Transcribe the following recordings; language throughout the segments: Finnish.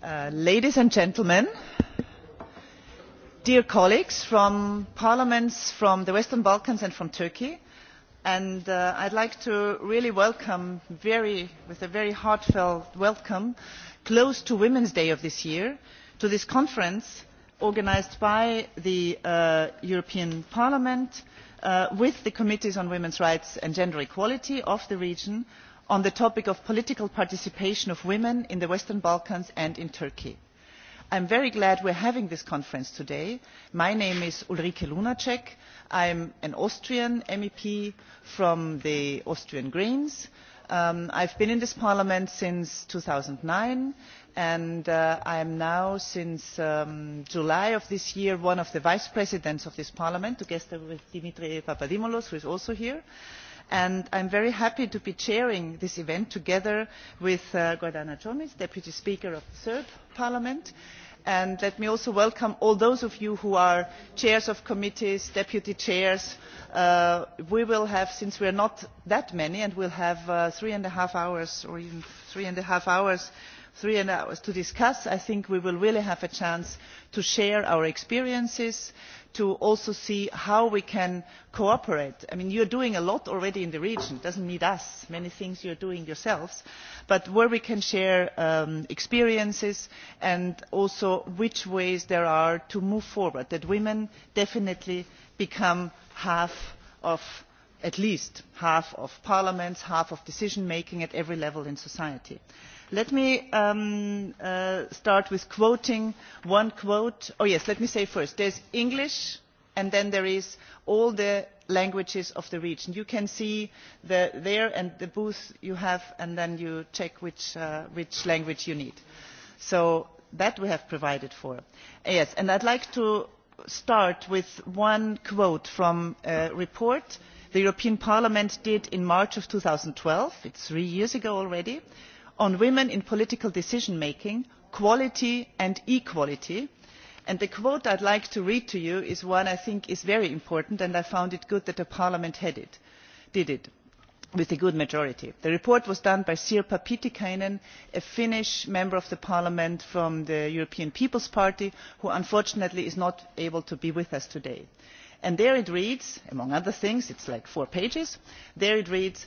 Uh, ladies and gentlemen dear colleagues from parliaments from the western balkans and from turkey and would uh, i'd like to really welcome very, with a very heartfelt welcome close to women's day of this year to this conference organised by the uh, european parliament with the committees on women's rights and gender equality of the region and on the topic of political participation of women in the western balkans and in turkey. i am very glad we are having this conference today. my name is ulrike lunacek i am an austrian mep from the austrian greens. Um, i have been in this parliament since two thousand and nine and uh, i am now since um, july of this year one of the vice presidents of this parliament together with dimitris papadimoulis who is also here and i am very happy to be chairing this event together with uh, gordana comi deputy speaker of the serb parliament and let me also welcome all those of you who are chairs of committees deputy chairs. Uh, we will have since we are not that many and we will have uh, three and a half hours or even three and a half hours three hours to discuss i think we will really have a chance to share our experiences and to also see how we can cooperate. I mean, you are doing a lot already in the region it does not need us there are many things you are doing yourselves but where we can share um, experiences and also which ways there are to move forward that women definitely become half of at least half of parliaments half of decision making at every level in society let me um, uh, start with quoting one quote oh yes let me say first there is english and then there are all the languages of the region. you can see the, there and the booth you have and then you check which, uh, which language you need. so that we have provided for. yes and i would like to start with one quote from a report the european parliament did in march of two thousand and twelve it is three years ago already on women in political decision making quality and equality and the quote i would like to read to you is one i think is very important and i found it good that parliament it, did it with a good majority. the report was done by sirpa pietikinen a finnish member of parliament from the european people's party who unfortunately is not able to be with us today. And there it reads among other things it is like four pages there it reads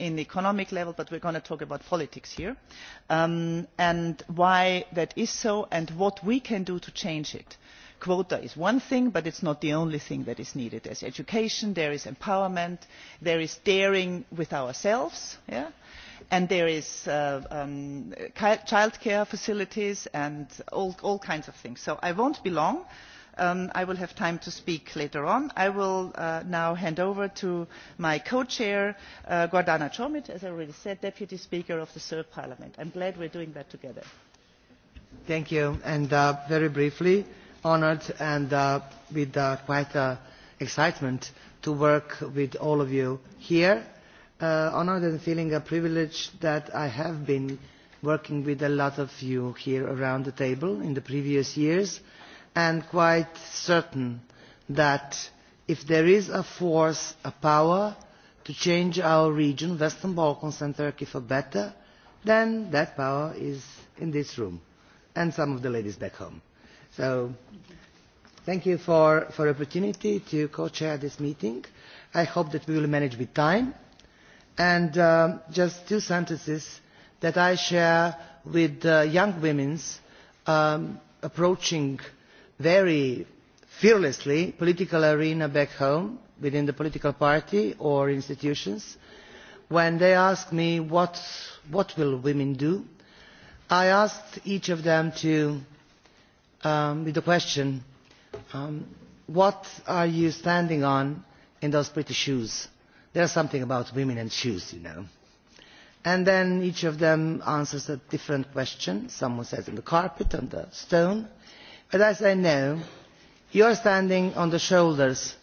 at economic level but we are going to talk about politics here um, and why that is so and what we can do to change it. quota is one thing but it is not the only thing that is needed. there is education there is empowerment there is daring with ourselves and there are uh, um, childcare facilities and all kinds of things. so i will not be long Um, I will have time to speak later on. I will uh, now hand over to my co-chair, uh, Gordana Chomit, as I already said, Deputy Speaker of the Serb Parliament. I'm glad we're doing that together. Thank you. And uh, very briefly, honoured and with quite excitement to work with all of you here. honoured and feeling a privilege that I have been working with a lot of you here around the table in the previous years and quite certain that if there is a force, a power to change our region, Western Balkans and Turkey for better, then that power is in this room and some of the ladies back home. So thank you for the opportunity to co-chair this meeting. I hope that we will manage with time. And uh, just two sentences that I share with uh, young women um, approaching very fearlessly political arena back home within the political party or institutions when they asked me what, will women do i asked each of them to um, with the question um, what are you standing on in those pretty shoes there is something about women and shoes you know and then each of them answers a different question someone says on the carpet on the stone but as i know you are standing on the shoulders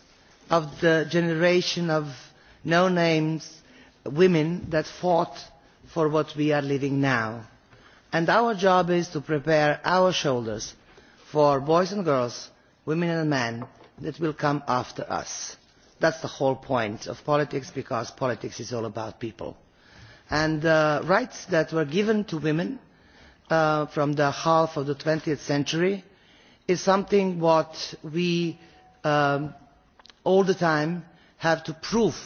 of the generation of no name women who fought for what we are living now and our job is to prepare our shoulders for boys and girls women and men who will come after us. that is the whole point of politics because politics is all about people. the uh, rights that were given to women uh, from the half of the twentieth century is something that we um, all the time have to prove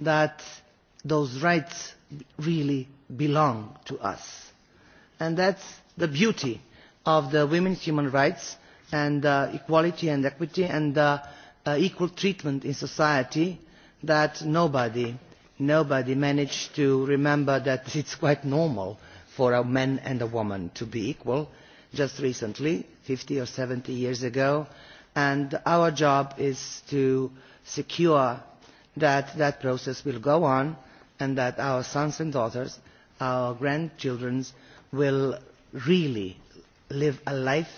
that those rights really belong to us. And that's the beauty of the women's human rights and uh, equality and equity and uh, uh, equal treatment in society that nobody, nobody managed to remember that it's quite normal for a man and a woman to be equal just recently, 50 or 70 years ago, and our job is to secure that that process will go on and that our sons and daughters, our grandchildren will really live a life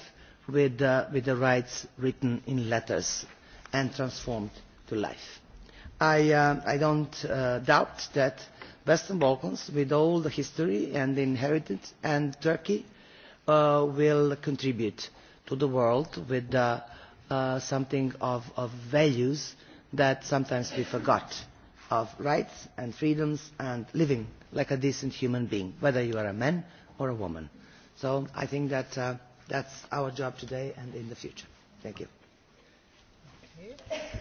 with, uh, with the rights written in letters and transformed to life. I, uh, I don't uh, doubt that Western Balkans, with all the history and the inheritance, and Turkey Uh, will contribute to the world with uh, uh, something of, of values that sometimes we forgot of rights and freedoms and living like a decent human being, whether you are a man or a woman. So I think that uh, that's our job today and in the future. Thank you. Okay.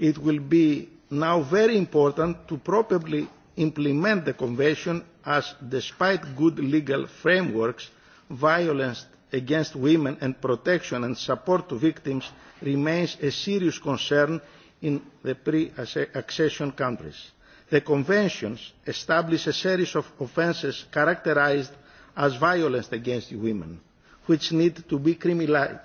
it will be now very important to properly implement the convention as despite good legal frameworks violence against women and protection and support to victims remains a serious concern in the pre accession countries. the convention establishes a series of offences characterised as violence against women which need to be criminalised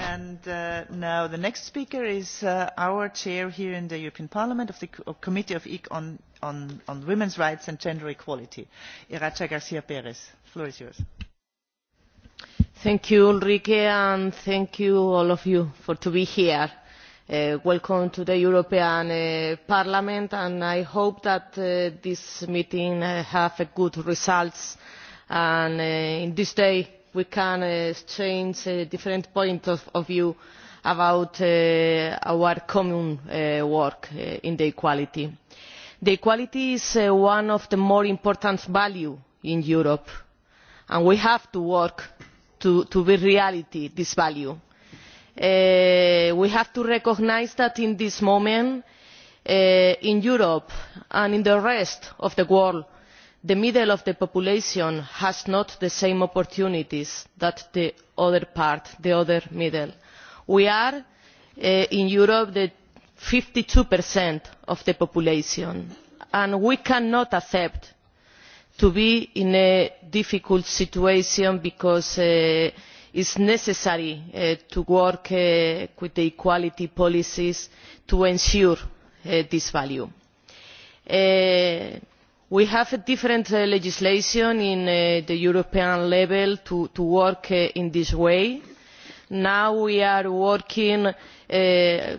And uh, now the next speaker is uh, our chair here in the European Parliament of the Co Committee of EC on, on, on Women's Rights and Gender Equality, Iracha Garcia Perez. The floor is yours. Thank you, Ulrike, and thank you all of you for to be here. Uh, welcome to the European uh, Parliament, and I hope that uh, this meeting uh, have a good results. And uh, in this day, we can uh, exchange uh, different points of, view about uh, our common work in the equality. equality is one of the more important values in europe and we have to work to, make be reality this value. we have to recognise that at this moment in europe and in the rest of the world the middle of the population has not the same opportunities that the other part the other middle. we are uh, in europe the fifty two of the population and we cannot accept to be in a difficult situation because uh, it is necessary uh, to work with the equality policies to ensure this value we have different uh, legislation at uh, the european level to, work uh, in this way. now we are working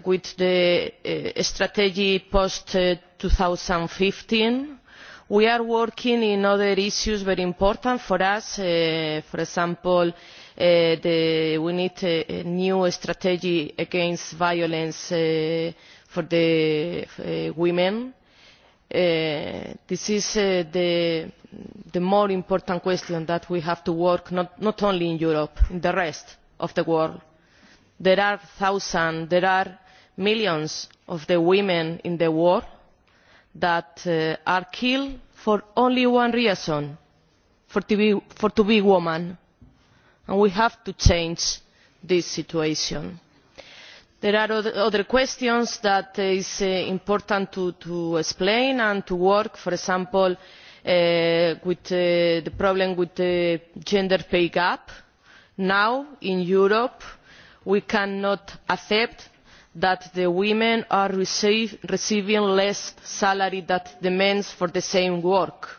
with the strategy post two thousand and fifteen we are working on other issues very important for us for example we need a new strategy against violence against women this is uh, the, more important question that we have to work on not, only in europe but in the rest of the world. there are thousands there are millions of women in the world who uh, are killed for only one reason for being women and we have to change this situation there are other questions that it is uh, important to, explain and to work on for example uh, uh, the problem with the gender pay gap. now in europe we cannot accept that women are receiving less salary than men for the same work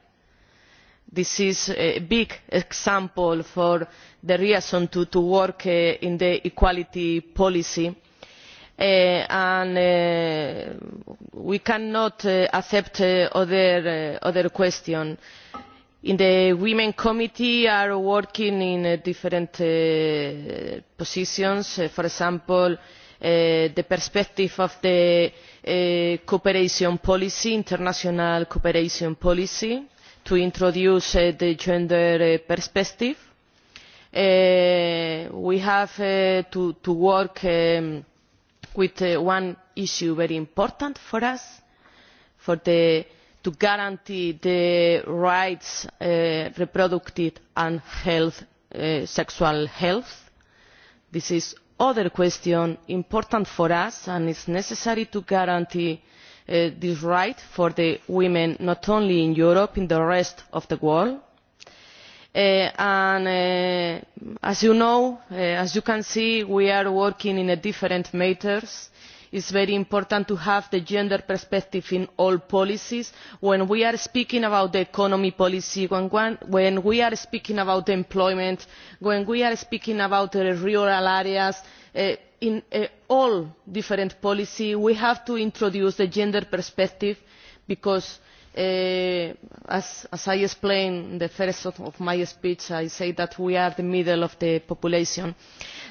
this is a big example of the reason to, work uh, in the equality policy uh, and uh, we cannot accept other, questions in the women's committee we are working in different positions for example the perspective of the cooperation policy international cooperation policy to introduce uh, the gender uh, perspective. Uh, we have to, work um, with one issue very important for us to guarantee the rights uh, reproductive and sexual health. This is another question important for us and it is necessary to guarantee Uh, this right for women not only in europe but in the rest of the world. Uh, uh, as you know as you can see we are working on different matters it is very important to have the gender perspective in all policies when we are speaking about economic policy when, when we are speaking about employment when we are speaking about rural areas Uh, in uh, all different policies we have to introduce the gender perspective because uh, as, i explained in the first of my speech i said that we are the middle of the population.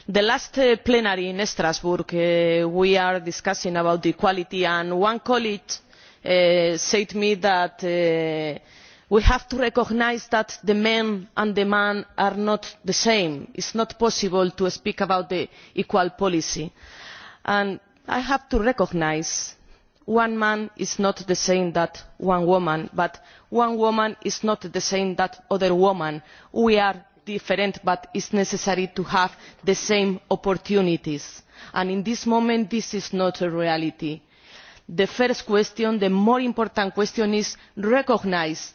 in the last plenary in strasbourg we were discussing equality and one colleague said to me that we have to recognise that the men and the women are not the same. it is not possible to speak about the equal policy and i have to recognise that one man is not the same as one woman but one woman is not the same as another woman. we are different but it is necessary to have the same opportunities and at the moment this is not a reality. the first question the more important question is to recognise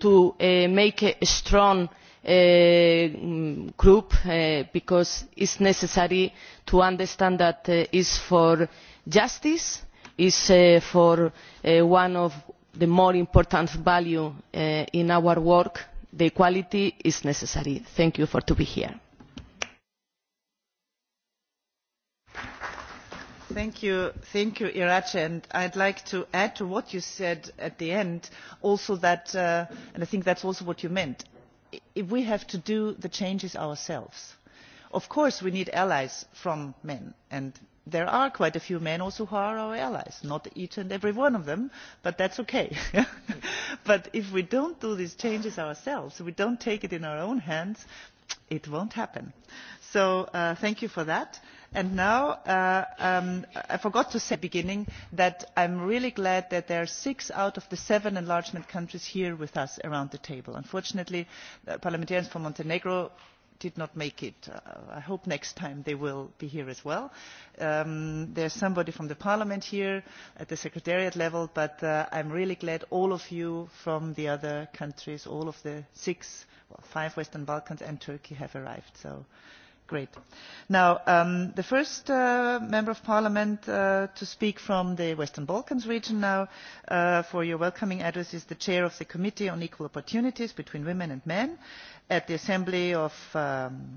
to eh, make a strong eh, group eh, because it is necessary to understand that it is for justice it is for one of the more important values in our work equality is necessary. thank you for being here. Thank you, thank you, like to add to what you said at the end, uh, and I think that is also what you meant. If we have to do the changes ourselves, of course we need allies from men, and there are quite a few men also who are our allies not each and every one of them but that is ok. but if we do not do these changes ourselves if we do not take it in our own hands it will not happen. so uh, thank you for that and now uh, um, i forgot to say at the beginning that i am really glad that there are six out of the seven enlargement countries here with us around the table. unfortunately uh, parliamentarians from montenegro did not make it. Uh, I hope next time they will be here as well. Um, there is somebody from the Parliament here at the Secretariat level, but uh, i am really glad all of you from the other countries, all of the six, five Western Balkans and Turkey have arrived. Great. Now, um, the first uh, member of parliament uh, to speak from the Western Balkans region now uh, for your welcoming address is the chair of the Committee on Equal Opportunities between Women and Men at the Assembly of um,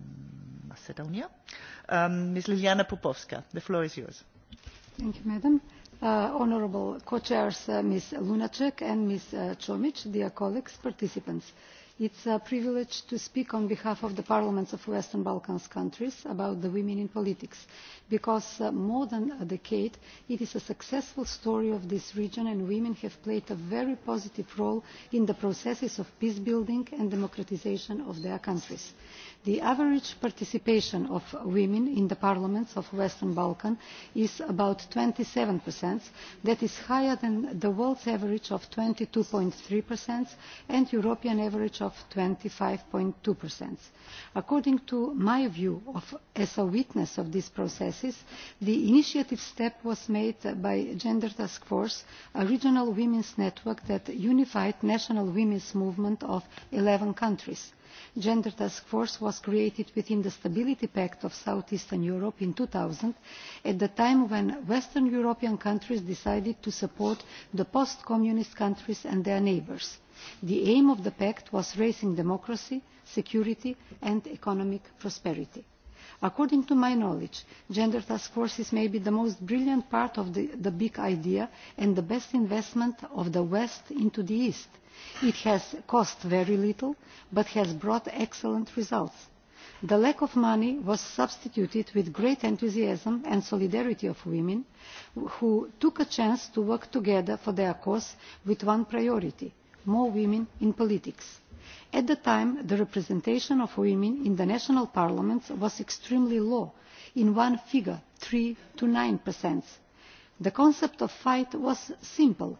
Macedonia, um, Ms. Liliana Popovska. The floor is yours. Thank you, Madam. Uh, honorable co-chairs, uh, Ms. Lunacek and Ms. Uh, Chomic, dear colleagues, participants. Uh, it is a privilege to speak on behalf of the parliaments of the western balkan countries about women in politics because for uh, more than a decade it is a successful story of this region and women have played a very positive role in the processes of peace building and democratisation of their countries the average participation of women in the parliaments of the western balkans is about twenty seven that is higher than the world's average of twenty two three and the european average of. twenty five two according to my view as a witness of these processes the initiative step was made by the gender task force a regional women's network that unified national women's movements of eleven countries gender task force was created within the stability pact of south eastern europe in two thousand at the time when western european countries decided to support the post communist countries and their neighbours. the aim of the pact was raising democracy security and economic prosperity according to my knowledge gender task forces may be the most brilliant part of the, big idea and the best investment of the west into the east. it has cost very little but has brought excellent results. the lack of money was substituted with great enthusiasm and solidarity of women who took a chance to work together for their cause with one priority more women in politics. at the time the representation of women in the national parliaments was extremely low in one figure three to. nine the concept of fight was simple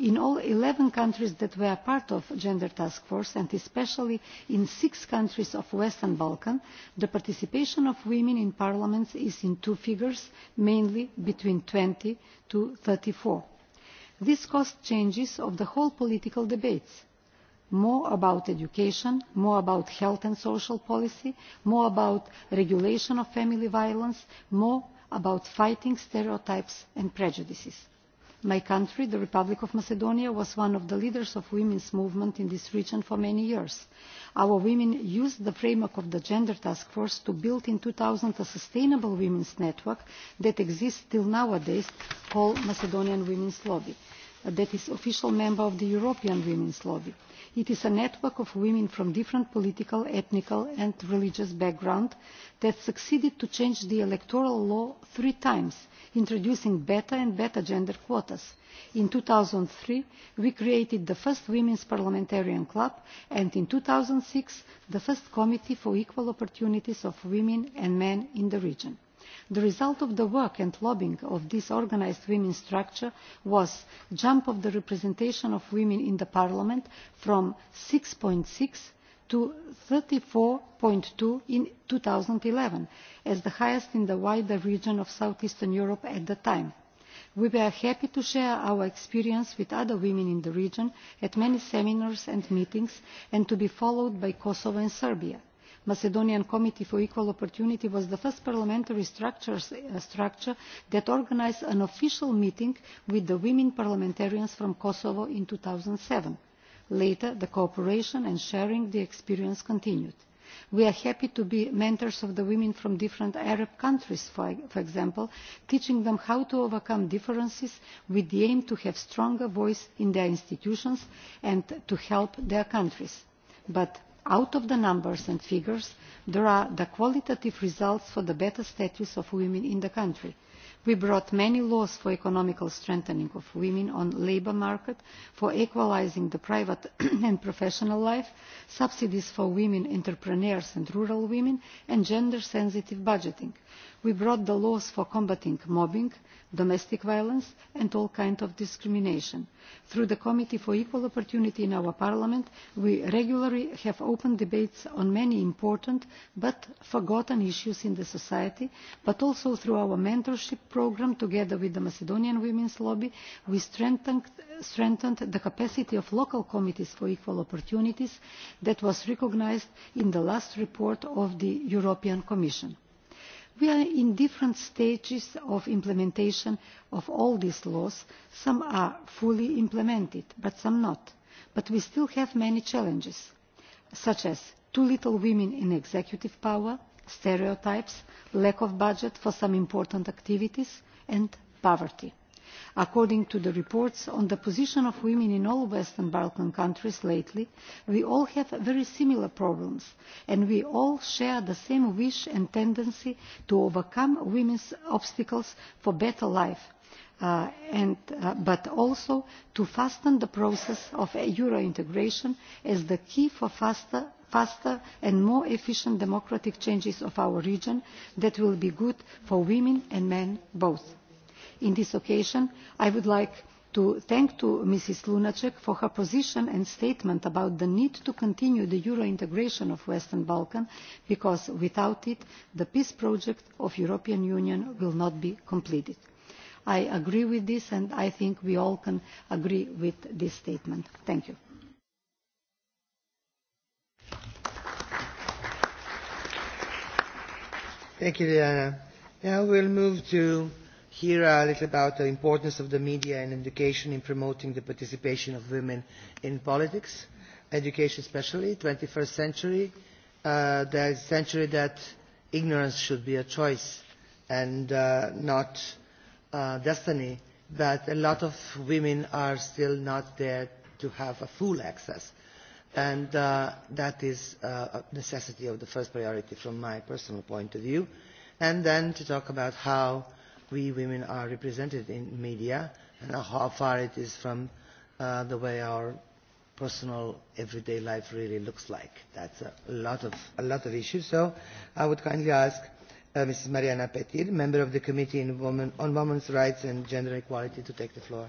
in all eleven countries that were part of the gender task force and especially in six countries of the western balkans the participation of women in parliament is in two figures mainly between twenty to. thirty four this caused changes in the whole political debate more about education more about health and social policy more about regulation of family violence more about fighting stereotypes and prejudices my country the republic of macedonia was one of the leaders of the women's movement in this region for many years. our women used the framework of the gender task force to build in two thousand a sustainable women's network that exists still nowadays called the macedonian women's lobby uh, that is an official member of the european women's lobby. It is a network of women from different political, ethnical and religious backgrounds that succeeded to change the electoral law three times, introducing better and better gender quotas. In 2003, we created the first Women's Parliamentarian Club and in 2006, the first Committee for Equal Opportunities of Women and Men in the region the result of the work and lobbying of this organised women's structure was a jump of the representation of women in parliament from. six six to. thirty four two in two thousand and eleven as the highest in the wider region of south eastern europe at the time. we were happy to share our experience with other women in the region at many seminars and meetings and to be followed by kosovo and serbia macedonian committee for equal opportunity was the first parliamentary uh, structure that organised an official meeting with the women parliamentarians from kosovo in. two thousand and seven later the cooperation and sharing the experience continued we are happy to be mentors of the women from different arab countries for, example teaching them how to overcome differences with the aim to have a stronger voice in their institutions and to help their countries but out of the numbers and figures there are the qualitative results for the better status of women in the country. we brought many laws for the economic strengthening of women on the labour market for equalising the private and professional life subsidies for women entrepreneurs and rural women and gender sensitive budgeting we brought the laws for combating mobbing domestic violence and all kinds of discrimination. through the committee for equal opportunity in our parliament we regularly have open debates on many important but forgotten issues in society but also through our mentorship programme together with the macedonian women's lobby we strengthened, strengthened the capacity of local committees for equal opportunities that was recognised in the last report of the european commission we are in different stages of implementation of all these laws some are fully implemented but some not but we still have many challenges such as too little women in executive power stereotypes lack of budget for some important activities and poverty according to the reports on the position of women in all western balkan countries lately we all have very similar problems and we all share the same wish and tendency to overcome women's obstacles for a better life uh, uh, but also to fasten the process of euro integration as the key for faster faster and more efficient democratic changes of our region that will be good for women and men both on this occasion i would like to thank mrs lunacek for her position and statement about the need to continue the euro integration of the western balkans because without it the peace project of the european union will not be completed. i agree with this and i think we all can agree with this statement. thank you. Thank you, Diana. Now we'll move to here a little about the importance of the media and education in promoting the participation of women in politics education especially in the twenty first century uh, the century that ignorance should be a choice and uh, not a uh, destiny but a lot of women are still not there to have full access and that is a necessity of the first priority from my personal point of view and then to talk about how uh, we women are represented in media and how far it is from uh, the way our personal everyday life really looks like. That's a lot of, a lot of issues. So I would kindly ask uh, Mrs. Mariana Petir, member of the Committee on Women, on Women's Rights and Gender Equality, to take the floor.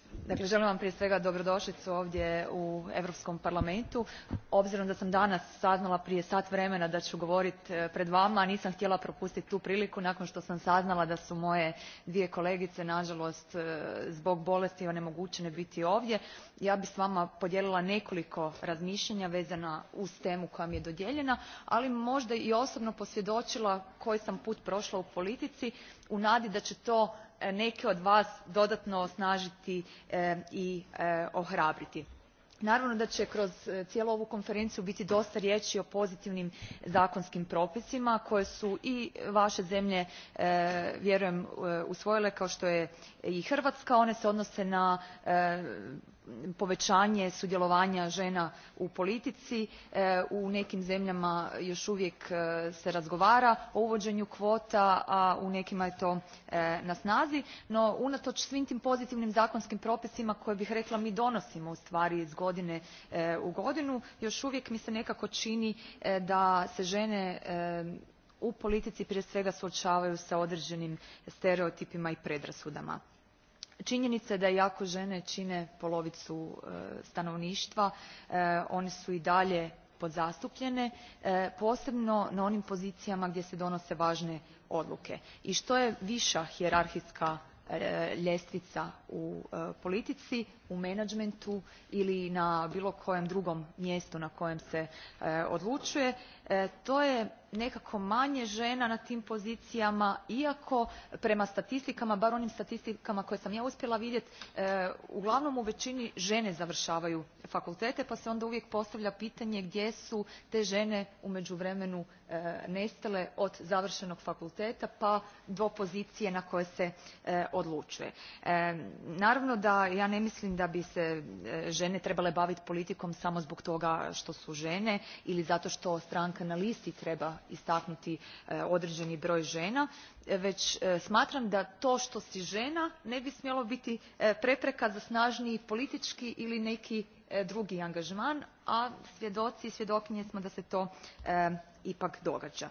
dakle želim vam prije svega dobrodošlicu ovdje u europskom parlamentu. obzirom da sam danas saznala prije sat vremena da ću govoriti e, pred vama nisam htjela propustiti tu priliku nakon što sam saznala da su moje dvije kolegice nažalost e, zbog bolesti onemogućene biti ovdje. ja bih s vama podijelila nekoliko razmišljanja vezana uz temu koja mi je dodijeljena ali možda i osobno posvjedočila koji sam put prošla u politici u nadi da će to neke od vas dodatno osnažiti e, i e, ohrabriti. naravno da će kroz e, cijelu ovu konferenciju biti dosta riječi o pozitivnim zakonskim propisima koje su i vaše zemlje vjerujem usvojile kao što je i hrvatska. one se odnose na poveanje sudjelovanja ena u politici e, u nekim zemljama jo uvijek e, se razgovara o uvoenju kvota a u nekima je to e, na snazi no unato svim tim pozitivnim zakonskim propisima koje bih rekla mi donosimo ustvari iz godine u godinu jo uvijek mi se nekako ini da se ene u politici prije svega suoavaju s odreenim stereotipima i predrasudama injenica je da iako ene ine polovicu e, stanovnitva e, one su i dalje podzastupljene, e, posebno na onim pozicijama gdje se donose vane odluke. I to je via hijerarhijska ljestvica u politici, u menadžmentu ili na bilo kojem drugom mjestu na kojem se e, odlučuje e, to je nekako manje žena na tim pozicijama iako prema statistikama bar onim statistikama koje sam ja uspjela vidjeti e, uglavnom u većini žene završavaju fakultete pa se onda uvijek postavlja pitanje gdje su te žene u međuvremenu nestale od završenog fakulteta pa do pozicije na koju se odlučuje. naravno da ja ne mislim da bi se e, ene trebale baviti politikom samo zbog toga to su ene ili zato to stranka na listi treba istaknuti e, odreeni broj žena e, već smatram da to to si žena ne bi smjelo biti prepreka za snaniji politički ili neki drugi angažman a svjedoci i svjedokinje smo da se to ipak događa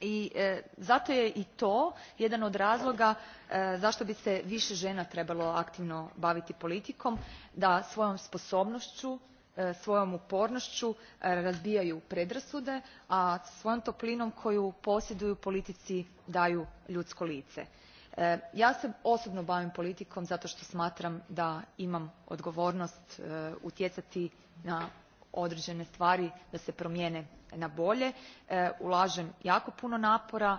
i e, zato je i to jedan od razloga e, zašto bi se više žena trebalo aktivno baviti politikom da svojom sposobnošću e, svojom upornošću razbijaju predrasude a svojom toplinom koju posjeduju politici daju ljudsko lice. ja se osobno bavim politikom zato što smatram da imam odgovornost utjecati na određene stvari da se promijene na bolje. E, ulažem jako puno napora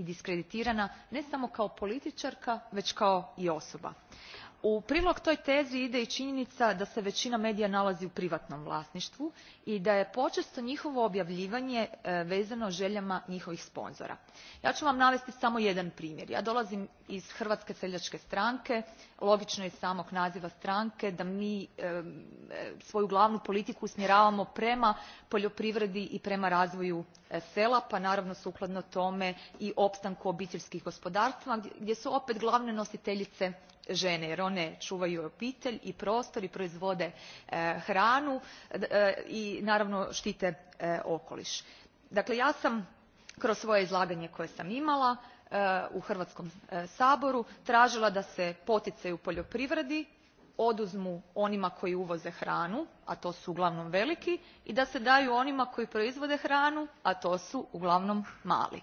i diskreditirana ne samo kao politiarka ve kao i osoba u prilog toj tezi ide i injenica da se veina medija nalazi u privatnom vlasnitvu i da je poesto njihovo objavljivanje e, vezano eljama njihovih sponzora. ja u vam navesti samo jedan primjer. ja dolazim iz hrvatske seljake stranke logino je iz samog naziva stranke da mi e, e, svoju glavnu politiku usmjeravamo prema poljoprivredi i prema razvoju sela pa naravno sukladno tome i opstanku obiteljskih gospodarstava gdje su opet glavne nositeljice žene jer one čuvaju obitelj i prostor i proizvode e, hranu e, i naravno štite e, okoliš. dakle ja sam kroz svoje izlaganje koje sam imala u hrvatskom saboru tražila da se poticaji u poljoprivredi oduzmu onima koji uvoze hranu a to su uglavnom veliki i da se daju onima koji proizvode hranu a to su uglavnom mali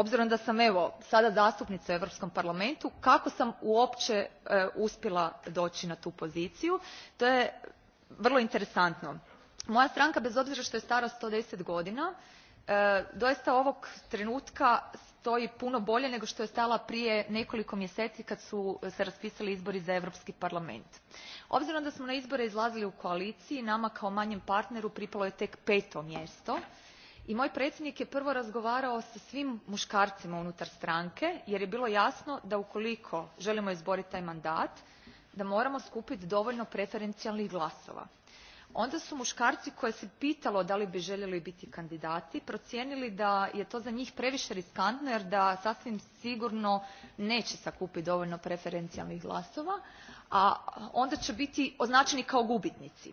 obzirom da sam evo sada zastupnica u europskom parlamentu kako sam uope e, uspjela doi na tu poziciju to je vrlo interesantno. moja stranka bez obzira to je stara one hundred and ten godina e, doista ovog trenutka stoji puno bolje nego to je stajala prije nekoliko mjeseci kad su se raspisali izbori za europski parlament. obzirom da smo na izbore izlazili u koaliciji nama kao manjem partneru pripalo je tek peto mjesto i moj predsjednik je prvo razgovarao sa svim muškarcima unutar stranke jer je bilo jasno da ukoliko želimo izboriti taj mandat da moramo skupiti dovoljno preferencijalnih glasova. onda su muškarci koje se pitalo da li bi željeli biti kandidati procijenili da je to za njih previše riskantno jer da sasvim sigurno neće sakupiti dovoljno preferencijalnih glasova a onda će biti označeni kao gubitnici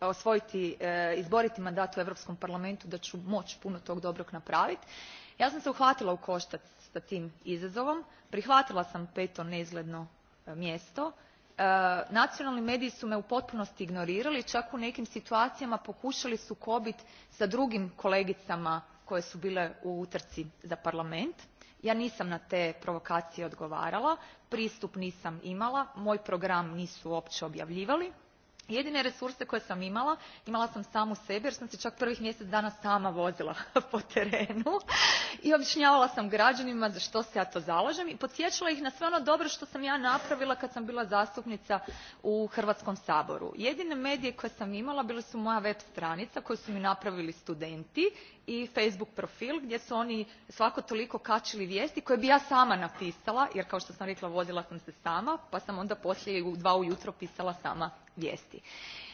osvojiti e, izboriti mandat u europskom parlamentu da ću moći puno toga dobroga napraviti ja sam se uhvatila u koštac s tim izazovom prihvatila sam peto neizgledno e, mjesto e, nacionalni mediji su me u potpunosti ignorirali čak u nekim situacijama pokušali sukobiti s drugim kolegicama koje su bile u utrci za parlament ja nisam na te provokacije odgovarala pristup nisam imala moj program nisu uopće objavljivali jedine resurse koje sam imala imala sam samu sebe jer sam se čak prvih mjesec dana sama vozila po terenu i objašnjavala sam građanima za što se ja to zalažem i podsjećala ih na sve ono dobro što sam ja napravila kad sam bila zastupnica u hrvatskom saboru. jedine medije koje sam imala bili su moja web stranica koju su mi napravili studenti i facebook profil gdje su oni svako toliko kačili vijesti koje bih ja sama napisala jer kao što sam rekla vozila sam se sama pa sam onda poslije u dva ujutro pisala sama vijesti.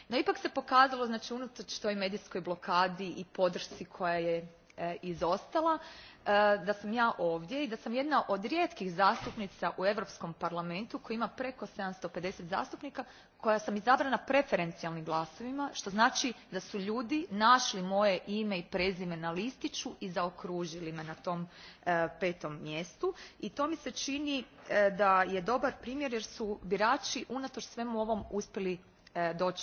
no ipak se pokazalo znači unatoč toj medijskoj blokadi i podršci koja je e, izostala da sam ja ovdje i da sam jedna od rijetkih zastupnica u europskom parlamentu koji ima preko seven hundred and fifty zastupnika koja sam izabrana preferencijalnim glasovima to znai da su ljudi nali moje ime i prezime na listiu i zaokruili me na tom e, petom mjestu i to mi se ini e, da je dobar primjer jer su birai unato svemu ovom uspjeli e, doi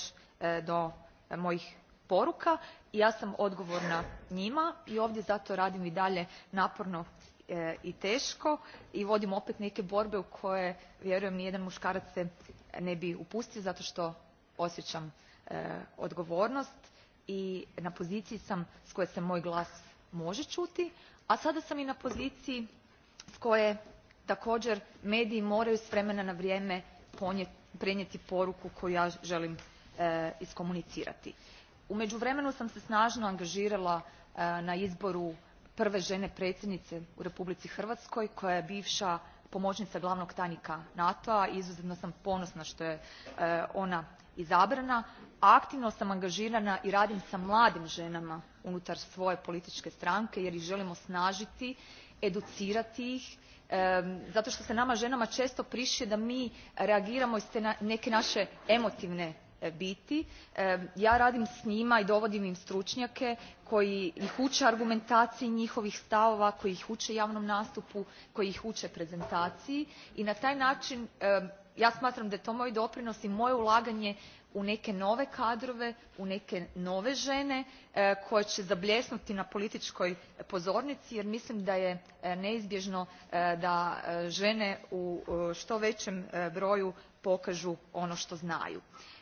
do mojih poruka i ja sam odgovorna njima i ovdje zato radim i dalje naporno e, i teško i vodim opet neke borbe u koje vjerujem nijedan muškarac se ne bi upustio zato što osjećam e, odgovornost i na poziciji sam s koje se moj glas može čuti a sada sam i na poziciji s koje također mediji moraju s vremena na vrijeme prenijeti poruku koju ja želim e, iskomunicirati u međuvremenu sam se snažno angažirala e, na izboru prve žene predsjednice u republici hrvatskoj koja je bivša pomoćnica glavnog tajnika nato a i izuzetno sam ponosna što je e, ona izabrana a aktivno sam angažirana i radim s mladim ženama unutar svoje političke stranke jer ih želim osnažiti educirati ih e, zato što se nama ženama često prišije da mi reagiramo iz te neke naše emotivne E, biti. E, ja radim s njima i dovodim im stručnjake koji ih ue argumentaciji njihovih stavova koji ih ue javnom nastupu koji ih ue prezentaciji i na taj nain e, ja smatram da je to moj doprinos i moje ulaganje u neke nove kadrove u neke nove ene koje e zabljesnuti na politikoj pozornici jer mislim da je neizbjeno da ene u to veem broju pokau ono to znaju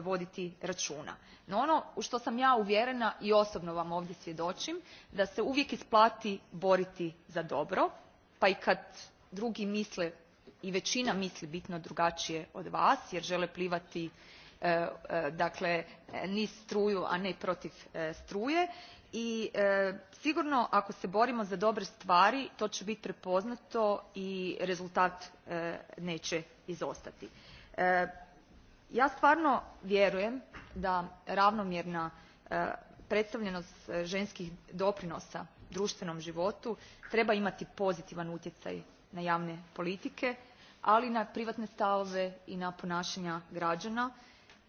voditi računa. no ono u što sam ja uvjerena i osobno vam ovdje svjedočim da se uvijek isplati boriti za dobro pa i kad drugi misle i većina misli bitno drugačije od vas jer žele plivati e, e, dakle niz struju a ne protiv e, struje i sigurno ako se borimo za dobre stvari to će biti prepoznato i rezultat neće izostati ja stvarno vjerujem da ravnomjerna e, predstavljenost e, ženskih doprinosa društvenom životu treba imati pozitivan utjecaj na javne politike ali i na privatne stavove i na ponašanja građana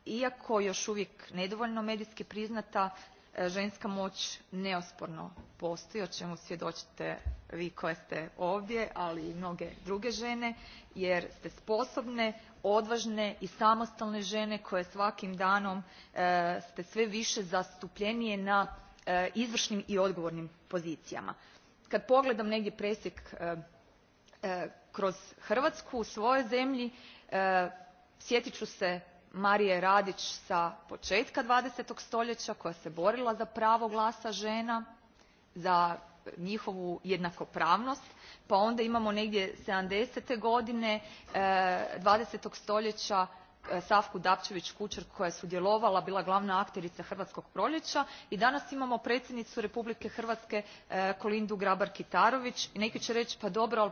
iako još uvijek nedovoljno medijski priznata e, ženska moć neosporno postoji o čemu svjedočite vi koja ste ovdje ali i mnoge druge žene jer ste sposobne odvažne i samostalne žene koje ste svakim danom e, sve više zastupljenije na e, izvršnim i odgovornim pozicijama. kad pogledam negdje presjek e, kroz hrvatsku u svojoj zemlji sjetit ću se marije radić s početka. twenty stoljeća koja se borila za pravo glasa žena za njihovu jednakopravnost pa onda imamo negdje sedamdesete godine e, dvadesetog stoljeća e, savku dapčević kučar koja je sudjelovala bila glavna akterica hrvatskog proljeća i danas imamo predsjednicu republike hrvatske e, kolindu grabar kitarović i neki će reći pa dobro ali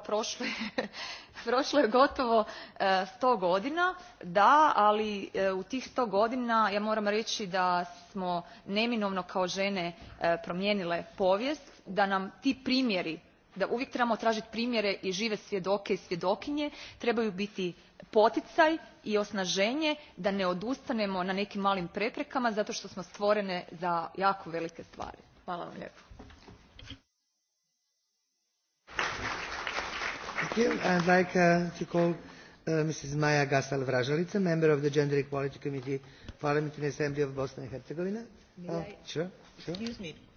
prošlo je gotovo sto godina. da ali u tih sto godina ja moram reći da smo neminovno kao žene promijenile povijest da nam ti primjeri da uvijek trebamo tražiti primjere i žive svjedoke i svjedokinje trebaju biti poticaj i osnaženje da ne odustanemo na nekim malim preprekama zato što smo stvorene za jako velike stvari. hvala vam lijepo. I'd like uh, to call uh, Maja Gasal Vražalica, member of the Gender Equality Committee, Parliamentary Assembly of Bosnia and Herzegovina. Oh, sure, sure. Excuse me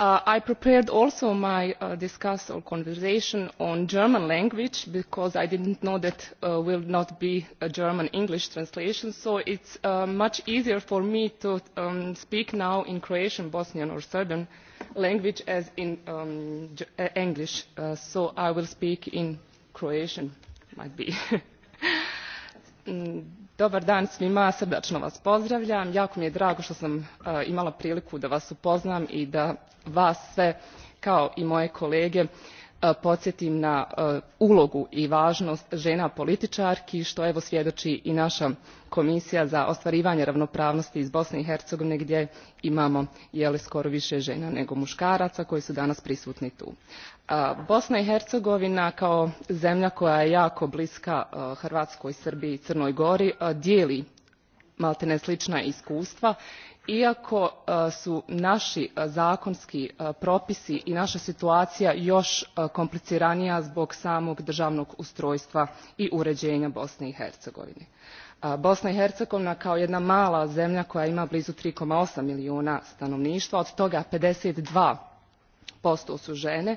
Uh, i prepared also my uh, discussion or conversation on the german language because i did not know that there uh, would not be a german english translation so it is much easier for me to um, speak now in croatian bosnian or serbian language as in um, english so i will speak in croatian might be. Mm, dobar dan svima srdano vas pozdravljam jako mi je drago to sam e, imala priliku da vas upoznam i da vas sve kao i moje kolege E, podsjetim na e, ulogu i važnost žena političarki što evo svjedoči i naša komisija za ostvarivanje ravnopravnosti iz bosne i hercegovine gdje imamo skoro više žena nego muškaraca koji su danas prisutni tu. E, bosna i hercegovina kao zemlja koja je jako bliska hrvatskoj srbiji i crnoj gori dijeli maltene slična iskustva iako e, su naši e, zakonski e, propisi i naša situacija još kompliciranija zbog samog državnog ustrojstva i uređenja bosne i hercegovine. bosna i hercegovina kao jedna mala zemlja koja ima blizu tri osam milijuna stanovništva od toga fifty two su žene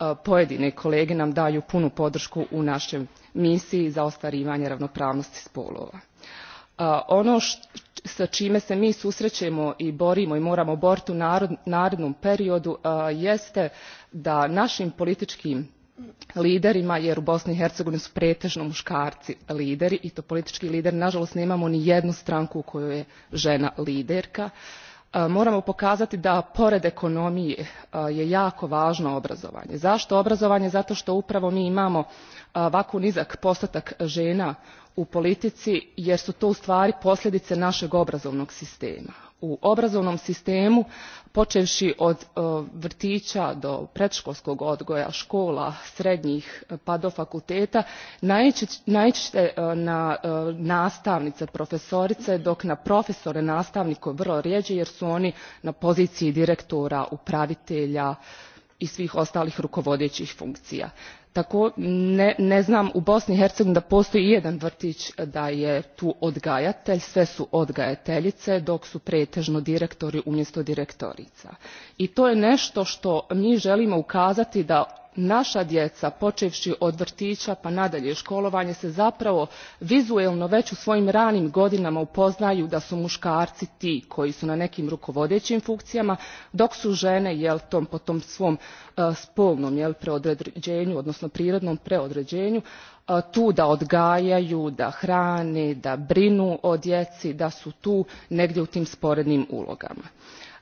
E, pojedine kolege nam daju punu podršku u našoj misiji za ostvarivanje ravnopravnosti spolova. E, ono s čime se mi susrećemo i borimo i moramo boriti u narednom periodu e, jeste da našim političkim liderima jer u bosni i hercegovini su pretežno muškarci lideri i to politički lideri nažalost nemamo nijednu stranku u kojoj je žena liderka E, moramo pokazati da pored ekonomije e, je jako važno obrazovanje. zašto obrazovanje? zato što upravo mi imamo e, ovako nizak postotak žena u politici jer su to ustvari posljedice našeg obrazovnog sistema u obrazovnom sistemu poevi od e, vrtia do predkolskog odgoja kola srednjih e, pa do fakulteta naii e, na nastavnice profesorice dok na profesore nastavnike vrlo rijee jer su oni na poziciji direktora upravitelja i svih ostalih rukovodeih funkcija ne, ne znam u bosni i hercegovini da postoji ijedan vrti e, da je tu odgajatelj sve su odgajateljice dok su pretežno direktori umjesto direktorica i to je nešto na što mi želimo ukazati da naa djeca poevi od vrtia pa nadalje kolovanje se zapravo vizuelno ve u svojim ranim godinama upoznaju da su mukarci ti koji su na nekim rukovodeim funkcijama dok su žene jel, tom, po tom svom e, spolnom jel, odnosno prirodnom preodreenju e, tu da odgajaju da hrane da brinu o djeci da su tu negdje u tim sporednim ulogama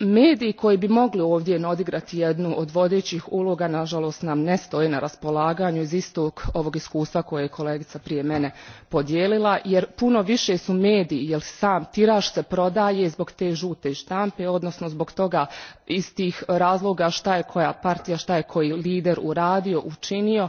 mediji koji bi mogli ovdje odigrati jednu od vodeih uloga naalost nam ne stoje na raspolaganju iz istog ovog iskustva koje je kolegica prije mene podijelila jer puno vie su mediji jer sam tira se prodaje zbog te ute tampe odnosno zbog toga iz tih razloga to je koja partija to je koji lider uradio uinio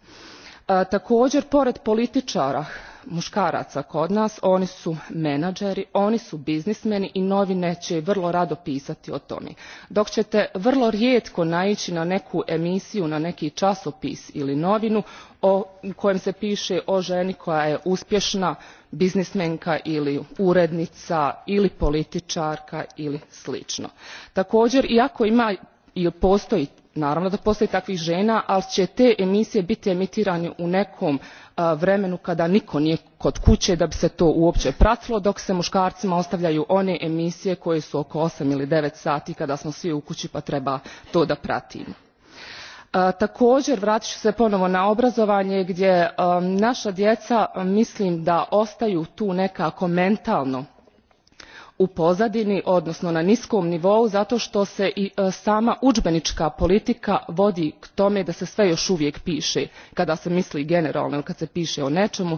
takoer pored politiara mukaraca kod nas oni su menadžeri oni su biznismeni i novine će vrlo rado pisati o tome dok ćete vrlo rijetko naići na neku emisiju na neki časopis ili novinu u kojem se piše o ženi koja je uspješna biznismenka ili urednica ili političarka ili slično. također iako postoji naravno da postoji takvih žena ali će te emisije biti emitirane u nekom vremenu kada nitko nije kod kuće da bi se to uopće pratilo dok se muškarcima ostavljaju one emisije koje su oko osam ili devet sati kada smo svi u kući pa treba to da pratimo. također vratit ću se ponovo na obrazovanje gdje naša djeca mislim da ostaju tu nekako mentalno u pozadini odnosno na niskom nivou zato što se i e, sama udžbenička politika vodi k tome da se sve još uvijek pie kada se misli generalno ili kad se pie o neemu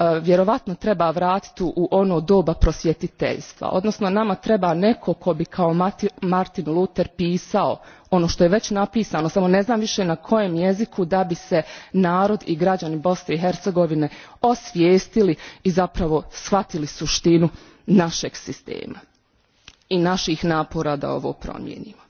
E, vjerojatno treba vratiti u ono doba prosvjetiteljstva odnosno nama treba netko tko bi kao martin luther pisao ono to je ve napisano samo ne znam vie na kojem jeziku da bi se narod i graani bosne i hercegovine osvijestili i zapravo shvatili sutinu naeg sistema i naih napora da ovo promijenimo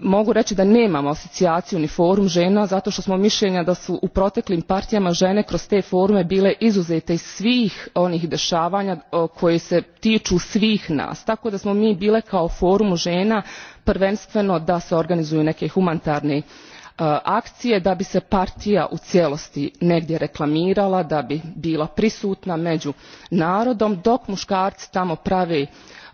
mogu rei da nemamo asocijaciju ni forum žena zato što smo miljenja da su u proteklim partijama žene kroz te forume bile izuzete iz svih onih dešavanja koji se tiču svih nas tako da smo mi bile kao forum žena prvenstveno da se organizuju neke humanitarne e, akcije da bi se partija u cijelosti negdje reklamirala da bi bila prisutna među narodom dok mukarci tamo prave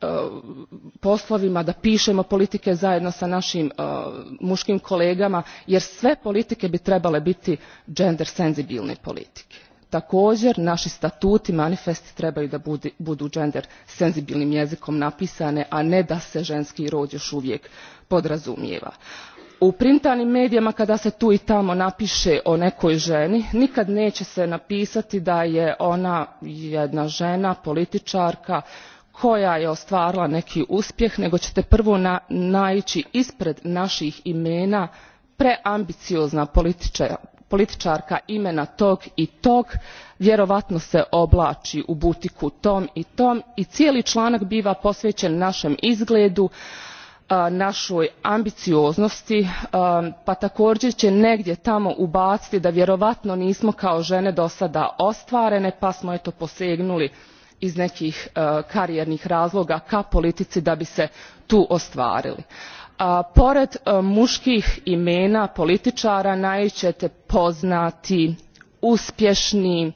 E, poslovima da pišemo politike zajedno sa našim e, muškim kolegama jer sve politike bi trebale biti gender senzibilne politike. također naši statuti manifesti trebaju da budu gender senzibilnim jezikom napisani a ne da se ženski rod još uvijek podrazumijeva u printanim medijima kada se tu i tamo napiše o nekoj ženi nikad neće se napisati da je ona jedna žena političarka koja je ostvarila neki uspjeh nego ete prvo naići ispred naih imena preambiciozna politiarka imena tog i tog vjerojatno se oblai u butiku tom i tom i cijeli lanak biva posveen naem izgledu naoj ambicioznosti pa također će negdje tamo ubaciti da vjerojatno nismo kao ene dosada ostvarene pa smo eto posegnuli iz nekih e, karijernih razloga ka politici da bi se tu ostvarili. E, pored e, mukih imena politiara naiete poznati uspješni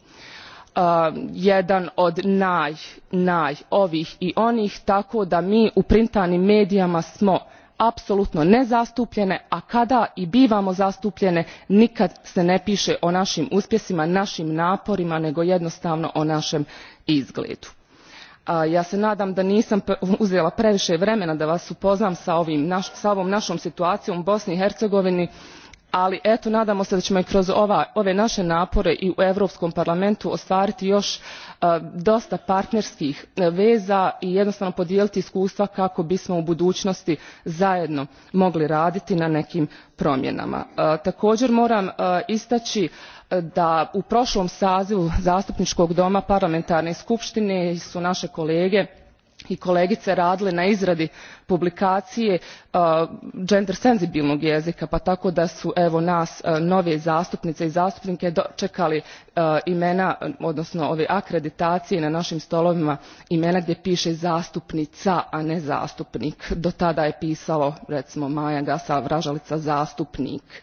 jedan od naj naj ovih i onih tako da mi u printanim medijima smo apsolutno nezastupljene a kada i bivamo zastupljene nikad se ne pie o naim uspjesima naim naporima nego jednostavno o naem izgledu. ja se nadam da nisam uzela previe vremena da vas upoznam s ovom naom situacijom u bosni i hercegovini ali eto nadamo se da emo i kroz ove nae napore i u europskom parlamentu ostvariti jo e, dosta partnerskih e, veza i jednostavno podijeliti iskustva kako bismo u budunosti zajedno mogli raditi na nekim promjenama. E, takoer moram istai da u prolom sazivu zastupnikog doma parlamentarne skuptine su nae kolege i kolegice radile na izradi publikacije uh, gender senzibilnog jezika pa tako da su evo nas uh, novije zastupnice i zastupnike dočekali uh, imena odnosno ove akreditacije na našim stolovima imena gdje piše zastupnica a ne zastupnik do tada je pisalo recimo maja gasa vražalica zastupnik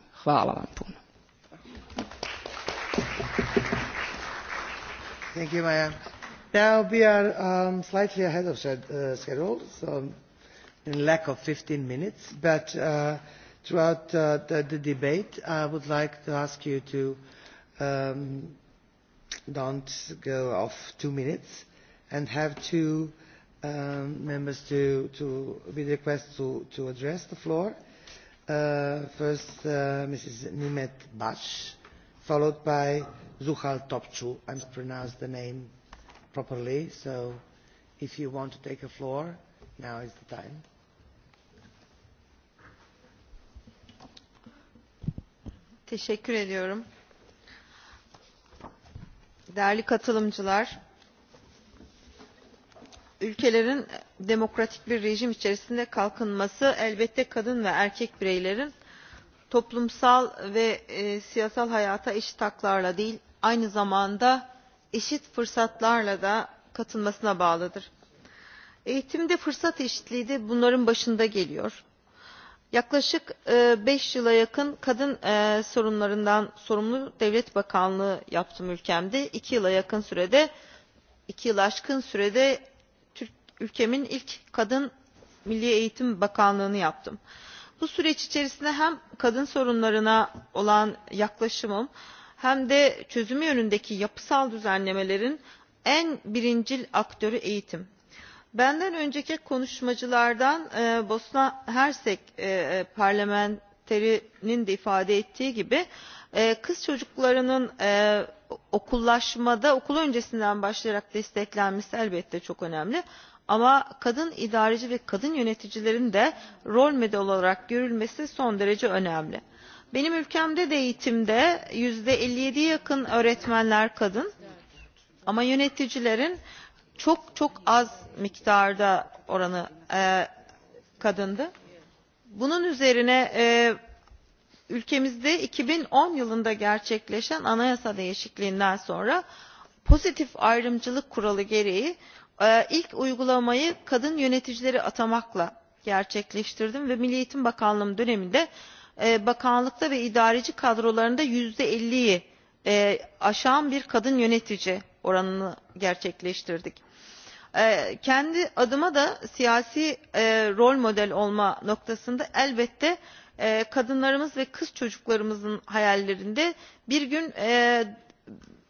Hvala vam puno. Thank you, Maja. Now we are um, slightly ahead of uh, schedule, so in lack of 15 minutes, but uh, throughout uh, the, the debate, I would like to ask you to um, don't go off two minutes and have two um, members to, to be requested to, to address the floor Uh, first uh, Mrs. Nimet Bash, followed by Zuhal Topçu. I must pronounce the name properly, so if you want to take a floor, now is the time. Teşekkür ediyorum. Değerli katılımcılar, ülkelerin demokratik bir rejim içerisinde kalkınması elbette kadın ve erkek bireylerin toplumsal ve e, siyasal hayata eşit haklarla değil aynı zamanda eşit fırsatlarla da katılmasına bağlıdır. Eğitimde fırsat eşitliği de bunların başında geliyor. Yaklaşık 5 e, yıla yakın kadın e, sorunlarından sorumlu devlet bakanlığı yaptım ülkemde. 2 yıla yakın sürede, 2 yıl aşkın sürede ülkemin ilk kadın milli eğitim bakanlığını yaptım. bu süreç içerisinde hem kadın sorunlarına olan yaklaşımım hem de çözümü yönündeki yapısal düzenlemelerin en birincil aktörü eğitim. benden önceki konuşmacılardan e, bosna hersek e, e parlamenterinin de ifade ettiği gibi e, kız çocuklarının e, okullaşmada okul öncesinden başlayarak desteklenmesi elbette çok önemli ama kadın idareci ve kadın yöneticilerin de rol model olarak görülmesi son derece önemli. Benim ülkemde de eğitimde %57'ye yakın öğretmenler kadın ama yöneticilerin çok çok az miktarda oranı e, kadındı. Bunun üzerine e, ülkemizde 2010 yılında gerçekleşen anayasa değişikliğinden sonra pozitif ayrımcılık kuralı gereği ilk uygulamayı kadın yöneticileri atamakla gerçekleştirdim ve milli eğitim bakanlığım döneminde e, bakanlıkta ve idareci kadrolarında yüzde elliyi e, aşan bir kadın yönetici oranını gerçekleştirdik. E, kendi adıma da siyasi rol model olma noktasında elbette kadınlarımız ve kız çocuklarımızın hayallerinde bir gün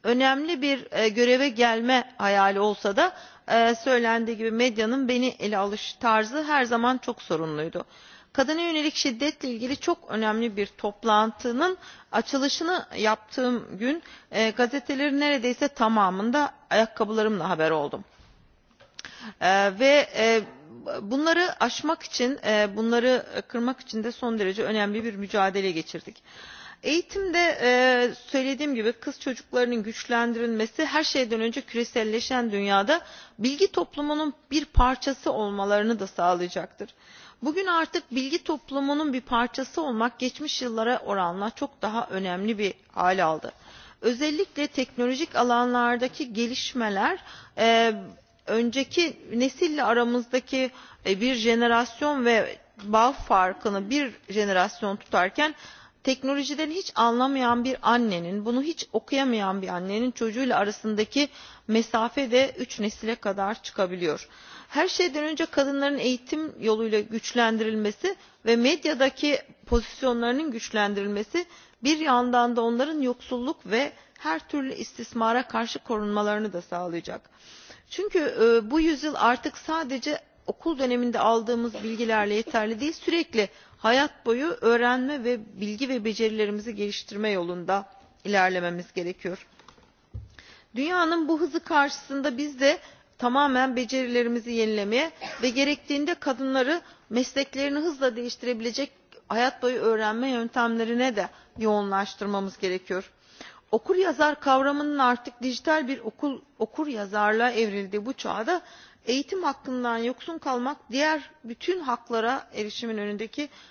önemli bir e, göreve gelme hayali olsa da e, söylendiği gibi medyanın beni ele alış tarzı her zaman çok sorunluydu. Kadına yönelik şiddetle ilgili çok önemli bir toplantının açılışını yaptığım gün e, gazetelerin neredeyse tamamında ayakkabılarımla haber oldum. E, ve e, bunları aşmak için, e, bunları e, kırmak için de son derece önemli bir mücadele geçirdik. E, eğitimde e, söylediğim gibi kız çocuklarının güçlendirilmesi her şeyden önce küreselleşen dünyada bilgi toplumunun bir parçası olmalarını da sağlayacaktır. bugün artık bilgi toplumunun bir parçası olmak geçmiş yıllara oranla çok daha önemli bir hal aldı. özellikle teknolojik alanlardaki gelişmeler e, önceki nesille aramızdaki e, bir jenerasyon ve bağ farkını bir jenerasyon tutarken teknolojiden hiç anlamayan bir annenin bunu hiç okuyamayan bir annenin çocuğuyla arasındaki mesafe de üç nesile kadar çıkabiliyor. her şeyden önce kadınların eğitim yoluyla güçlendirilmesi ve medyadaki pozisyonlarının güçlendirilmesi bir yandan da onların yoksulluk ve her türlü istismara karşı korunmalarını da sağlayacak. çünkü e, bu yüzyıl artık sadece okul döneminde aldığımız bilgilerle yeterli değil sürekli hayat boyu öğrenme ve bilgi ve becerilerimizi geliştirme yolunda ilerlememiz gerekiyor. dünyanın bu hızı karşısında biz de tamamen becerilerimizi yenilemeye ve gerektiğinde kadınları mesleklerini hızla değiştirebilecek hayat boyu öğrenme yöntemlerine de yoğunlaştırmamız gerekiyor. okur yazar kavramının artık dijital bir okul, okur yazarlığa evrildiği bu çağda eğitim hakkından yoksun kalmak diğer bütün haklara erişimin önündeki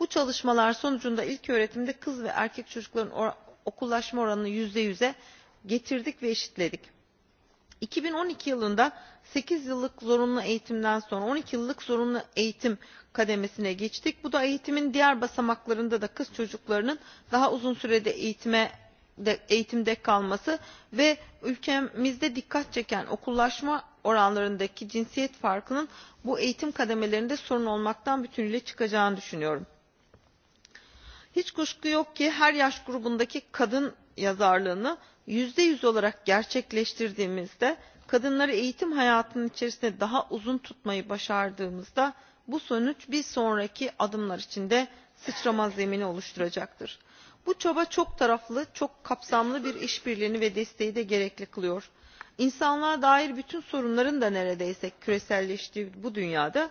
bu çalışmalar sonucunda ilköğretimde kız ve erkek çocukların okullaşma oranını yüzde yüze getirdik ve eşitledik. 2012 yılında 8 yıllık zorunlu eğitimden sonra 12 yıllık zorunlu eğitim kademesine geçtik. Bu da eğitimin diğer basamaklarında da kız çocuklarının daha uzun sürede eğitime de, eğitimde kalması ve ülkemizde dikkat çeken okullaşma oranlarındaki cinsiyet farkının bu eğitim kademelerinde sorun olmaktan bütünüyle çıkacağını düşünüyorum hiç kuşku yok ki her yaş grubundaki kadın yazarlığını yüzde yüz olarak gerçekleştirdiğimizde kadınları eğitim hayatının içerisinde daha uzun tutmayı başardığımızda bu sonuç bir sonraki adımlar içinde sıçrama zemini oluşturacaktır. Bu çaba çok taraflı, çok kapsamlı bir işbirliğini ve desteği de gerekli kılıyor. İnsanlığa dair bütün sorunların da neredeyse küreselleştiği bu dünyada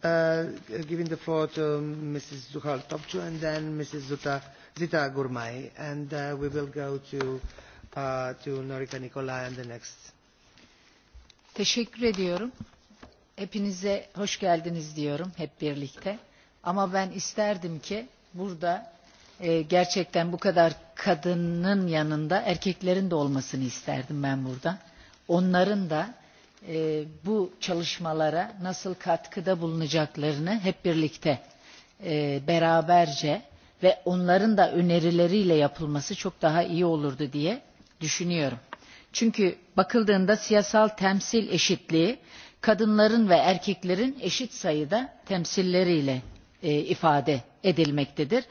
Uh, giving the floor to Mrs. Zuhal Topcu and then Mrs. Zuta, Zita Gurmai. And uh, we will go to, uh, to Norika and the next. Teşekkür ediyorum. Hepinize hoş geldiniz diyorum hep birlikte. Ama ben isterdim ki burada e, gerçekten bu kadar kadının yanında erkeklerin de olmasını isterdim ben burada. Onların da e, bu çalışmalara nasıl katkıda bulunacaklarını hep birlikte e, beraberce ve onların da önerileriyle yapılması çok daha iyi olurdu diye düşünüyorum. Çünkü bakıldığında siyasal temsil eşitliği kadınların ve erkeklerin eşit sayıda temsilleriyle e, ifade edilmektedir.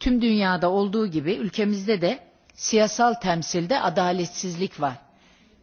Tüm dünyada olduğu gibi ülkemizde de siyasal temsilde adaletsizlik var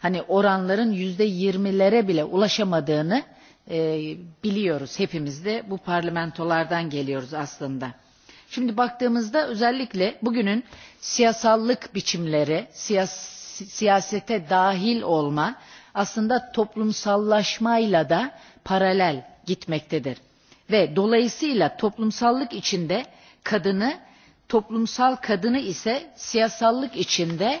hani oranların yüzde yirmilere bile ulaşamadığını e, biliyoruz hepimiz de bu parlamentolardan geliyoruz aslında. Şimdi baktığımızda özellikle bugünün siyasallık biçimleri, siyas siyasete dahil olma aslında toplumsallaşmayla da paralel gitmektedir. Ve dolayısıyla toplumsallık içinde kadını, toplumsal kadını ise siyasallık içinde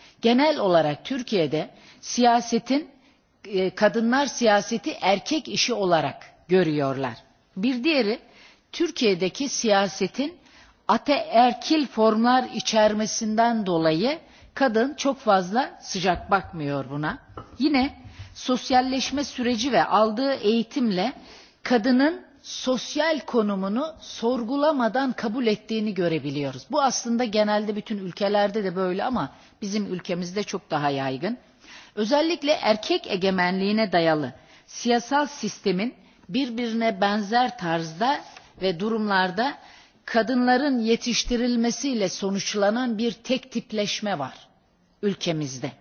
genel olarak Türkiye'de siyasetin e, kadınlar siyaseti erkek işi olarak görüyorlar. Bir diğeri Türkiye'deki siyasetin ateerkil formlar içermesinden dolayı kadın çok fazla sıcak bakmıyor buna. Yine sosyalleşme süreci ve aldığı eğitimle kadının sosyal konumunu sorgulamadan kabul ettiğini görebiliyoruz. Bu aslında genelde bütün ülkelerde de böyle ama bizim ülkemizde çok daha yaygın. Özellikle erkek egemenliğine dayalı siyasal sistemin birbirine benzer tarzda ve durumlarda kadınların yetiştirilmesiyle sonuçlanan bir tek tipleşme var ülkemizde.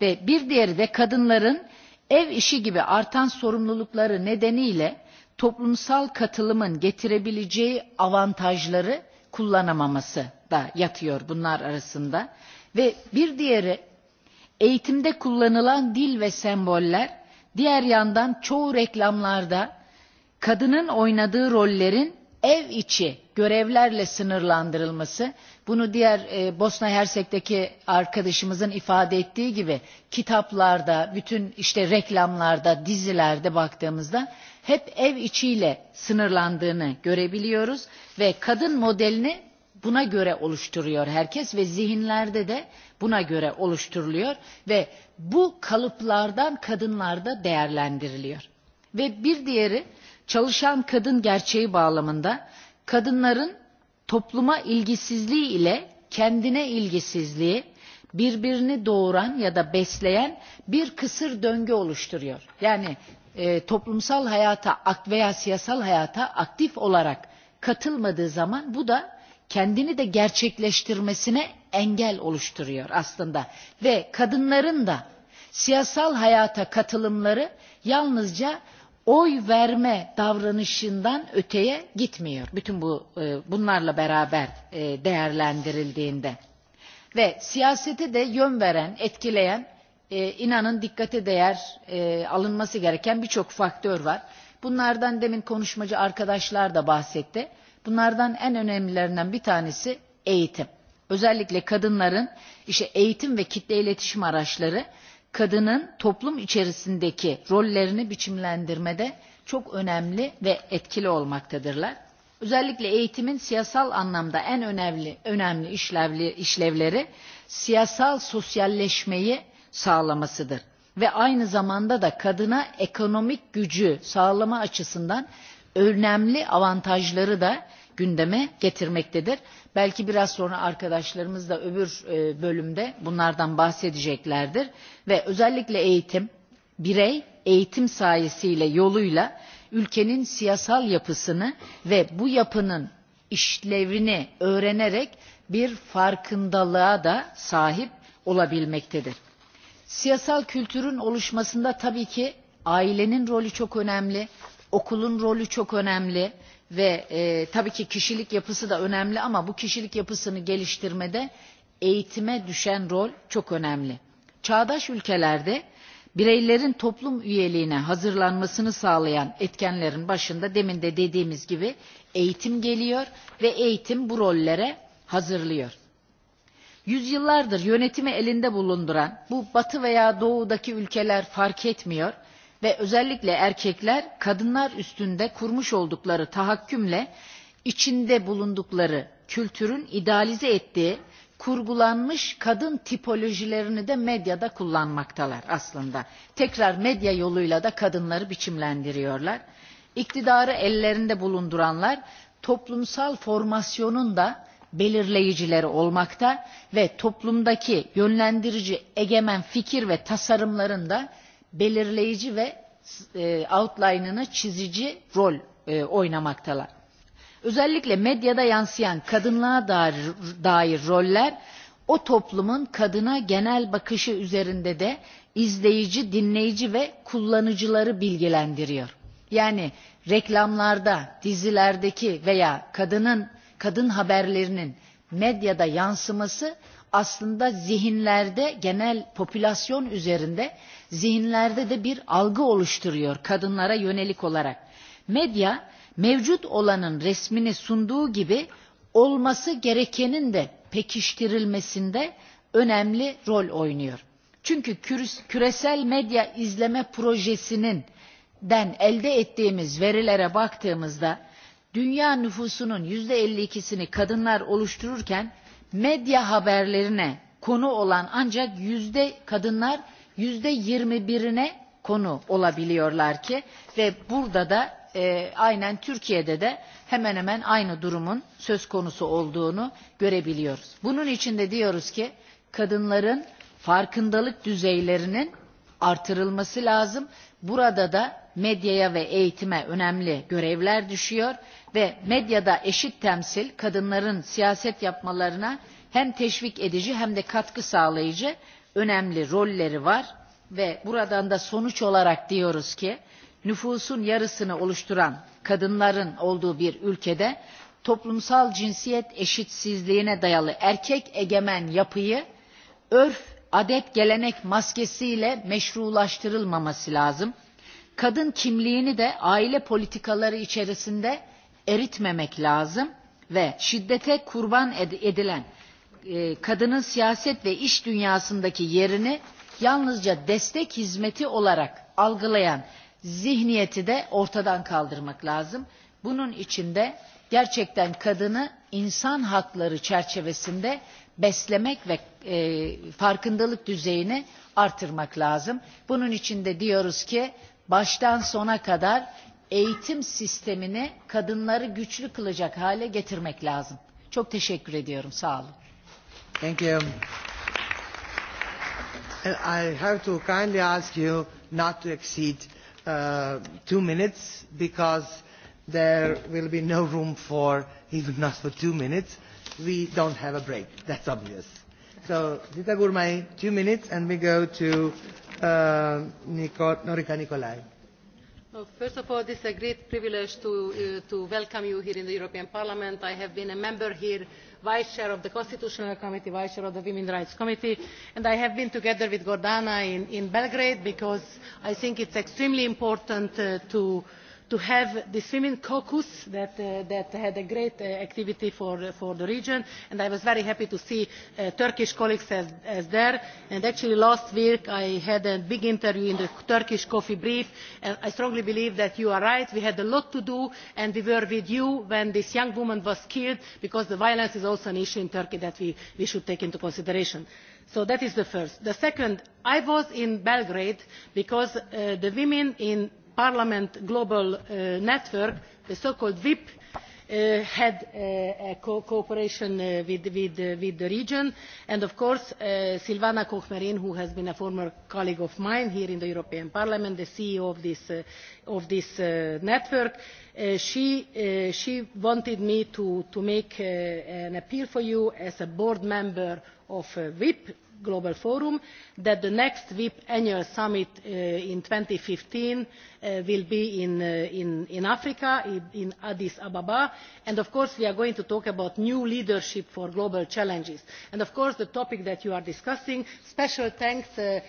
Ve bir diğeri de kadınların ev işi gibi artan sorumlulukları nedeniyle toplumsal katılımın getirebileceği avantajları kullanamaması da yatıyor bunlar arasında. Ve bir diğeri eğitimde kullanılan dil ve semboller diğer yandan çoğu reklamlarda kadının oynadığı rollerin ev içi görevlerle sınırlandırılması bunu diğer e, Bosna Hersek'teki arkadaşımızın ifade ettiği gibi kitaplarda bütün işte reklamlarda dizilerde baktığımızda hep ev içiyle sınırlandığını görebiliyoruz ve kadın modelini buna göre oluşturuyor herkes ve zihinlerde de buna göre oluşturuluyor ve bu kalıplardan kadınlar da değerlendiriliyor. Ve bir diğeri çalışan kadın gerçeği bağlamında kadınların topluma ilgisizliği ile kendine ilgisizliği birbirini doğuran ya da besleyen bir kısır döngü oluşturuyor. Yani E, toplumsal hayata veya siyasal hayata aktif olarak katılmadığı zaman bu da kendini de gerçekleştirmesine engel oluşturuyor aslında. Ve kadınların da siyasal hayata katılımları yalnızca oy verme davranışından öteye gitmiyor. Bütün bu e, bunlarla beraber e, değerlendirildiğinde ve siyasete de yön veren, etkileyen E, inanın dikkate değer e, alınması gereken birçok faktör var. Bunlardan demin konuşmacı arkadaşlar da bahsetti. Bunlardan en önemlilerinden bir tanesi eğitim. Özellikle kadınların işte eğitim ve kitle iletişim araçları kadının toplum içerisindeki rollerini biçimlendirmede çok önemli ve etkili olmaktadırlar. Özellikle eğitimin siyasal anlamda en önemli önemli işlevli, işlevleri siyasal sosyalleşmeyi sağlamasıdır. Ve aynı zamanda da kadına ekonomik gücü sağlama açısından önemli avantajları da gündeme getirmektedir. Belki biraz sonra arkadaşlarımız da öbür e, bölümde bunlardan bahsedeceklerdir. Ve özellikle eğitim, birey eğitim sayesiyle yoluyla ülkenin siyasal yapısını ve bu yapının işlevini öğrenerek bir farkındalığa da sahip olabilmektedir. Siyasal kültürün oluşmasında tabii ki ailenin rolü çok önemli, okulun rolü çok önemli ve e, tabii ki kişilik yapısı da önemli ama bu kişilik yapısını geliştirmede eğitime düşen rol çok önemli. Çağdaş ülkelerde bireylerin toplum üyeliğine hazırlanmasını sağlayan etkenlerin başında demin de dediğimiz gibi eğitim geliyor ve eğitim bu rollere hazırlıyor yüzyıllardır yönetimi elinde bulunduran bu batı veya doğudaki ülkeler fark etmiyor ve özellikle erkekler kadınlar üstünde kurmuş oldukları tahakkümle içinde bulundukları kültürün idealize ettiği kurgulanmış kadın tipolojilerini de medyada kullanmaktalar aslında. Tekrar medya yoluyla da kadınları biçimlendiriyorlar. İktidarı ellerinde bulunduranlar toplumsal formasyonun da belirleyicileri olmakta ve toplumdaki yönlendirici egemen fikir ve tasarımların da belirleyici ve e, outline'ını çizici rol e, oynamaktalar. Özellikle medyada yansıyan kadınlığa dair, dair roller o toplumun kadına genel bakışı üzerinde de izleyici, dinleyici ve kullanıcıları bilgilendiriyor. Yani reklamlarda, dizilerdeki veya kadının kadın haberlerinin medyada yansıması aslında zihinlerde genel popülasyon üzerinde zihinlerde de bir algı oluşturuyor kadınlara yönelik olarak. Medya mevcut olanın resmini sunduğu gibi olması gerekenin de pekiştirilmesinde önemli rol oynuyor. Çünkü küresel medya izleme projesinin den elde ettiğimiz verilere baktığımızda dünya nüfusunun yüzde %52'sini kadınlar oluştururken medya haberlerine konu olan ancak yüzde kadınlar yüzde %21'ine konu olabiliyorlar ki ve burada da e, aynen Türkiye'de de hemen hemen aynı durumun söz konusu olduğunu görebiliyoruz. Bunun için de diyoruz ki kadınların farkındalık düzeylerinin artırılması lazım. Burada da medyaya ve eğitime önemli görevler düşüyor ve medyada eşit temsil kadınların siyaset yapmalarına hem teşvik edici hem de katkı sağlayıcı önemli rolleri var ve buradan da sonuç olarak diyoruz ki nüfusun yarısını oluşturan kadınların olduğu bir ülkede toplumsal cinsiyet eşitsizliğine dayalı erkek egemen yapıyı örf, adet, gelenek maskesiyle meşrulaştırılmaması lazım. Kadın kimliğini de aile politikaları içerisinde eritmemek lazım ve şiddete kurban edilen e, kadının siyaset ve iş dünyasındaki yerini yalnızca destek hizmeti olarak algılayan zihniyeti de ortadan kaldırmak lazım. Bunun için de gerçekten kadını insan hakları çerçevesinde beslemek ve e, farkındalık düzeyini artırmak lazım. Bunun için de diyoruz ki baştan sona kadar eğitim sistemini kadınları güçlü kılacak hale getirmek lazım. Çok teşekkür ediyorum. Sağ olun. Thank you. And I have to kindly ask you not to exceed uh, two minutes because there will be no room for even not for two minutes. We don't have a break. That's obvious. So Zita Gurmai, two minutes, and we go to uh, Nico, Norika Nikolai first of all, it is a great privilege to, uh, to welcome you here in the European Parliament. I have been a member here, Vice Chair of the Constitutional Committee, Vice Chair of the Women's Rights Committee, and I have been together with Gordana in, in Belgrade because I think it is extremely important uh, to uh, to have this women's caucus uh, that, had a great uh, activity for, the region and i was very happy to see uh, turkish colleagues as, there and actually last week i had a big interview in the turkish coffee brief and i strongly believe that you are right we had a lot to do and we were with you when this young woman was killed because violence is also an issue in turkey that we, should take into consideration so that is the first. the second i was in belgrade because the women in parliament global uh, network the so called vip uh, had uh, cooperation with, the region and of course silvana koch who has been a former colleague of mine here in the european parliament the ceo of this, network she, wanted me to, make an appeal for you as a board member of vip global forum that the next vip annual summit in two thousand and fifteen Uh, will be in, uh, in, in africa in addis ababa and of course we are going to talk about new leadership for global challenges and of course the topic that you are discussing special thanks to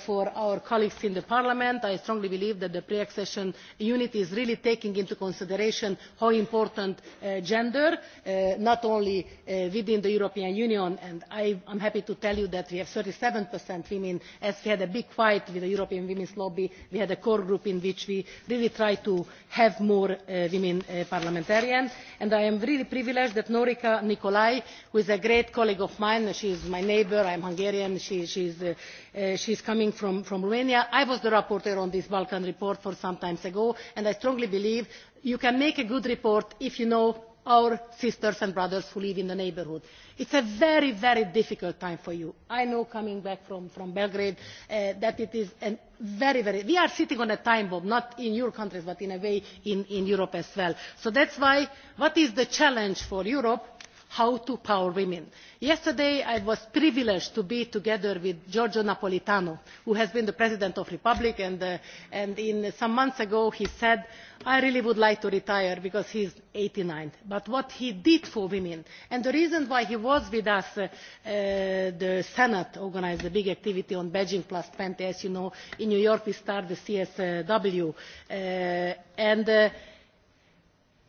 uh, our colleagues in parliament i strongly believe that the pre accession unit is really taking into consideration how important gender is not only within the european union and i am happy to tell you that we have thirty seven women as we had a big fight with the european women's lobby we had a core group in which we really try to have more uh, women uh, parliamentarians and i am really privileged that norica nicolai who is a great colleague of mine she is my neighbour i am hungarian she uh, is coming from romania i was the rapporteur on this balkan report some time ago and i strongly believe you can make a good report if you know our sisters and brothers who live in the neighbourhood. it is a very very difficult time for you. i know coming back from, belgrade uh, that it is very very we are sitting on a time bomb not in your countries but in a way in, in europe as well. so that is why what is the challenge for europe? how to empower women. yesterday i was privileged to be together with giorgio napolitano who has been the president of the republic and, uh, some months ago he said i really would like to retire because he is eighty nine but what he did for women and the reason why he was with us uh, uh, the senate organised a big activity on beijing plus twenty as you know in new york we started the csw and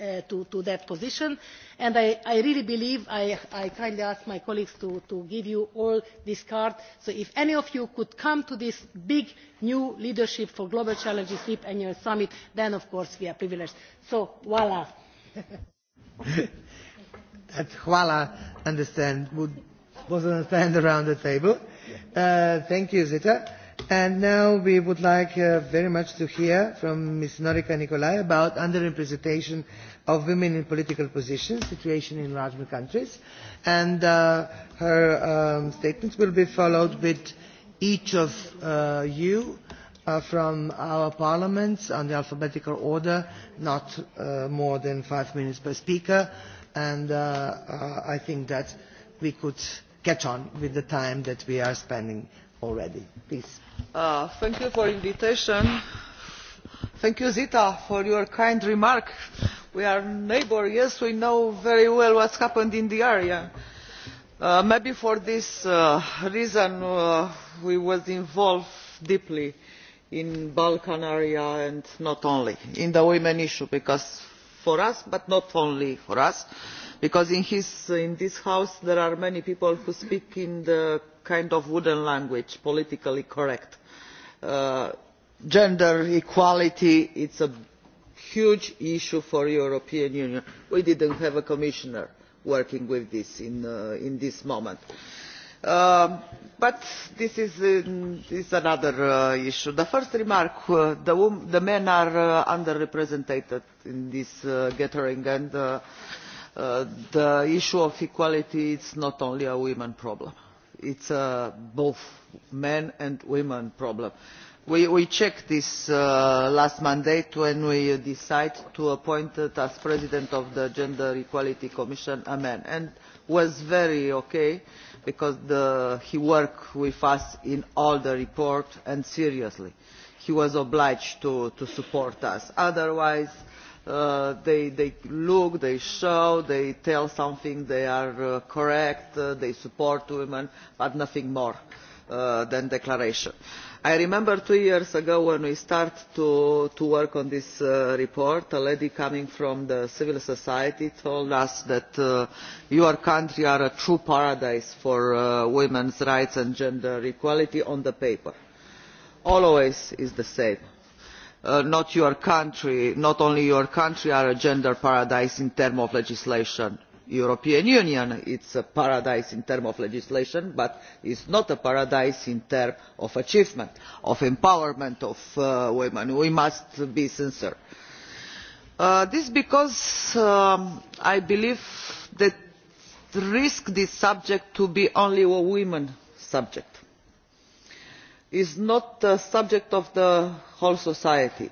Uh, to, that position. And I, really believe, I, kindly ask my colleagues to, give you all this card. So if any of you could come to this big new Leadership for Global Challenges RIP annual summit, then of course we are privileged. So voil! That understand, would, was an understand around the table. Uh, thank you, Zita. And now we would like uh, very much to hear from Ms. Norika Nicolai about underrepresentation of women in political positions, situation in large countries. And uh, her um, statements will be followed with each of uh, you uh, from our parliaments on the alphabetical order, not uh, more than five minutes per speaker. And uh, uh, I think that we could catch on with the time that we are spending already. Uh, thank you for invitation. Thank you, Zita, for your kind remark. We are neighbours, yes, we know very well what has happened in the area. Uh, maybe for this uh, reason we were involved deeply in the balkan area and not only in the women's issue because for us but not only for us because in this house there are many people who speak in the kind of wooden language politically correct. Uh, gender equality is a huge issue for the european union. we did not have a commissioner working with this at uh, this moment. Um, but this is, um, another uh, issue. the first remark uh, the, the men are uh, under represented in this gathering and the issue of equality is not only a women's problem it is both a men and women's problem. we, checked this uh, last mandate when we decided to appoint as president of the gender equality commission a man and it was very ok because he worked with us in all the reports and seriously. he was obliged to support us otherwise Uh, they, they look they show they tell something they are uh, correct uh, they support women but nothing more uh, than declaration. i remember two years ago when we started to, to work on this uh, report a lady coming from civil society told us that your country is a true paradise for women's rights and gender equality on the paper. always is the same Uh, not your country not only your country are a gender paradise in terms of legislation the european union is a paradise in terms of legislation but it is not a paradise in terms of achievement of empowerment of uh, women. we must be sincere. Uh, this is because um, i believe that risk this subject to be only a women's subject is not the subject of the whole society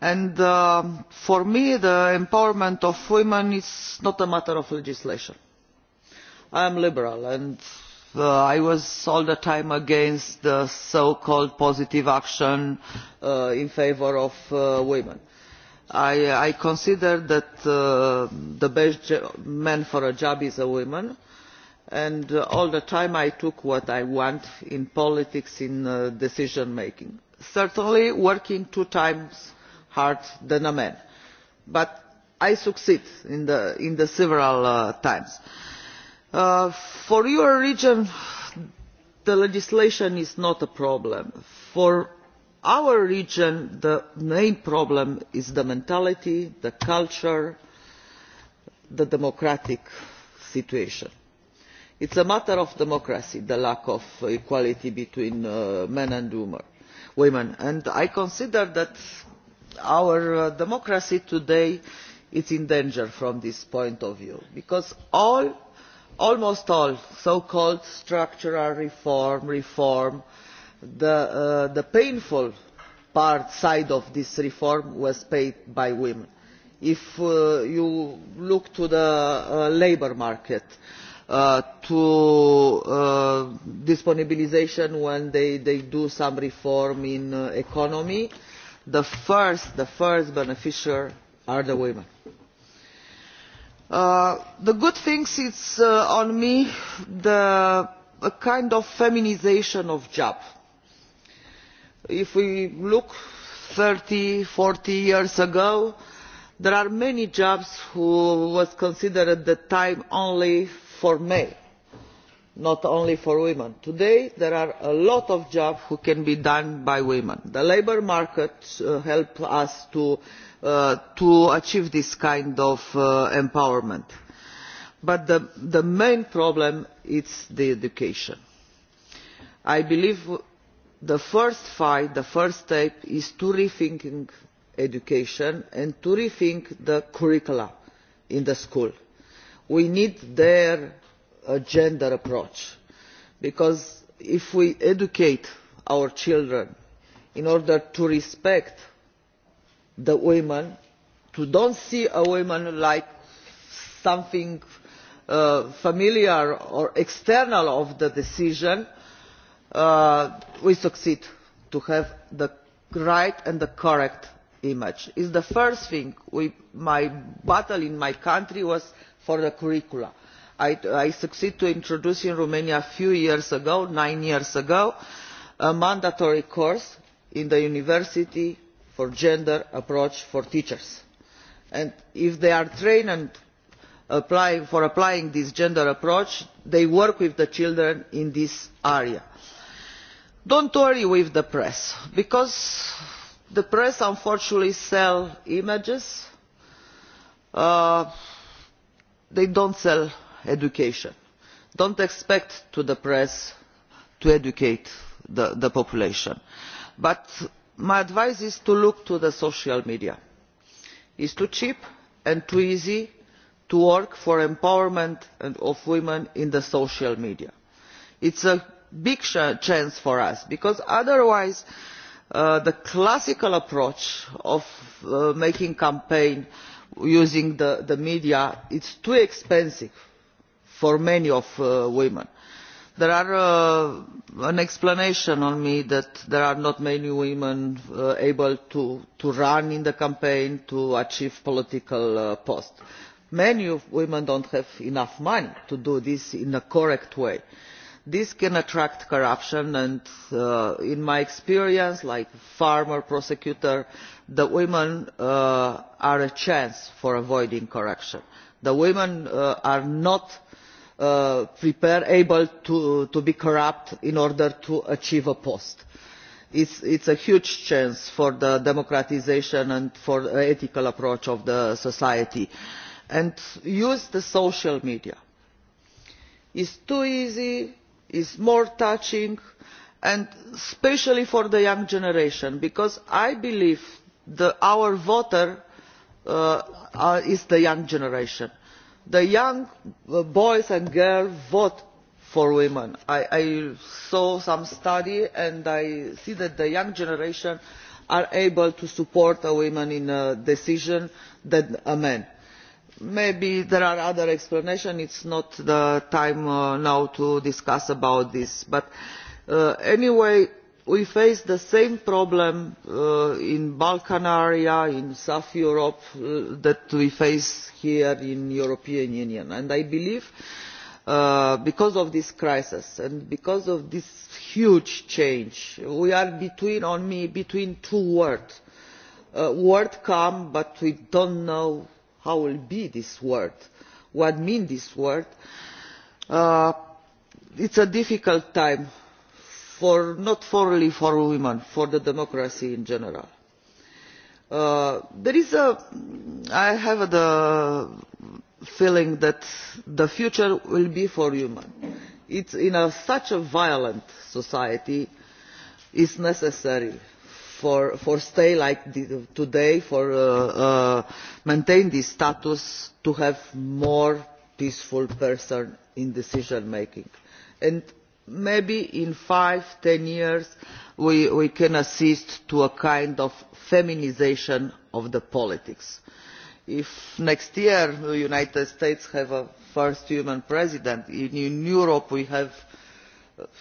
and uh, for me the empowerment of women is not a matter of legislation. i am liberal and uh, i was all the time against the so called positive action uh, in favour of women. i consider that the best man for a job is a woman and all the time i took what i wanted in politics in uh, decision making certainly working two times harder than a man but i succeeded several uh, times. Uh, for your region the legislation is not a problem. for our region the main problem is the mentality the culture and the democratic situation it is a matter of democracy the lack of equality between uh, men and women and i consider that our uh, democracy today is in danger from this point of view because almost all so called structural reform reform the, uh, painful side of this reform was paid by women. if you look to the labour market uh, to uh, disponibilisation when they, they do some reform in uh, economy, the first, the first beneficiary are the women. Uh, the good thing is uh, on me the a kind of feminization of job. If we look 30, 40 years ago, there are many jobs who was considered at the time only for men not only for women. today there are a lot of jobs that can be done by women. the labour market uh, helps us uh, to, achieve this kind of uh, empowerment but the, the main problem is the education. i believe the first fight the first step is to rethink education and to rethink the curricula in the school we need their uh, gender approach because if we educate our children in order to respect women to not see women as something uh, familiar or external to the decision uh, we succeed in having the right and the correct image. the first thing in my battle in my country was for the curricula. I, succeeded to introduce in Romania a few years ago, nine years ago, a mandatory course in the university for gender approach for teachers. And if they are trained and apply, for applying this gender approach, they work with the children in this area. Don't worry with the press, because the press unfortunately sells images, uh, they do not sell education. do not expect the press to educate the, population but my advice is to look to the social media. it is too cheap and too easy to work for the empowerment of women in the social media. it is a big chance for us because otherwise uh, the classical approach of uh, making campaigns using the, media media is too expensive for many of, uh, women. there is uh, an explanation on me that there are not many women uh, able to, to run in the campaign to achieve political posts. many women do not have enough money to do this in a correct way this can attract corruption and uh, in my experience as a former prosecutor women uh, are a chance for avoiding corruption. women uh, are not uh, prepared able to, be corrupt in order to achieve a post. it is a huge chance for the democratisation and for the ethical approach of society. use the social media. it is too easy is more touching and especially for the young generation because i believe that our voter uh, uh, is the young generation. the young uh, boys and girls vote for women. I, saw some study and i see that the young generation are able to support a woman in a decision than men maybe there are other explanations it is not the time uh, now to discuss this but uh, anyway we face the same problem uh, in the balkan area in south europe that we face here in the european union and i believe because of this crisis and because of this huge change we are between, between two worlds a world calm but we do not know how will be this world what mean this world uh, it's a difficult time for not only for women for the democracy in general uh, there is a i have the feeling that the future will be for women it's in a, such a violent society is necessary for, stay like today for uh, uh, maintain this status to have more peaceful person in decision making and maybe in five ten years we, we can assist to a kind of feminisation of the politics if next year the united states has a first woman president in, in europe we have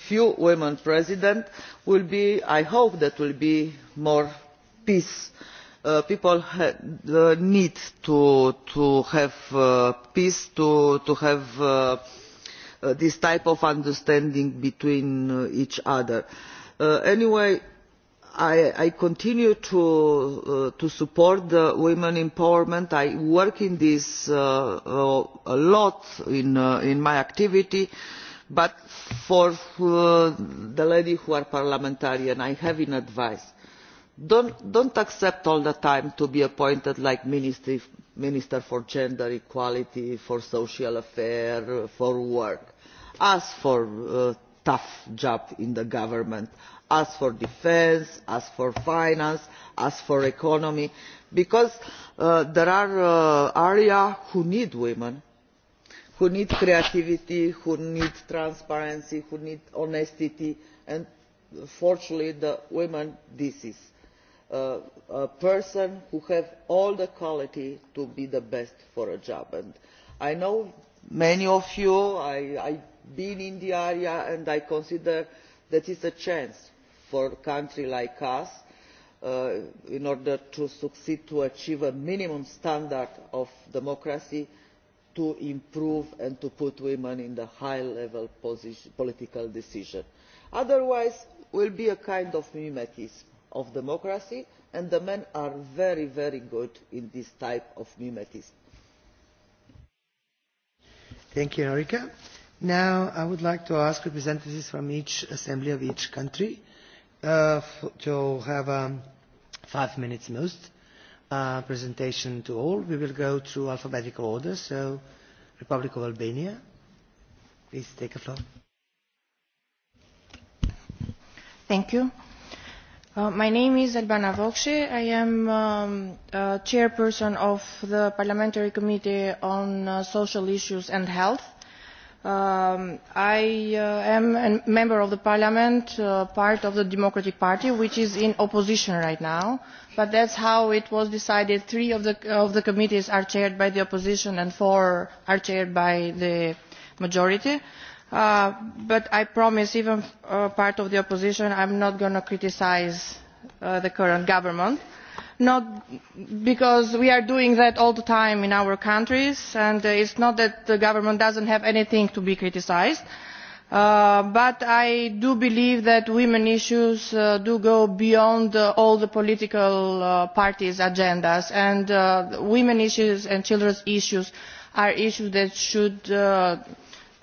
few women president will be i hope there will be more peace. Uh, people need to, have uh, peace to, have uh, this type of understanding between each other. anyway I, continue to, support women's empowerment. i work on this a lot in, in my activity and but for uh, the lady who is a parliamentarian i have an advice do not accept all the time to be appointed like minister, for gender equality for social affairs for work. ask for a uh, tough job in the government ask for defence ask for finance ask for economy because uh, there are areas that need women who need creativity who need transparency who need honesty and fortunately the women this is uh, a person who has all the qualities to be the best for a job i know many of you i have been in the area and i consider that it is a chance for a country like ours uh, in order to succeed to achieve a minimum standard of democracy to improve and to put women in high level political decisions. otherwise there will be a kind of mimetism of democracy and the men are very very good at this type of mimetism. thank you erika. now i would like to ask representatives from each assembly of each country uh, to have um, five minutes most Uh, presentation to all. We will go through alphabetical order, so Republic of Albania, please take the floor. Thank you. Uh, my name is Albana Vokshi. I am um, uh, chairperson of the Parliamentary Committee on uh, Social Issues and Health Um, i uh, am a member of the parliament uh, part of the democratic party which is in opposition right now but that is how it was decided three of the, committees are chaired by the opposition and four are chaired by the majority uh, but i promise even as part of the opposition i am not going to criticise the current government not because we are doing that all the time in our countries and uh, it is not that the government does not have anything to be criticised uh, but i do believe that women's issues uh, do go beyond all the political parties' agendas and women's issues and children's issues are issues that should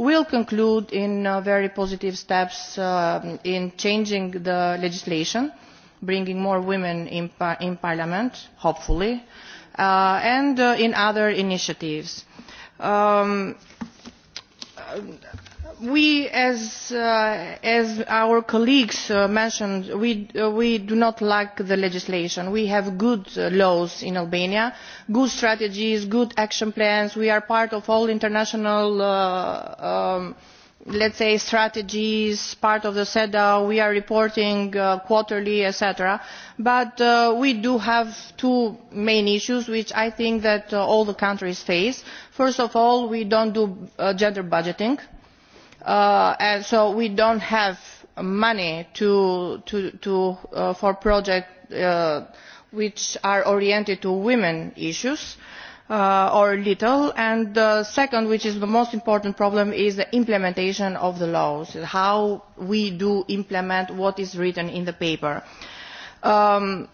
will conclude in uh, very positive steps um, in changing the legislation bringing more women in, parliament hopefully uh, and uh, in other initiatives. Um, we uh, as, our colleagues uh, mentioned uh, we, do not lack the legislation. we have good laws in albania good strategies good action plans we are part of all international um, let us say strategies part of the cedaw we are reporting quarterly etc. but we do have two main issues which i think that all the countries face. first of all we do not do gender budgeting Uh, and so we do not have money uh, for projects uh, which are oriented to women's issues or little the second which is the most important problem is the implementation of the laws how we implement what is written in the paper. Um,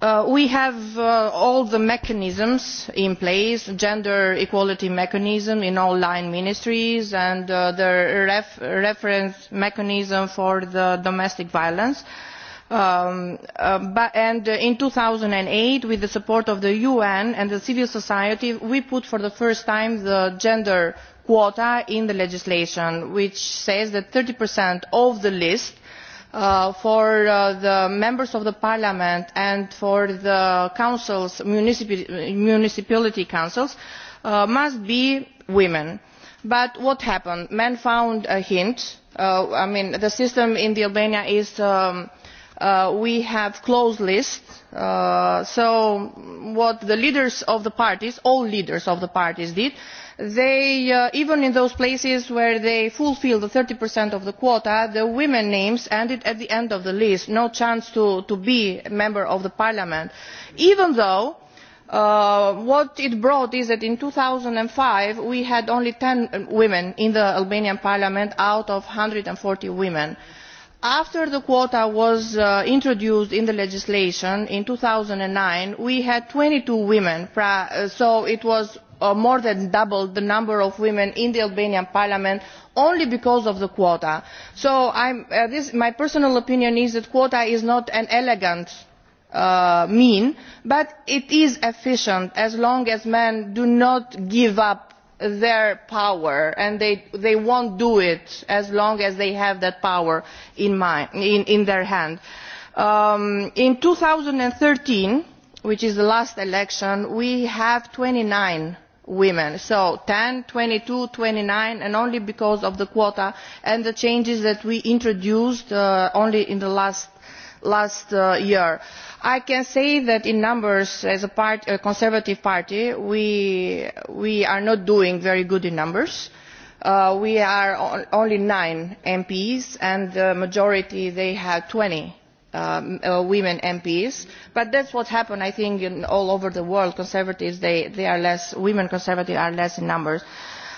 Uh, we have uh, all the mechanisms in place the gender equality mechanism in all line ministries and uh, the reference mechanism for domestic violence um, and in two thousand and eight with the support of the un and civil society we put for the first time the gender quota in the legislation which says that thirty of the list Uh, for uh, the members of the parliament and for the councils, municipality councils uh, must be women. but what happened? men found a hint. i mean the system in albania is um, we have closed lists so what the leaders of the parties all leaders of the parties did Uh, even in those places where they fulfil the thirty of the quota the women's names ended at the end of the list no chance to, be a member of parliament even though uh, what it brought is that in two thousand and five we had only ten women in the albanian parliament out of one hundred and forty women. after the quota was uh, introduced in the legislation in two thousand and nine we had twenty two women so it was Uh, more than doubled the number of women in the albanian parliament only because of the quota. so uh, my personal opinion is that the quota is not an elegant uh, means but it is efficient as long as men do not give up their power and they, will not do it as long as they have that power in, their hand. Um, in two thousand and thirteen which is the last election we had twenty nine women so ten twenty two twenty nine and only because of the quota and the changes that we introduced uh, only in the last, uh, year. i can say that in numbers as a, conservative party we, are not doing very good in numbers. Uh, we are only nine mps and the majority they have twenty Um, uh, women mps but that is what happened i think all over the world conservatives they, are less women conservatives are less in numbers.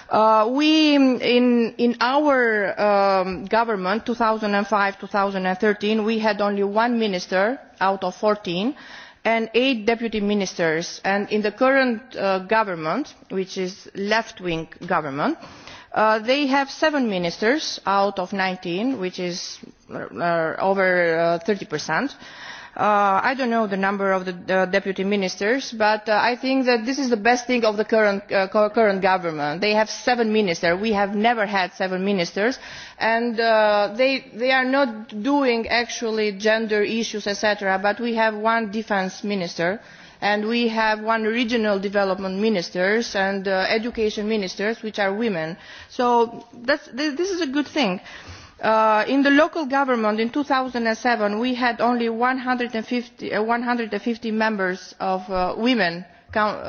Uh, we in, our um, government two thousand and five two thousand and thirteen we had only one minister out of fourteen and eight deputy ministers and in the current uh, government which is a left wing government Uh, they have seven ministers out of nineteen which is uh, over uh, thirty i do not know the number of the deputy ministers but i think that this is the best thing of the current, government they have seven ministers we have never had seven ministers and they, are not dealing actually with gender issues etc. but we have one defence minister and and we have one regional development minister and uh, education ministers who are women so this is a good thing. Uh, in the local government in two thousand and seven we had only one hundred and fifty members uh, women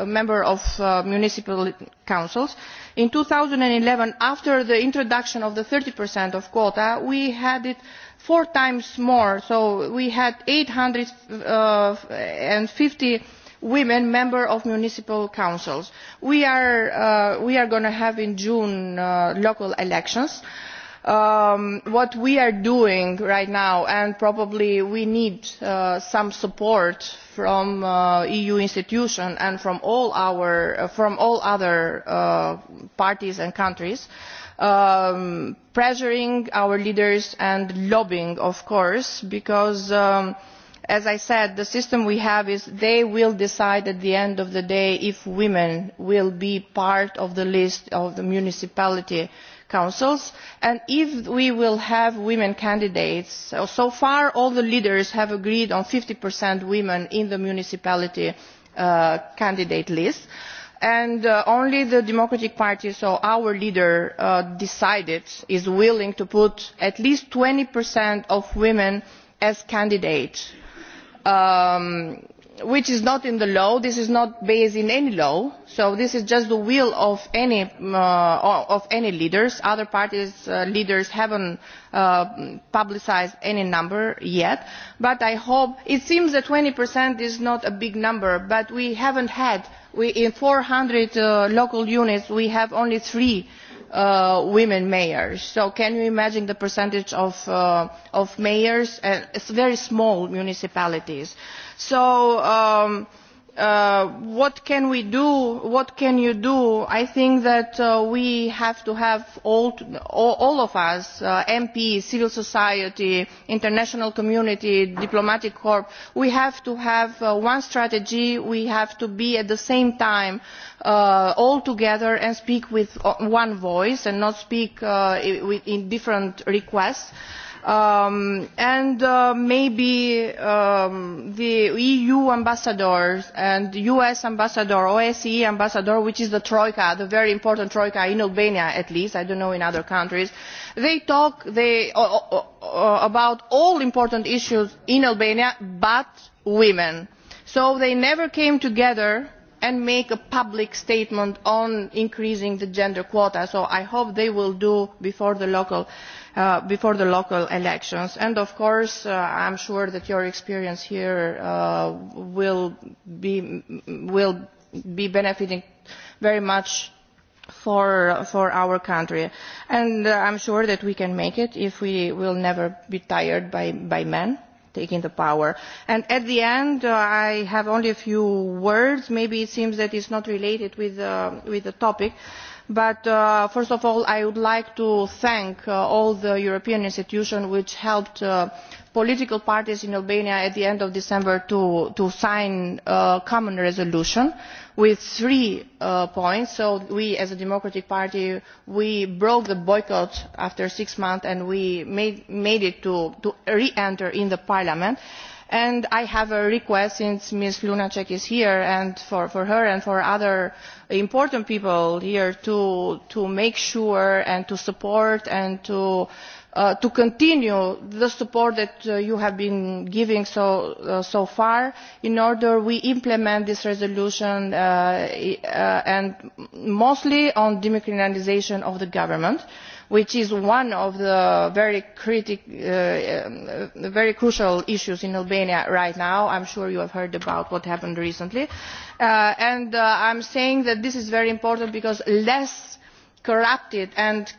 members of municipal councils. in two thousand and eleven after the introduction of the thirty quota we had it four times more so we had eight hundred and fifty women members of municipal councils. we are, uh, going to have in june uh, local elections. Um, what we are doing right now and probably we need uh, some support from the eu institutions and from all, other parties and countries is um, pressuring our leaders and lobbying of course because um, as i said the system we have is that they will decide at the end of the day if women will be part of the list of the municipality councils and if we will have women candidates so far all the leaders have agreed on fifty women in the municipality uh, candidate list and uh, only the democratic party so our leader uh, decided is willing to put at least twenty of women as candidates Um, which is not in the law this is not based in any law so this is just the will of any, uh, of any leaders other parties' uh, leaders have not uh, publicised any number yet but i hope it seems that twenty is not a big number but we have not had we, in four hundred local units we have only three Uh, women mayors so can you imagine the percentage of, uh, mayors uh, in very small municipalities? so um, Uh, what can we do what can you do i think that uh, we have to have all, all of us uh, mps civil society international community diplomatic corps we have to have uh, one strategy we have to be at the same time uh, all together and speak with uh, one voice and not speak in different requests Um, and uh, maybe um, the eu ambassadors and us ambassador osce ambassador which is the troika the very important troika in albania at least i don't know in other countries they talk they, uh, uh, about all important issues in albania but women. so they never came together and make a public statement on increasing the gender quota so i hope they will do before the local Uh, before the local elections and of course uh, i am sure that your experience here uh, will be will benefiting very much for our country and i am sure that we can make it if we will never be tired by men taking the power and at the end i have only a few words maybe it seems that it is not related to the topic uh, but uh, first of all i would like to thank uh, all the european institutions which helped uh, political parties in albania at the end of december to, sign a common resolution with three uh, points so we as a democratic party broke the boycott after six months and we made, it to, re enter parliament and i have a request since ms lunacek is here and for, her and for other important people here to, make sure and to support and to, uh, continue the support that uh, you have been giving uh, so, far in order we implement this resolution and mostly on decriminalisation of the government which is one of the uh, um, uh, very, crucial issues in albania right now i am sure you have heard about what happened recently uh, and i am saying that this is very important because less corrupted and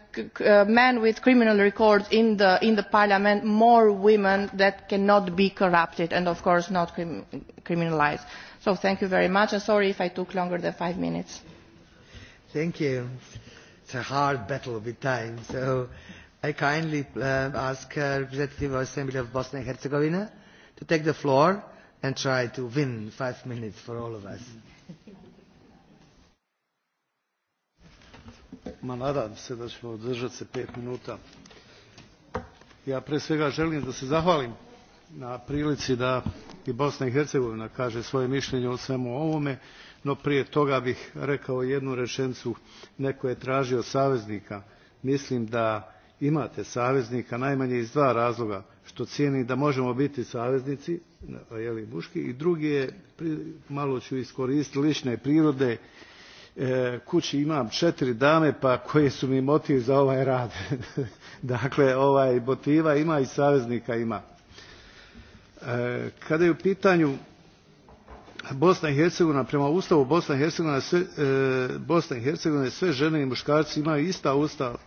men with criminal records in the, parliament more women that cannot be corrupted and of course not criminalised. so thank you very much and sorry if i took longer than five minutes. thank you a hard battle with time. So I kindly uh, ask uh, Representative of Assembly of Bosnia and Herzegovina to take the floor and try to win five minutes for all of us. Ma nadam se da ćemo održati se pet minuta. Ja pre svega želim da se zahvalim na prilici da i Bosna i Hercegovina kaže svoje mišljenje o svemu ovome no prije toga bih rekao jednu rečenicu neko je tražio saveznika mislim da imate saveznika najmanje iz dva razloga što cijenim da možemo biti saveznici je li muški i drugi je malo ću iskoristiti lične prirode e, kući imam četiri dame pa koje su mi motiv za ovaj rad dakle ovaj motiva ima i saveznika ima e, kada je u pitanju Bosna i Hercegovina, prema Ustavu Bosne i Hercegovine, sve, e, Bosne i Hercegovine sve žene i muškarci imaju ista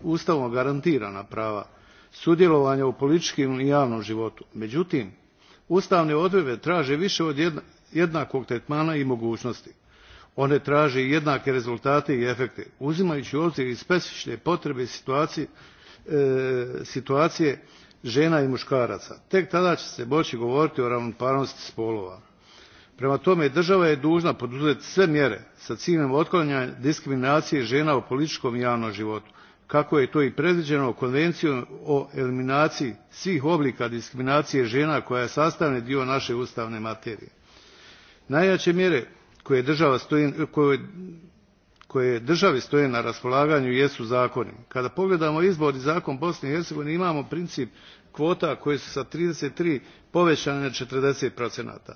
ustavom garantirana prava sudjelovanja u političkim i javnom životu. Međutim, ustavne odredbe traže više od jednakog tretmana i mogućnosti. One traže jednake rezultate i efekte, uzimajući u obzir i specifične potrebe situacije, e, situacije žena i muškaraca. Tek tada će se moći govoriti o ravnopravnosti spolova prema tome drava je duna poduzeti sve mjere s ciljem otklanjanja diskriminacije ena u politikom i javnom ivotu kako je to i predvieno konvencijom o eliminaciji svih oblika diskriminacije ena koja je sastavni dio nae ustavne materije. najjae mjere koje država stoji, koje koje državi stoje na raspolaganju jesu zakoni. Kada pogledamo izbor i zakon Bosne i Hercegovine imamo princip kvota koje su sa 33 povećane na 40 procenata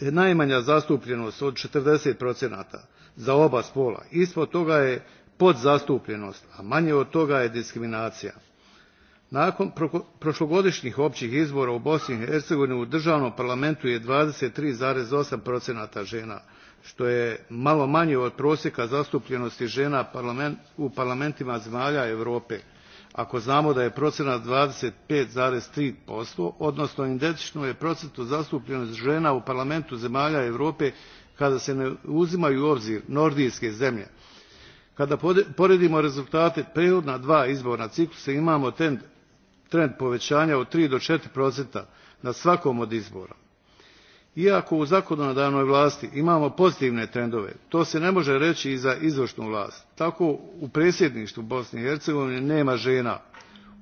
najmanja zastupljenost od forty za oba spola ispod toga je podzastupljenost a manje od toga je diskriminacija. nakon prologodinjih opih izbora u bosni i hercegovini u dravnom parlamentu je twenty three eight ena to je malo manje od prosjeka zastupljenosti ena u parlamentima zemalja europe ako znamo da je procenat 25,3%, odnosno identično je procentu zastupljenost žena u parlamentu zemalja Europe kada se ne uzimaju u obzir nordijske zemlje. Kada poredimo rezultate prethodna dva izborna ciklusa imamo trend, trend povećanja od 3 do 4 procenta na svakom od izbora iako u zakonodavnoj vlasti imamo pozitivne trendove to se ne moe rei i za izvrnu vlast tako u predsjednitvu bosne i hercegovine nema ena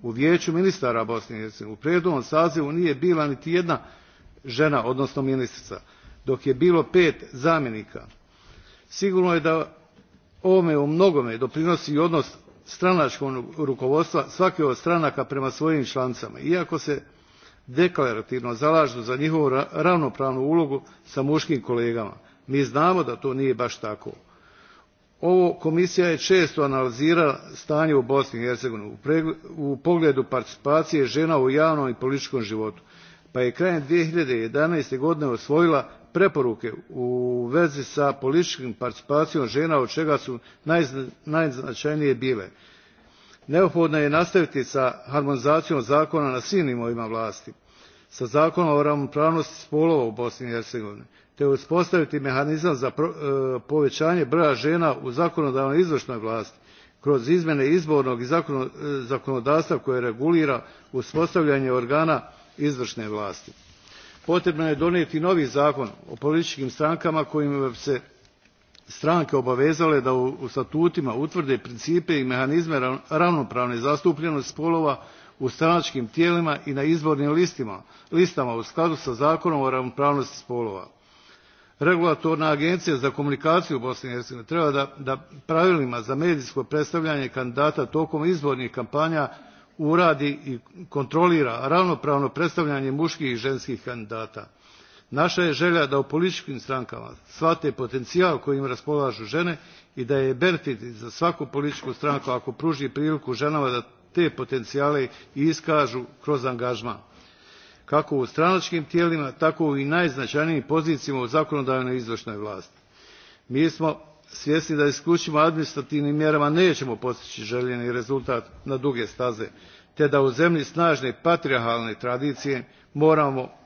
u vijeu ministara bosne i hercegovine u prethodnom sazivu nije bila niti jedna ena odnosno ministrica dok je bilo pet zamjenika sigurno je da ovome u mnogome doprinosi i odnos stranakog rukovodstva svake od stranaka prema svojim lanicama iako se deklarativno zalažu za njihovu ravnopravnu ulogu sa muškim kolegama. Mi znamo da to nije baš tako. Ovo komisija je često analizirala stanje u Bosni i Hercegovini u pogledu participacije žena u javnom i političkom životu, pa je krajem 2011. godine osvojila preporuke u vezi sa političkom participacijom žena od čega su najznačajnije bile neophodno je nastaviti sa harmonizacijom zakona na svim nivoima vlasti sa zakonom o ravnopravnosti spolova u bosni i hercegovini te uspostaviti mehanizam za e, povećanje broja žena u zakonodavnoj i izvršnoj vlasti kroz izmjene izbornog i e, zakonodavstva koje regulira uspostavljanje organa izvršne vlasti. potrebno je donijeti novi zakon o političkim strankama kojim bi se stranke obavezale da u statutima utvrde principe i mehanizme ravnopravne zastupljenosti spolova u stranačkim tijelima i na izbornim listima, listama u skladu sa zakonom o ravnopravnosti spolova. Regulatorna agencija za komunikaciju u Bosni i Hercegovini treba da, da pravilima za medijsko predstavljanje kandidata tokom izbornih kampanja uradi i kontrolira ravnopravno predstavljanje muških i ženskih kandidata naša je želja da u političkim strankama shvate potencijal kojim raspolažu žene i da je benefit za svaku političku stranku ako pruži priliku ženama da te potencijale i iskažu kroz angažman kako u stranačkim tijelima tako i najznačajnijim pozicijama u zakonodavnoj i izvršnoj vlasti. mi smo svjesni da isključivo administrativnim mjerama nećemo postići željeni rezultat na duge staze te da u zemlji snažne patrijarhalne tradicije moramo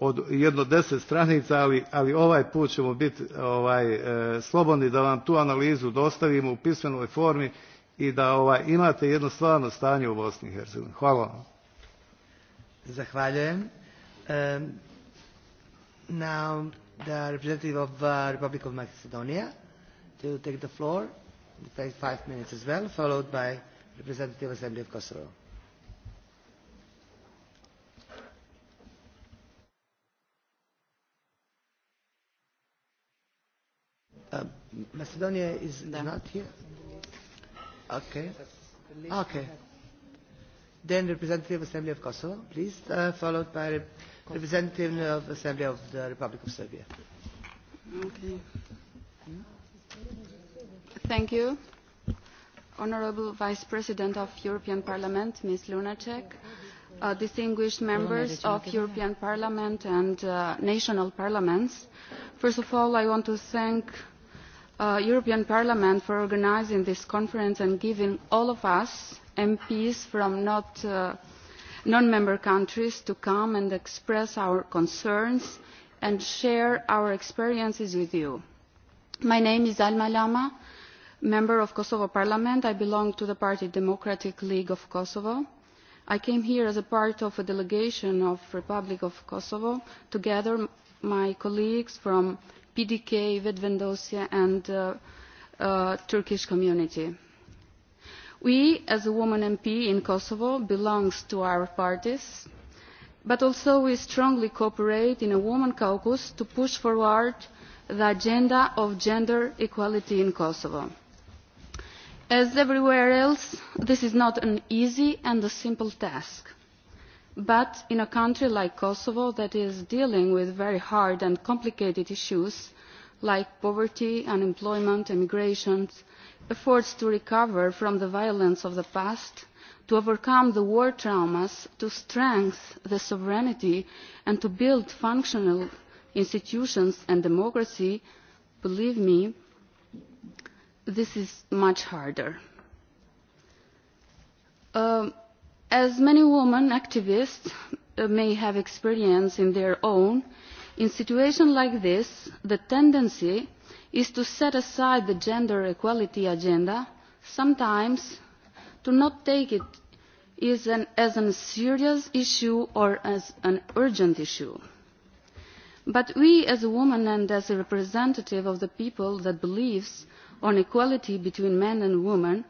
od jedno deset stranica, ali, ali ovaj put ćemo biti ovaj, e, slobodni da vam tu analizu dostavimo u pismenoj formi i da ovaj, imate jedno stvarno stanje u Bosni i Hercegovini. Hvala vam. Zahvaljujem. Um, now the representative of the uh, Republic of Macedonia to take the floor, five minutes as well, followed by representative of Assembly of Kosovo. Uh, Macedonia is da. not here? Okay. Okay. Then representative Assembly of Kosovo, please, uh, followed by rep representative of Assembly of the Republic of Serbia. Okay. Thank you. Honorable Vice President of European Parliament, Ms. Lunacek, uh, distinguished members of European Parliament and uh, national parliaments, first of all, I want to thank Uh, European Parliament for organising this conference and giving all of us MPs from uh, non-member countries to come and express our concerns and share our experiences with you. My name is Alma Lama, member of Kosovo Parliament. I belong to the party Democratic League of Kosovo. I came here as a part of a delegation of Republic of Kosovo, together my colleagues from PDK with Vendosya and uh, uh, Turkish community. We, as a woman MP in Kosovo, belong to our parties, but also we strongly cooperate in a woman caucus to push forward the agenda of gender equality in Kosovo. As everywhere else, this is not an easy and a simple task but in a country like kosovo that is dealing with very hard and complicated issues like poverty unemployment immigration efforts to recover from the violence of the past to overcome the war traumas to strengthen sovereignty and to build functional institutions and democracy believe me this is much harder. Um, As many women activists uh, may have experienced in their own, in situations like this, the tendency is to set aside the gender equality agenda, sometimes to not take it is an, as a serious issue or as an urgent issue. But we as a woman and as a representative of the people that believes on equality between men and women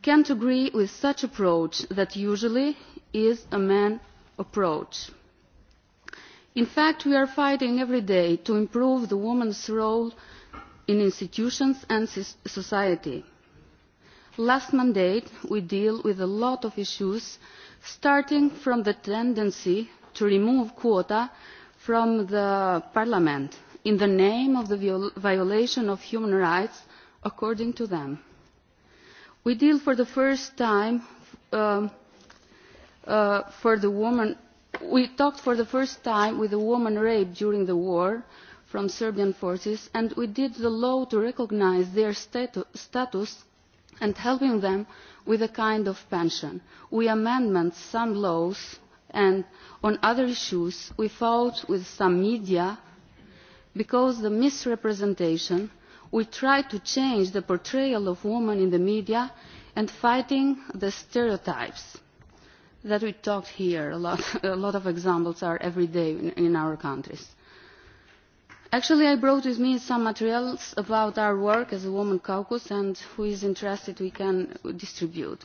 can't agree with such an approach that usually is a man approach. in fact we are fighting every day to improve the woman's role in institutions and society. last mandate we dealt with a lot of issues starting from the tendency to remove quotas from the parliament in the name of the violation of human rights according to them we deal for the first time um, uh, for the woman we talked for the first time with a woman raped during the war from Serbian forces and we did the law to recognise their statu status and helping them with a kind of pension. We amended some laws and on other issues we fought with some media because the misrepresentation we try to change the portrayal of women in the media and fight the stereotypes that we talked here a lot, a lot of examples are every day in, in our countries. Actually, I brought with me some materials about our work as a Women Caucus and who is interested we can distribute.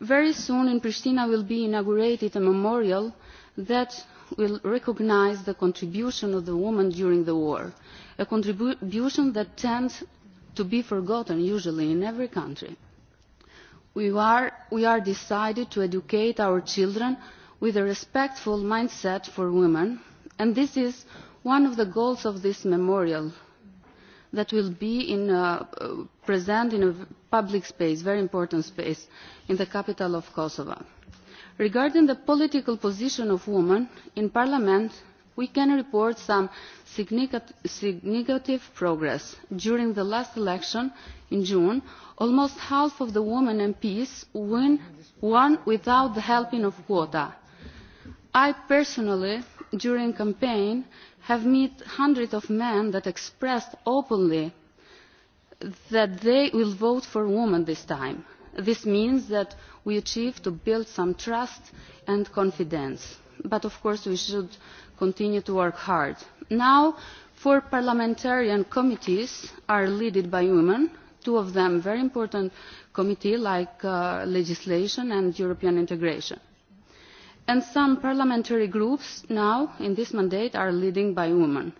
Very soon in Pristina will be inaugurated a memorial that will recognise the contribution of the women during the war a contribution that tends to be forgotten usually in every country. We are, we are decided to educate our children with a respectful mindset for women, and this is one of the goals of this memorial that will be in, uh, present in a public space, very important space, in the capital of Kosovo. Regarding the political position of women in parliament, we can report some significant progress. during the last election in june almost half of the women mps won without the help of quotas. i personally during the campaign have met hundreds of men that expressed openly that they will vote for women this time. this means that we achieved to build some trust and confidence but of course we should continue to work hard. now four parliamentarian committees are led by women two of them very important committees like uh, legislation and european integration and some parliamentary groups now in this mandate are led by women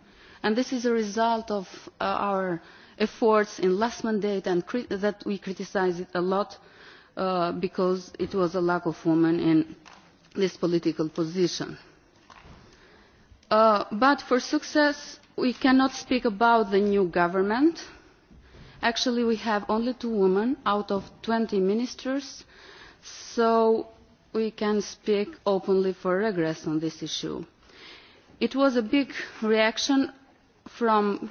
and this is a result of uh, our efforts in the last mandate and that we criticised a lot uh, because it was a lack of women in this political position. Uh, but for success, we cannot speak about the new government. Actually, we have only two women out of twenty ministers, so we can speak openly for regress on this issue. It was a big reaction from the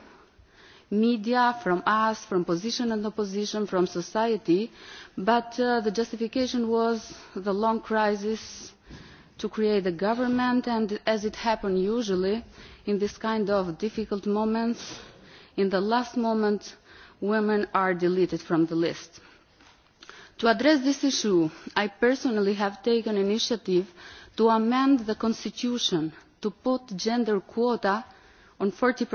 media, from us, from position and opposition, from society, but uh, the justification was the long crisis to create a government and as it happens usually in these kind of difficult moments in the last moment women are deleted from the list. to address this issue i personally have taken initiative to amend the constitution to put gender quota on forty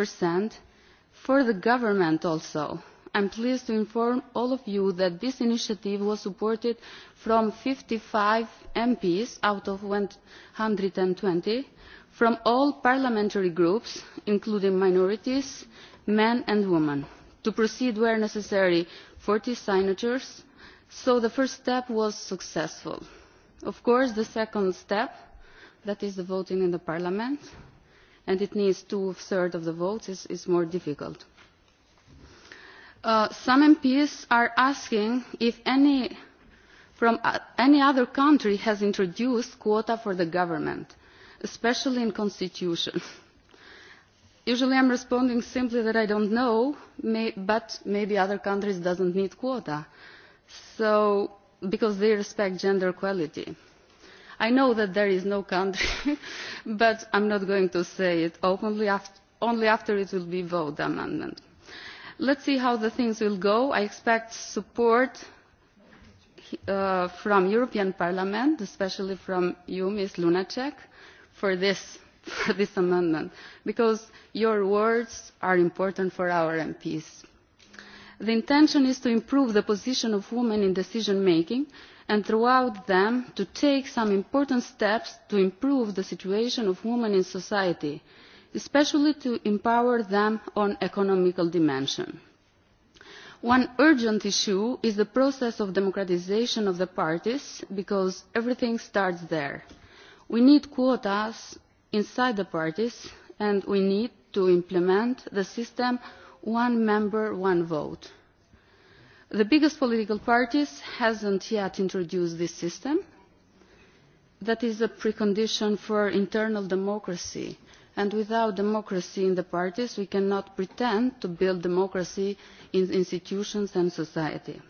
for the government also I am pleased to inform all of you that this initiative was supported by fifty five MPs out of one hundred and twenty from all parliamentary groups, including minorities, men and women. To proceed where necessary, forty signatures, so the first step was successful. Of course, the second step, that is the voting in the parliament, and it needs two-thirds of the votes, is more difficult Uh, some meps are asking if any from uh, any other country has introduced quotas for the government especially in constitution. usually i am responding simply that i do not know but maybe other countries do not need quotas because they respect gender equality. i know that there is no country but i am not going to say it openly only after it will be voted on amendment Let's see how the things will go. I expect support from uh, from European Parliament, especially from you, Ms. Lunacek, for this, for this amendment, because your words are important for our MPs. The intention is to improve the position of women in decision-making and throughout them to take some important steps to improve the situation of women in society – especially to empower them on the economical dimension. One urgent issue is the process of democratisation of the parties, because everything starts there. We need quotas inside the parties, and we need to implement the system one member, one vote. The biggest political parties have not yet introduced this system. That is a precondition for internal democracy and without democracy in the parties we cannot pretend to build democracy in institutions and society.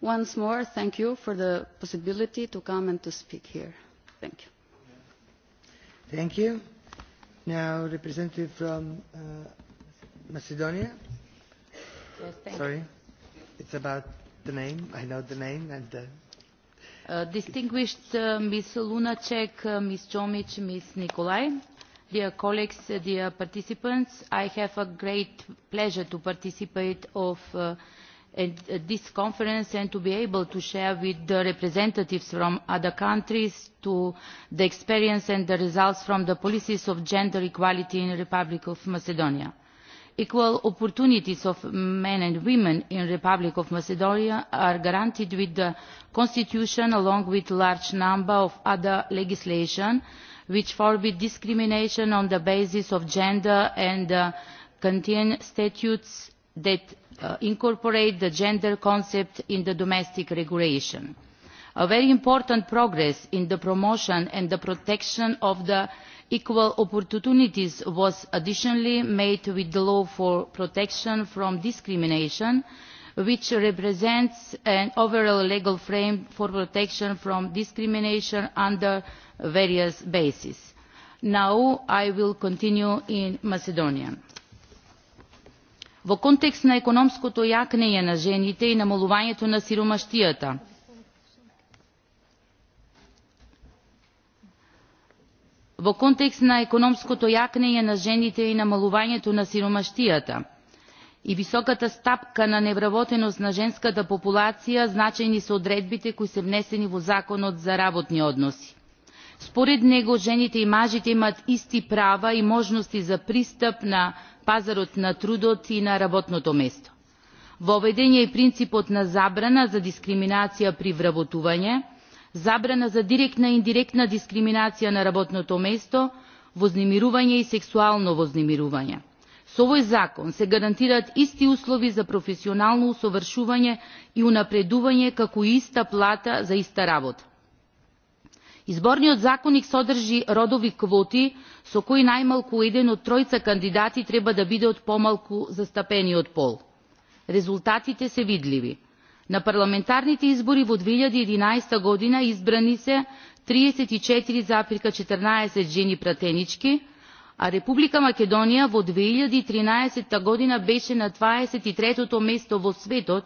once more thank you for the possibility to come and to speak here. thank you. Thank you. Now, representative from uh, Macedonia. Yes, thank Sorry, you. it's about the name. I know the name and the. Uh, distinguished uh, Ms. Lunacek, uh, Ms. Chomic, Ms. Nikolai dear colleagues dear participants i have a great pleasure to participate uh, in uh, this conference and to be able to share with the representatives from other countries the experience and the results from the policies of gender equality in the republic of macedonia equal opportunities of men and women in the republic of macedonia are guaranteed with the constitution along with a large number of other legislation which forbids discrimination on the basis of gender and contains uh, contain statutes that uh, incorporate the gender concept in the domestic regulation. a very important progress in the promotion and the protection of the equal opportunities was additionally made with the law for protection from discrimination which represents an overall legal frame for protection from discrimination under various bases. now i will continue in macedonian. во контекст на економското јакнење на жените и намалувањето на сиромаштијата во контекст на економското јакнење на жените и намалувањето на сиромаштијата и високата стапка на невработеност на женската популација значајни се одредбите кои се внесени во законот за работни односи. според него жените и мажите имаат исти права и можности за пристап на пазарот на трудот и на работното место. воведен е и принципот на забрана за дискриминација при вработување забрана за директна и индиректна дискриминација на работното место вознемирување и сексуално вознемирување. Со овој закон се гарантираат исти услови за професионално усовршување и унапредување како и иста плата за иста работа. Изборниот законник содржи родови квоти со кои најмалку еден од тројца кандидати треба да биде од помалку застапениот пол. Резултатите се видливи на парламентарните избори во 2011 година избрани се 34,14 жени пратенички, а Република Македонија во 2013 година беше на 23-тото место во светот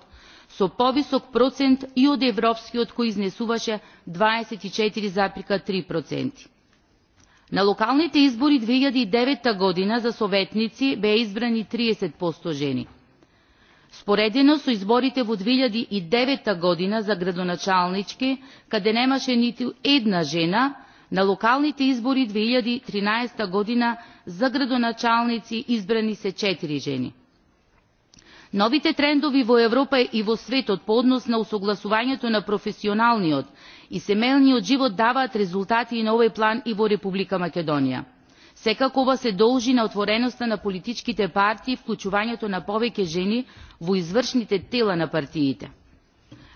со повисок процент и од европскиот кој изнесуваше 24,3%. На локалните избори 2009 година за советници беа избрани 30% жени споредено со изборите во 2009 година за градоначалнички каде немаше ниту една жена на локалните избори 2013 година за градоначалници избрани се 4 жени новите трендови во европа и во светот по однос на усогласувањето на професионалниот и семејниот живот даваат резултати и на овој план и во република македонија секакова се должи на отвореността на политичките партии и вклучувањето на повеќе жени во извршните тела на партиите.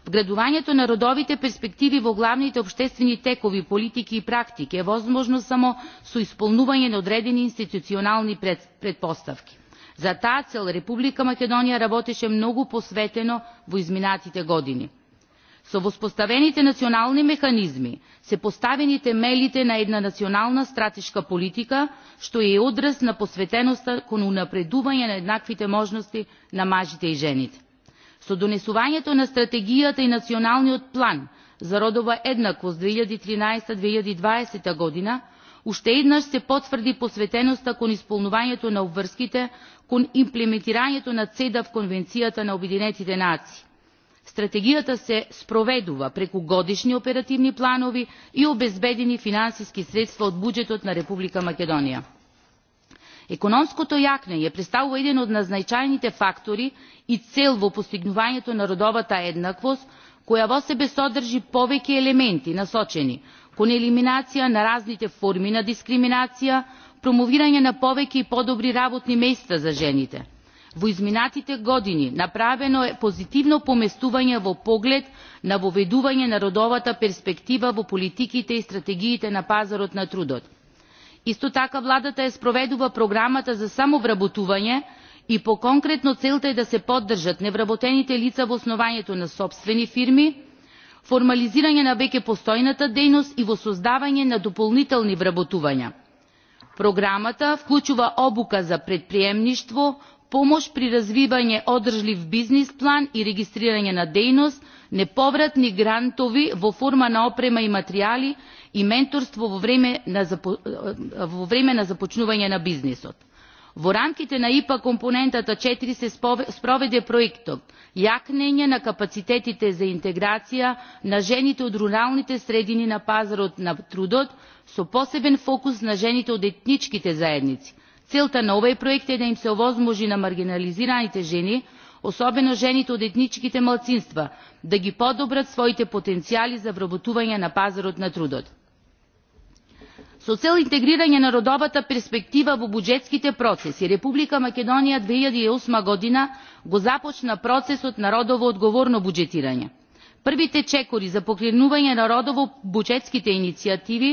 вградувањето на родовите перспективи во главните обштествени текови политики и практики е возможно само со исполнување на одредени институционални предпоставки. за таа цел република македонија работеше многу посветено во изминатите години. Со воспоставените национални механизми се поставени темелите на една национална стратешка политика, што е одраз на посветеноста кон унапредување на еднаквите можности на мажите и жените. Со донесувањето на стратегијата и националниот план за родова еднаквост 2013-2020 година, уште еднаш се потврди посветеноста кон исполнувањето на обврските кон имплементирањето на ЦЕДА в Конвенцијата на Обединетите нации стратегијата се спроведува преку годишни оперативни планови и обезбедени финансиски средства од буџетот на република македонија економското јакнење претставува еден од најзначајните фактори и цел во постигнувањето на родовата еднаквост која во себе содржи повеќе елементи насочени кон елиминација на разните форми на дискриминација промовирање на повеќе и подобри работни места за жените во изминатите години направено е позитивно поместување во поглед на воведување на родовата перспектива во политиките и стратегиите на пазарот на трудот. исто така владата ја спроведува програмата за самовработување и по конкретно целта е да се поддржат невработените лица во основањето на собствени фирми формализирање на веќе постојната дејност и во создавање на дополнителни вработувања. програмата вклучува обука за предприемништво помош при развивање одржлив бизнис план и регистрирање на дејност, неповратни грантови во форма на опрема и материјали и менторство во време на, запо... во време на започнување на бизнисот. Во рамките на ИПА компонентата 4 се спроведе проектот Јакнење на капацитетите за интеграција на жените од руралните средини на пазарот на трудот со посебен фокус на жените од етничките заедници целта на овој проект е да им се овозможи на маргинализираните жени особено жените од етничките малцинства да ги подобрат своите потенцијали за вработување на пазарот на трудот со цел интегрирање на родовата перспектива во буџетските процеси република македонија 2008 година го започна процесот на родово одговорно буџетирање. првите чекори за покренување на родово буџетските иницијативи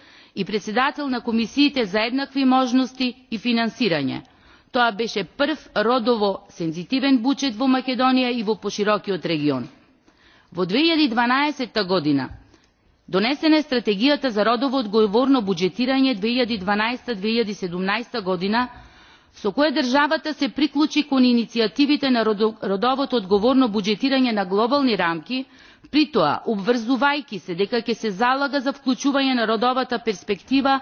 и председател на комисиите за еднакви можности и финансирање. тоа беше прв родово сензитивен буџет во македонија и во поширокиот регион. во 2012 година донесена е стратегијата за родово одговорно буџетирање 2012-2017 година со која државата се приклучи кон иницијативите на родовото одговорно буџетирање на глобални рамки притоа обврзувајќи се дека ќе се залага за вклучување на родовата перспектива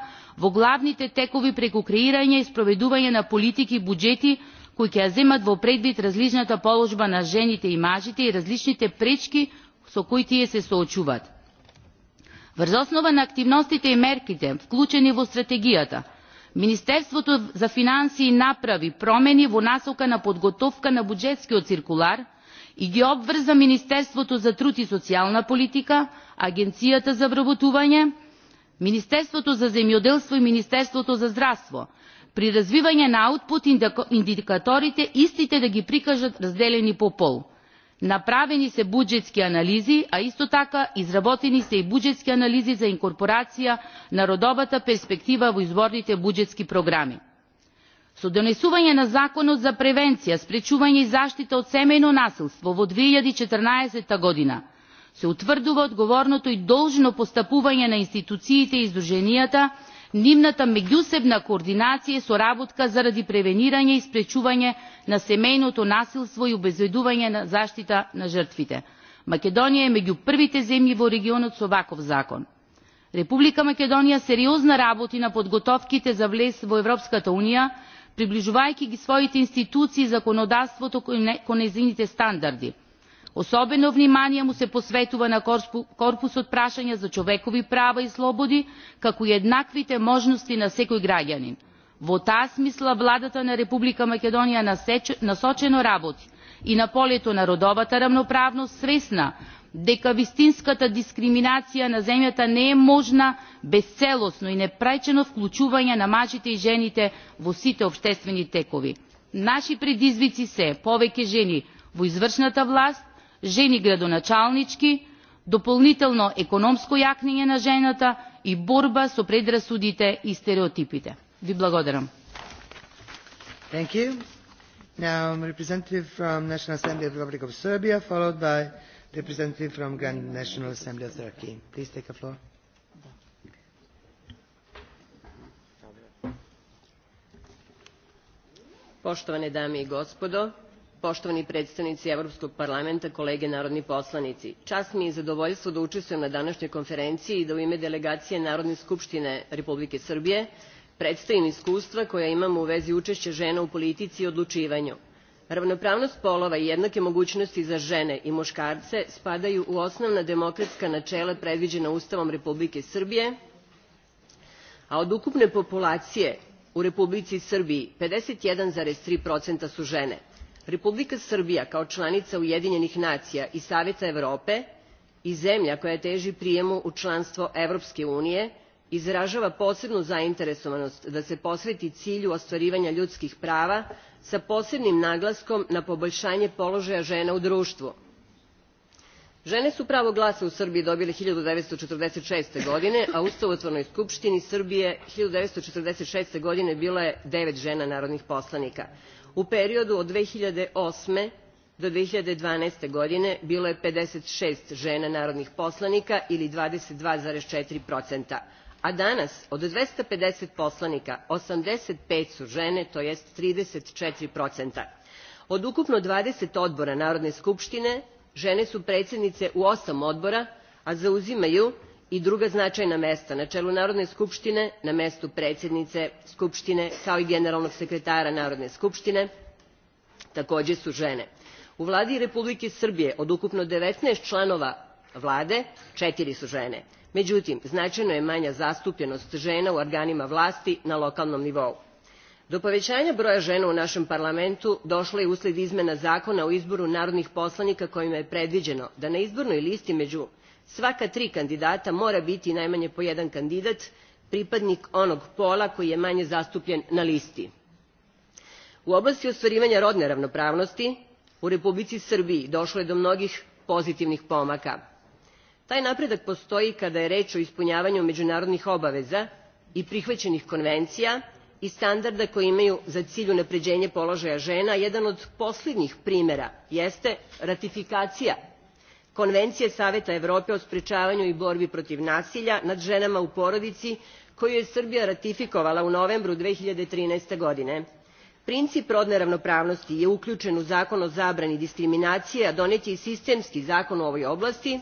во главните текови преку креирање и спроведување на политики и буџети кои ќе ја земат во предвид различната положба на жените и мажите и различните пречки со кои тие се соочуваат. Врз основа на активностите и мерките вклучени во стратегијата, Министерството за финансии направи промени во насока на подготовка на буџетскиот циркулар – и ги обврза министерството за труд и социална политика агенцијата за вработување министерството за земјоделство и министерството за здравство при развивање на аутпут индикаторите истите да ги прикажат разделени по пол. Направени се буџетски анализи, а исто така изработени се и буџетски анализи за инкорпорација на родовата перспектива во изворните буџетски програми со донесување на законот за превенција спречување и заштита од семејно насилство во 2014 година се утврдува одговорното и должно постапување на институциите и издруженијата нивната меѓусебна координација и соработка заради превенирање и спречување на семејното насилство и обезведување на заштита на жртвите. македонија е меѓу првите земји во регионот со ваков закон. република македонија сериозно работи на подготовките за влез во европската унија приближавайки ги своите институции и законодавството кон нејзините стандарди. особено внимание му се посветува на корпус од прашања за човекови права и слободи како и еднаквите можности на секој граѓанин. во таа смисла владата на република македонија насочено работи и на полето на родовата рамноправност свесна дека вистинската дискриминација на земјата не е можна без целосно и непречено вклучување на мажите и жените во сите општествени текови. наши предизвици се повеќе жени во извршната власт жени градоначалнички дополнително економско јакнење на жената и борба со предрасудите и стереотипите. ви благодарам. Thank you. Now, representative from Grand National Assembly of Turkey. Please take the floor. Poštovane dame i gospodo, poštovani predstavnici Evropskog parlamenta, kolege narodni poslanici. Čast mi je zadovoljstvo da učestvujem na današnjoj konferenciji i da u ime delegacije Narodne skupštine Republike Srbije predstavim iskustva koja imamo u vezi učešća žena u politici i odlučivanju – ravnopravnost polova i jednake mogućnosti za žene i muškarce spadaju u osnovna demokratska načela predviđena ustavom republike srbije a od ukupne populacije u republici srbiji fifty one three su žene. republika srbija kao članica ujedinjenih nacija i saveta evrope i zemlja koja teži prijemu u članstvo evropske unije izražava posebnu zainteresovanost da se posveti cilju ostvarivanja ljudskih prava sa posebnim naglaskom na poboljšanje položaja žena u društvu. Žene su pravo glasa u Srbiji dobile 1946. godine, a u Ustavotvornoj skupštini Srbije 1946. godine bilo je devet žena narodnih poslanika. U periodu od 2008. do 2012. godine bilo je 56 žena narodnih poslanika ili 22,4 procenta a danas od two poslanika eighty five su ene to jest thirty four od ukupno twenty odbora narodne skupštine ene su predsjednice u osam odbora a zauzimaju i druga znaajna mesta na elu narodne skupštine na mestu predsjednice skupštine kao i generalnog sekretara narodne skupštine takoe su ene. u vladi republike srbije od ukupno nineteen lanova vlade četiri su ene međutim značajno je manja zastupljenost žena u organima vlasti na lokalnom nivou. do povećanja broja žena u našem parlamentu došlo je usled izmena zakona o izboru narodnih poslanika kojima je predviđeno da na izbornoj listi među svaka tri kandidata mora biti najmanje po jedan kandidat pripadnik onog pola koji je manje zastupljen na listi. u oblasti ostvarivanja rodne ravnopravnosti u republici srbiji došlo je do mnogih pozitivnih pomaka taj napredak postoji kada je reč o ispunjavanju međunarodnih obaveza i prihvaćenih konvencija i standarda koji imaju za cilj unapređenje položaja žena. jedan od poslednjih primera jeste ratifikacija konvencije saveta evrope o sprečavanju i borbi protiv nasilja nad ženama u porodici koju je srbija ratifikovala u novembru. two thousand and thirteen godine princip rodne ravnopravnosti je uključen u zakon o zabrani diskriminacije a donet je i sistemski zakon u ovoj oblasti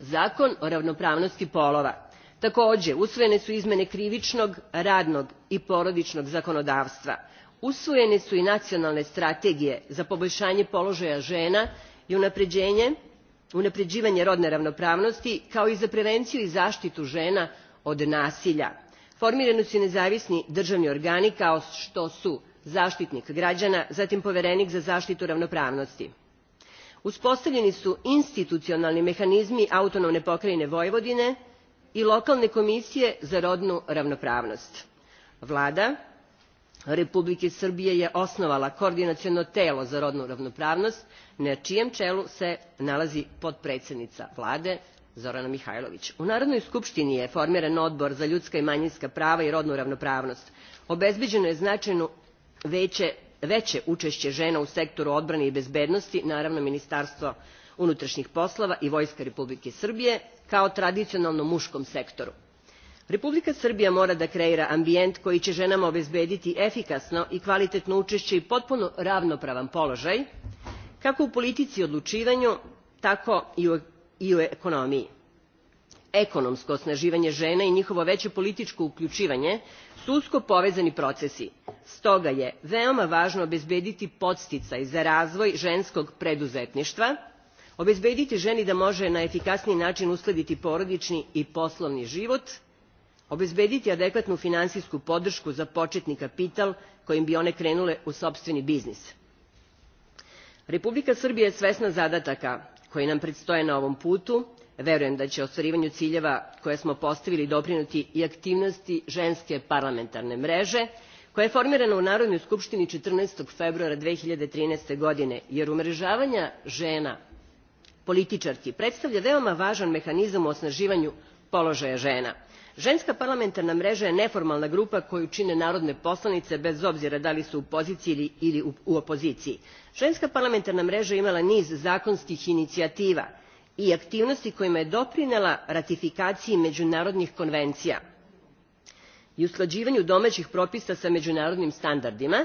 zakon o ravnopravnosti polova. takođe usvojene su izmene krivičnog radnog i porodičnog zakonodavstva usvojene su i nacionalne strategije za poboljšanje položaja žena i unapređivanje rodne ravnopravnosti kao i za prevenciju i zaštitu žena od nasilja. formirani su i nezavisni državni organi kao što su zaštitnik građana zatim poverenik za zaštitu ravnopravnosti uspostavljeni su institucionalni mehanizmi autonomne pokrajine vojvodine i lokalne komisije za rodnu ravnopravnost. vlada republike srbije je osnovala koordinaciono telo za rodnu ravnopravnost na čijem čelu se nalazi potpredsednica vlade zorana mihajlović. u narodnoj skupštini je formiran odbor za ljudska i manjinska prava i rodnu ravnopravnost. obezbeđeno je značajno veće vee uee ena u sektoru odbrane i bezbednosti, naravno Ministarstvo unutranjih poslova i Vojska Republike Srbije, kao tradicionalno mukom sektoru. Republika Srbija mora da kreira ambijent koji e enama obezbediti efikasno i kvalitetno uee i potpuno ravnopravan poloaj kako u politici i odluivanju tako i u ekonomiji ekonomsko osnaživanje žena i njihovo veće političko uključivanje su usko povezani procesi. Stoga je veoma važno obezbediti podsticaj za razvoj ženskog preduzetništva, obezbediti ženi da može na efikasniji način uskladiti porodični i poslovni život, obezbediti adekvatnu finansijsku podršku za početni kapital kojim bi one krenule u sobstveni biznis. Republika Srbija je svesna zadataka koji nam predstoje na ovom putu verujem da će ostvarivanju ciljeva koje smo postavili doprineti i aktivnosti ženske parlamentarne mreže koja je formirana u Narodnoj skupštini 14. februara 2013. godine, jer umrežavanja žena političarki predstavlja veoma važan mehanizam u osnaživanju položaja žena. Ženska parlamentarna mreža je neformalna grupa koju čine narodne poslanice bez obzira da li su u poziciji ili u opoziciji. Ženska parlamentarna mreža imala niz zakonskih inicijativa – i aktivnosti kojima je doprinela ratifikaciji međunarodnih konvencija i usklađivanju domaćih propisa sa međunarodnim standardima,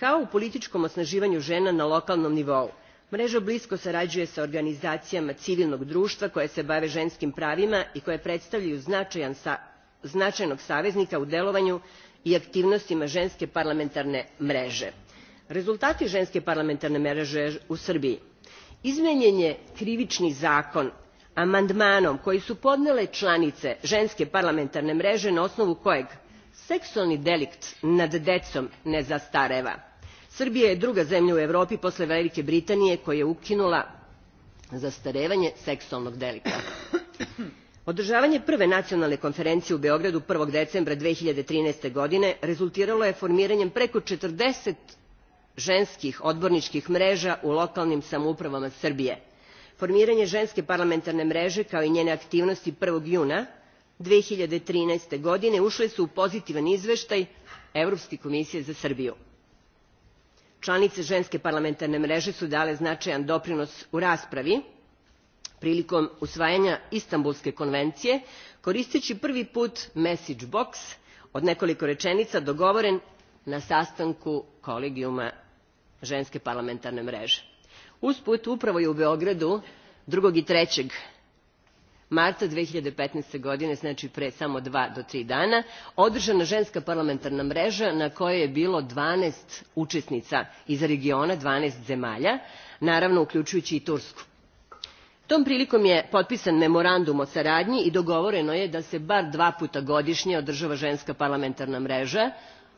kao u političkom osnaživanju žena na lokalnom nivou. Mreža blisko sarađuje sa organizacijama civilnog društva koje se bave ženskim pravima i koje predstavljaju značajan sa, značajnog saveznika u delovanju i aktivnostima ženske parlamentarne mreže. Rezultati ženske parlamentarne mreže u Srbiji – izmenjen je krivični zakon amandmanom koji su podnele članice ženske parlamentarne mreže na osnovu kojeg seksualni delikt nad decom ne zastareva. srbija je druga zemlja u evropi posle velike britanije koja je ukinula zastarevanje seksualnog delikta. Održavanje prve nacionalne konferencije u Beogradu 1. decembra 2013. godine rezultiralo je formiranjem preko 40 ženskih odborničkih mreža u lokalnim samoupravama Srbije. Formiranje ženske parlamentarne mreže kao i njene aktivnosti 1. juna 2013. godine ušle su u pozitivan izveštaj Evropske komisije za Srbiju. Članice ženske parlamentarne mreže su dale značajan doprinos u raspravi prilikom usvajanja Istanbulske konvencije, koristeći prvi put message box od nekoliko rečenica dogovoren na sastanku kolegijuma ženske parlamentarne mreže. usput upravo je u beogradu. 2. i 3. marta. 2015. godine znači pre samo dva do tri dana održana ženska parlamentarna mreža na kojoj je bilo 12 učesnica iz regiona 12 zemalja naravno uključujući i tursku. tom prilikom je potpisan memorandum o saradnji i dogovoreno je da se bar dva puta godišnje održava ženska parlamentarna mreža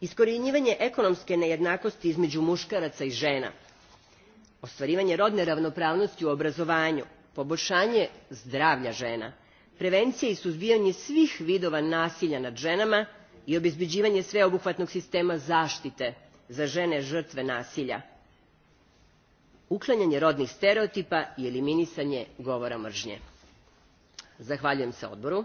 iskorjenjivanje ekonomske nejednakosti između muškaraca i žena ostvarivanje rodne ravnopravnosti u obrazovanju poboljšanje zdravlja žena prevencija i suzbijanje svih vidova nasilja nad ženama i obezbeđivanje sveobuhvatnog sistema zaštite za žene žrtve nasilja uklanjanje rodnih stereotipa i eliminisanje govora mržnje. Zahvaljujem se odboru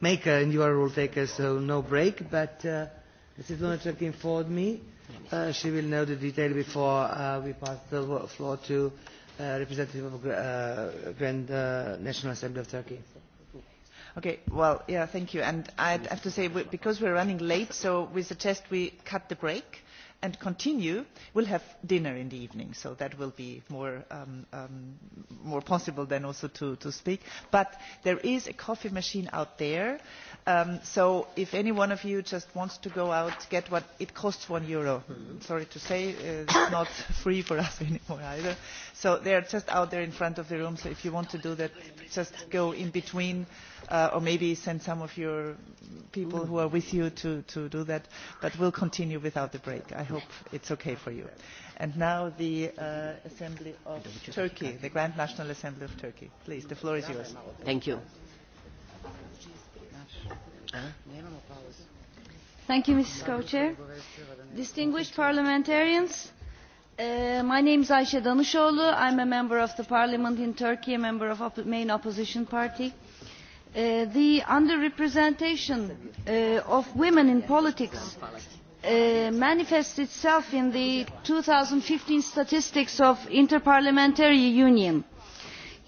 maker and you are a rule taker, so no break. But uh, Mrs. Lunacek informed me uh, she will know the detail before uh, we pass the floor to uh, representative of uh, Grand uh, National Assembly of Turkey. Okay, well, yeah, thank you. And I have to say, we, because we're running late, so we suggest we cut the break and continue will have dinner in the evening so that will be more, um, um, more possible then also to, to speak but there is a coffee machine out there um, so if any one of you just wants to go out get what it costs one euro mm-hmm. sorry to say uh, it's not free for us anymore either so they are just out there in front of the room so if you want to do that just go in between uh, or maybe send some of your people who are with you to, to do that but we'll continue without the break i hope it's okay for you and now the uh, assembly of turkey the grand national assembly of turkey please the floor is yours thank you thank you mrs co-chair distinguished parliamentarians Uh, my name is Ayşe Danışoğlu. I'm a member of the parliament in Turkey, a member of the op main opposition party. Uh, the underrepresentation uh, of women in politics uh, manifests itself in the 2015 statistics of Interparliamentary Union.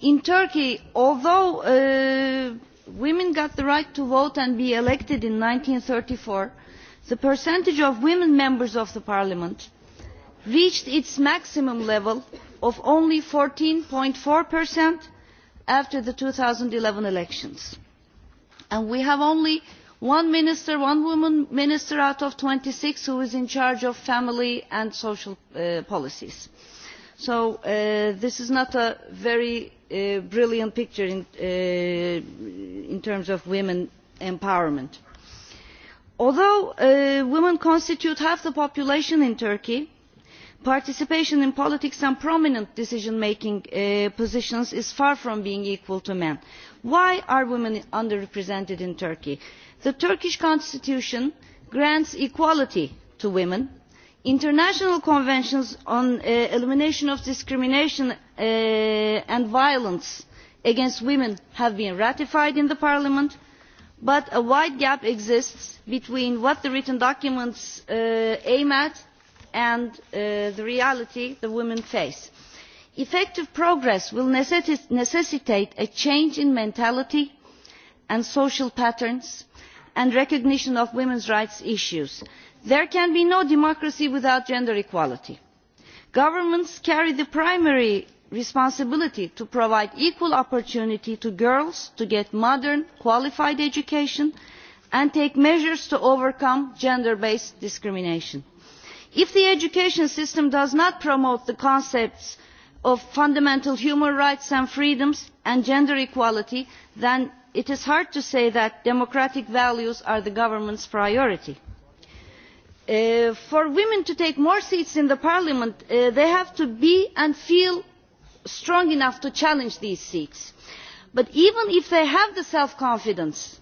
In Turkey, although uh, women got the right to vote and be elected in 1934, the percentage of women members of the parliament reached its maximum level of only. fourteen four after the two thousand and eleven elections and we have only one minister one woman minister out of twenty six who is in charge of family and social uh, policies so uh, this is not a very uh, brilliant picture in terms of women empowerment. although women constitute half the population in turkey participation in politics and prominent decision making uh, positions is far from being equal to men. why are women under represented in turkey? the turkish constitution grants equality to women. international conventions on the uh, elimination of discrimination uh, and violence against women have been ratified in parliament but a wide gap exists between what the written documents aim at and uh, the reality that women face. effective progress will necessitate a change in mentality and social patterns and recognition of women's rights issues. there can be no democracy without gender equality. governments carry the primary responsibility to provide equal opportunity to girls to get modern qualified education and take measures to overcome gender based discrimination if the education system does not promote the concepts of fundamental human rights and freedoms and gender equality then it is hard to say that democratic values are the government's priority. Uh, for women to take more seats in the parliament uh, they have to be and feel strong enough to challenge these seats but even if they have the self confidence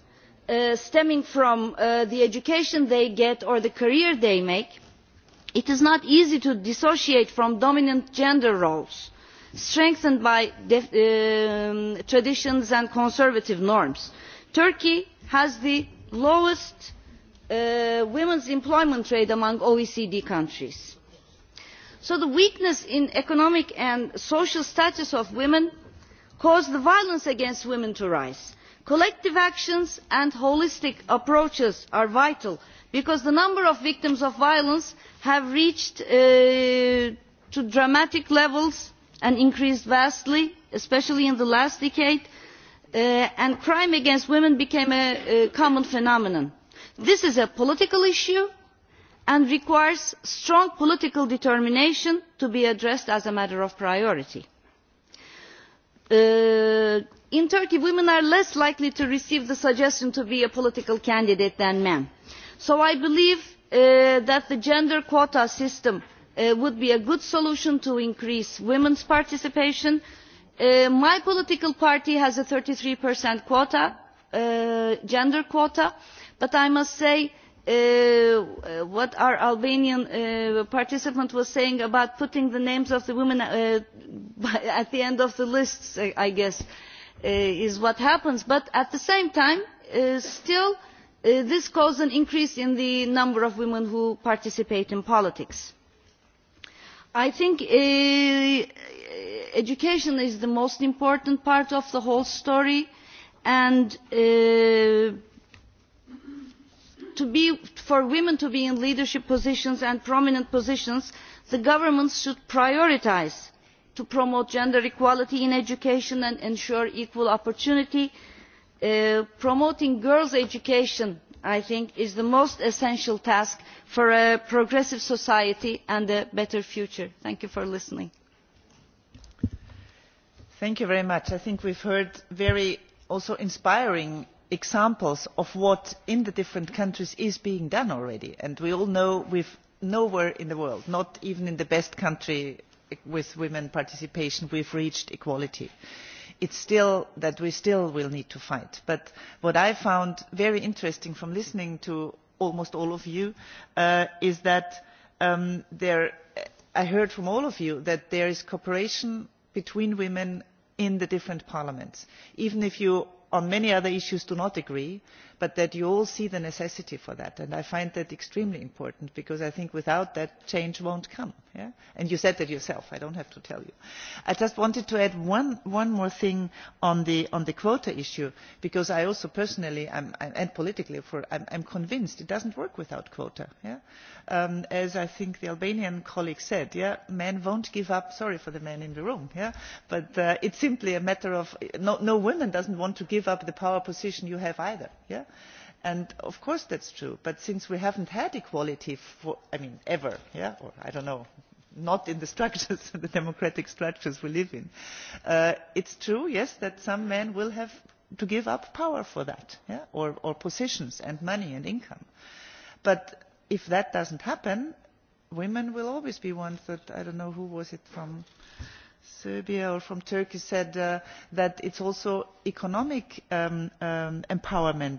uh, stemming from the education they get or the career they make it is not easy to dissociate from dominant gender roles strengthened by um, traditions and conservative norms. turkey has the lowest uh, women's employment rate among oecd countries. so the weakness in economic and social status of women caused the violence against women to rise. collective actions and holistic approaches are vital because the number of victims of violence has reached uh, dramatic levels and increased vastly especially in the last decade uh, and crime against women became a, a common phenomenon. this is a political issue and requires strong political determination to be addressed as a matter of priority. Uh, in turkey women are less likely to receive the suggestion to be a political candidate than men so i believe uh, that the gender quota system uh, would be a good solution to increase women's participation. Uh, my political party has a thirty three gender quota but i must say Uh, what our albanian participant was saying about putting the names of the women at the end of the lists i guess is what happens but at the same time still Uh, this caused an increase in the number of women who participate in politics. i think uh, education is the most important part of the whole story and uh, be, for women to be in leadership positions and prominent positions the governments should prioritise to promote gender equality in education and ensure equal opportunity for Uh, promoting girls' education i think is the most essential task for a progressive society and a better future. thank you for listening. thank you very much. i think we have heard very also inspiring examples of what in the different countries is being done already and we all know we have nowhere in the world not even in the best country with women's participation have reached equality that we still will need to fight. but what i found very interesting from listening to almost all of you uh, is that um, i heard from all of you that there is cooperation between women in the different parliaments even if you on many other issues do not agree but that you all see the necessity for that and i find that extremely important because i think without that change will not come and you said that yourself i do not have to tell you. i just wanted to add one, more thing on the, quota issue because i also personally and politically am convinced it does not work without quota. Um, as i think the albanian colleague said men will not give up sorry for the men in the room but uh, it is simply a matter of no, no woman does want to give up the power position you have either and of course that is true but since we have not had equality for, I mean, ever yeah? or i do not know not in the structures the democratic structures we live in uh, it is true yes that some men will have to give up power for that yeah? or, or positions and money and income but if that does not happen women will always be ones that i do not know who was it from serbia or from turkey said uh, that it is also economic um, um, empowerment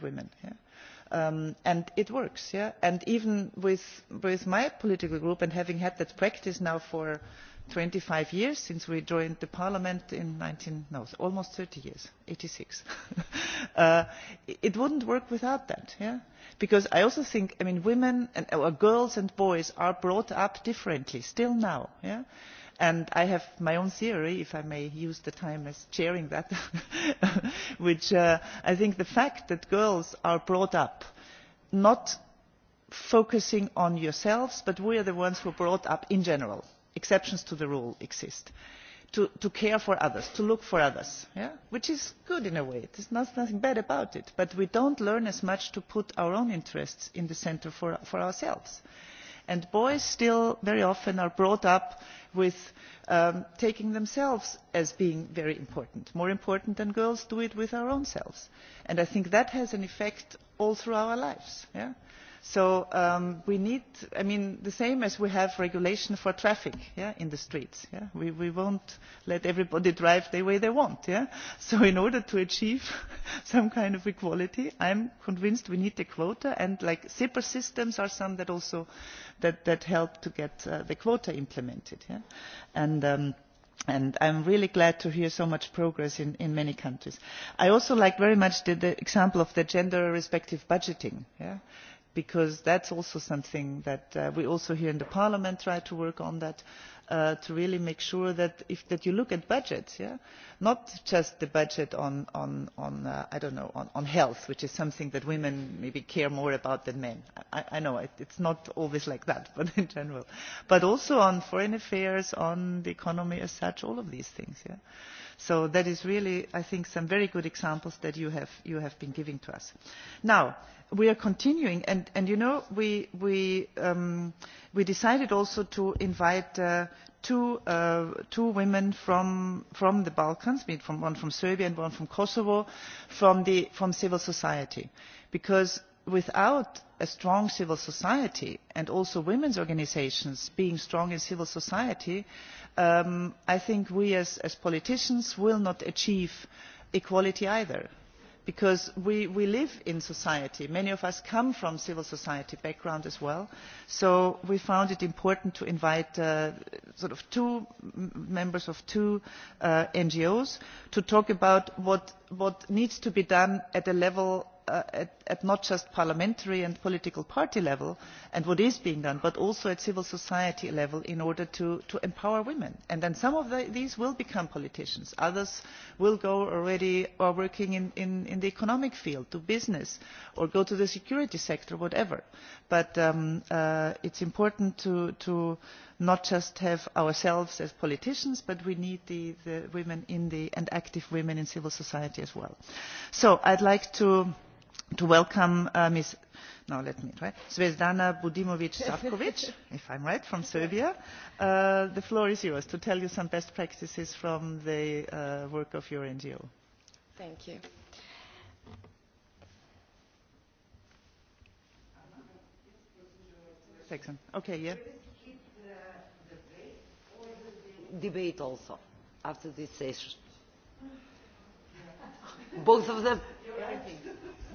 women um, and it works even with, my political group and having had that practice now for twenty five years since we joined the parliament in nineteen no almost thirty years eighty six uh, it would not work without that because i also think I women girls and boys are brought up differently still now and i have my own theory if i may use the time as chair that which uh, i think the fact that girls are brought up not focusing on yourselves but we are the ones who are brought up in general exceptions to the rule exist to, care for others to look for others which is good in a way there is nothing bad about it but we do not learn as much to put our own interests in the centre for, for ourselves and boys still very often are brought up with um, taking themselves as being very important more important than girls do it with our own selves and i think that has an effect all through our lives. yes? so um, we need i mean the same as we have regulation for traffic in the streets we, will won't let everybody drive the way they want so in order to achieve some kind of equality i am convinced we need a quota and like zipper systems are some that also that, help to get uh, the quota implemented and i um, am really glad to hear so much progress in, many countries. i also like very much the, the example of the gender respective budgeting because that is also something that uh, we also here in the parliament try to work on that, uh, to really make sure that, if, that you look at budgets yeah? not just the budget on, on, on uh, i don't know on, on health which is something that women maybe care more about than men i, I know it, it's not always like that but in general but also on foreign affairs on the economy as such all of these things yeah? so that is really i think some very good examples that you have, you have been giving to us now we are continuing and, you know um, we, decided also to invite uh, uh, two, women from, the balkans one from serbia and one from kosovo from, civil society because without a strong civil society and also women's organisations being strong in civil society um, i think we as politicians will not achieve equality either because we, live in society many of us come from civil society background as well so we found it important to invite uh, sort of two members of two uh, ngos to talk about what, what needs to be done at the level Uh, at, not just parliamentary and political party level and what is being done but also at civil society level in order to, empower women and then some of these will become politicians others will go already or working in, the economic field do business or go to the security sector whatever but um, uh, it is important to, not just have ourselves as politicians but we need the, women the, and active women in civil society as well. so i would like to to welcome uh, Ms. zvezdana no, budimovi savkovi if i am right, from Serbia. Uh, the floor is yours to tell you some best practices from the uh, work of your NGO. Okay, yeah. Debate also after this session. Both of them. Everything.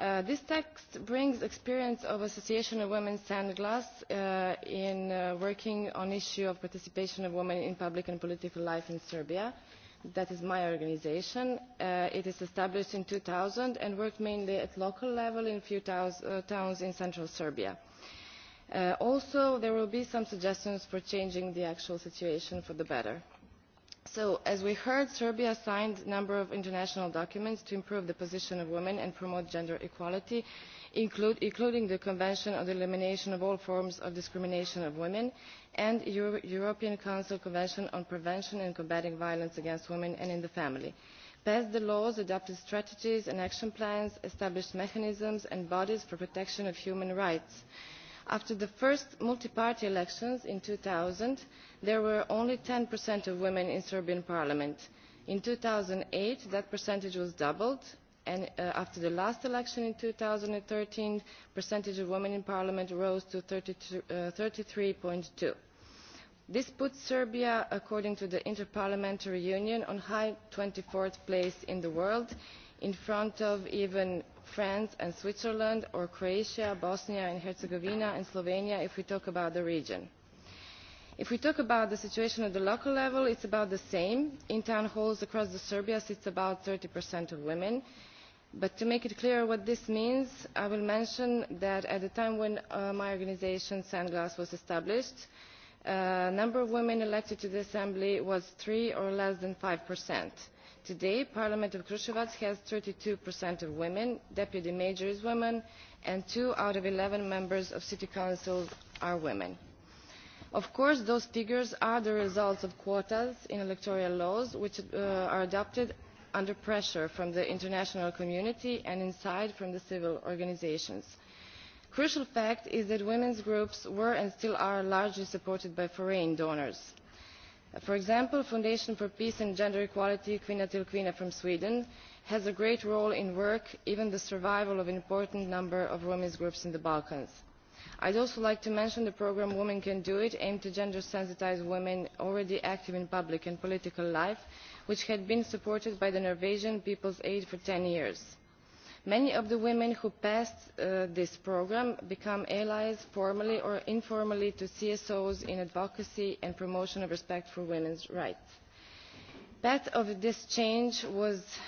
Uh, this text brings experience of association of women sand glass uh, in uh, working on issue of participation of women in public and political life in serbia that is my organisation. Uh, it is established in two thousand and worked mainly at local level in a few towns, uh, towns in central serbia. also there will be some suggestions for changing the actual situation for the better. So, as we heard, Serbia signed a number of international documents to improve the position of women and promote gender equality, including the Convention on the Elimination of All Forms of Discrimination against Women and the European Council Convention on Prevention and Combating Violence Against Women and in the Family passed the laws adopted strategies and action plans established mechanisms and bodies for protection of human rights and after the first multi party elections in two thousand there were only ten of women in the serbian parliament. in two thousand and eight that percentage was doubled and uh, after the last election in two thousand and thirteen the percentage of women in parliament rose to. thirty uh, three two this puts serbia according to the Inter Parliamentary union on high twenty fourth place in the world in front of even france and switzerland or croatia bosnia and herzegovina and slovenia if we talk about the region. if we talk about the situation at the local level it is about the same in town halls across serbia it is about thirty of women but to make it clear what this means i will mention that at the time when uh, my organisation sandglass was established the uh, number of women elected to the assembly was three or less than five percent today the parliament of krusevac has thirty two of women deputy mayor is woman and two out of eleven members of city council are women. of course those figures are the result of quotas in electoral laws which uh, are adopted under pressure from the international community and inside from the civil organisations. crucial fact is that women's groups were and still are largely supported by foreign donors for example the foundation for peace and gender equality kvinna till kvinna from sweden has a great role in work even the survival of an important number of roma groups in the balkans. i would also like to mention the programme women can do it' aimed to gender sensitise women already active in public and political life which had been supported by the norwegian people's aid for ten years many of the women who passed uh, this programme become allies formally or informally to csos in advocacy and promotion of respect for women's rights. part of this change was strenuous,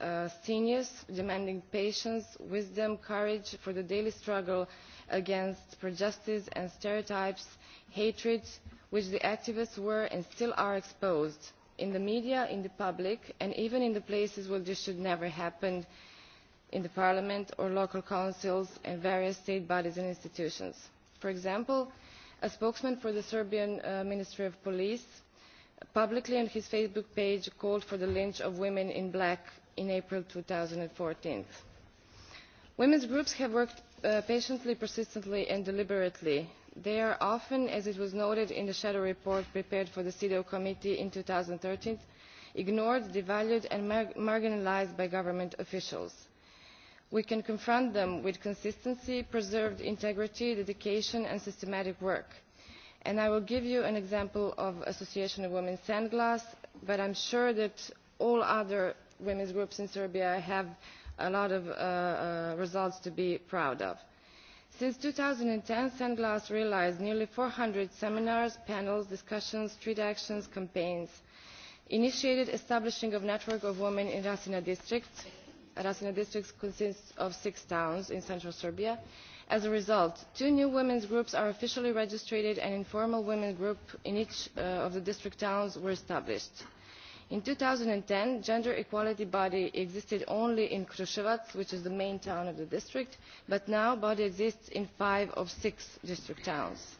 uh, seniors demanding patience wisdom and courage for the daily struggle against prejudices and stereotypes hatred which the activists were and still are exposed in the media in the public and even in the places where this should never have happened in the parliament or local councils and various state bodies and institutions. For example, a spokesman for the Serbian uh, Ministry of Police publicly on his Facebook page called for the lynch of women in black in April 2014. Women's groups have worked uh, patiently, persistently and deliberately. They are often, as it was noted in the shadow report prepared for the CEDAW committee in 2013, ignored, devalued and mar marginalized by government officials we can confront them with consistency preserved integrity dedication and systematic work. And i will give you an example of the association of women sandglass but i am sure that all other women's groups in serbia have a lot of uh, uh, results to be proud of. since two thousand and ten sandglass has realised nearly four hundred seminars panels discussions street actions campaigns initiated the establishment of a network of women in rasina district Rasina district consists of six towns in central Serbia. As a result, two new women's groups are officially registered and informal women's group in each uh, of the district towns were established. In two thousand and ten the gender equality body existed only in Krushevac, which is the main town of the district, but now the body exists in five of six district towns.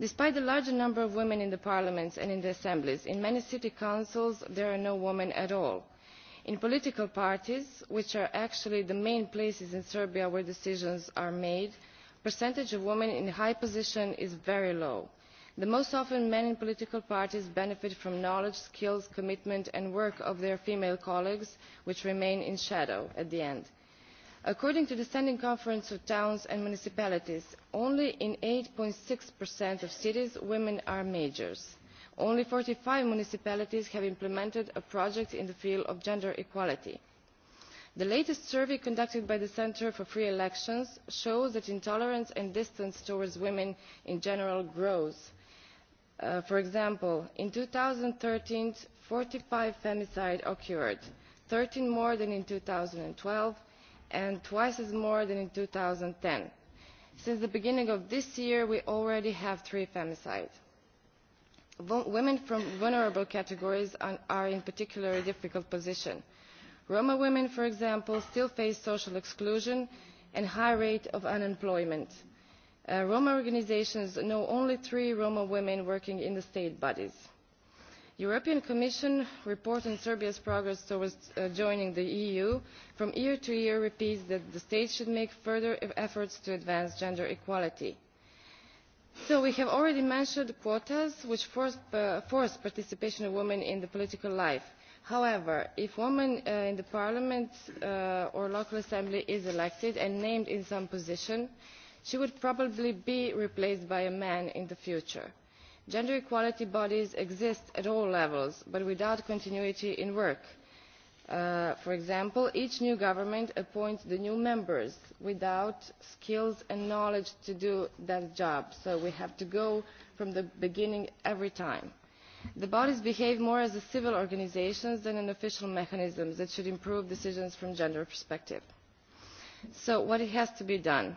Despite the larger number of women in the parliaments and in the assemblies, in many city councils there are no women at all in political parties which are actually the main places in serbia where decisions are made the percentage of women in high positions is very low. most often men in political parties benefit from the knowledge skills commitment and work of their female colleagues which remain in shadow at the end. according to the standing conference of towns and municipalities only in eight six of cities women are majors only forty five municipalities have implemented a project in the field of gender equality. the latest survey conducted by the centre for free elections shows that intolerance and distance towards women in general grows. Uh, for example in two thousand and thirteen forty five femicides occurred thirteen more than in two thousand and twelve and twice as more than in. two thousand and ten since the beginning of this year we already have three femicides women from vulnerable categories are in a particularly difficult position. roma women for example still face social exclusion and a high rate of unemployment. Uh, roma organisations know only three roma women working in the state bodies. the european commission report on serbia's progress towards uh, joining the eu from year to year repeats that the state should make further e-, efforts to advance gender equality. So we have already mentioned quotas which uh, force, participation of women in the political life. However, if a woman uh, in the parliament uh, or local assembly is elected and named in some position, she would probably be replaced by a man in the future. Gender equality bodies exist at all levels, but without continuity in work Uh, for example each new government appoints the new members without skills and knowledge to do that job so we have to go from the beginning every time. the bodies behave more as civil organisations than an official mechanism that should improve decisions from a gender perspective. so what has to be done?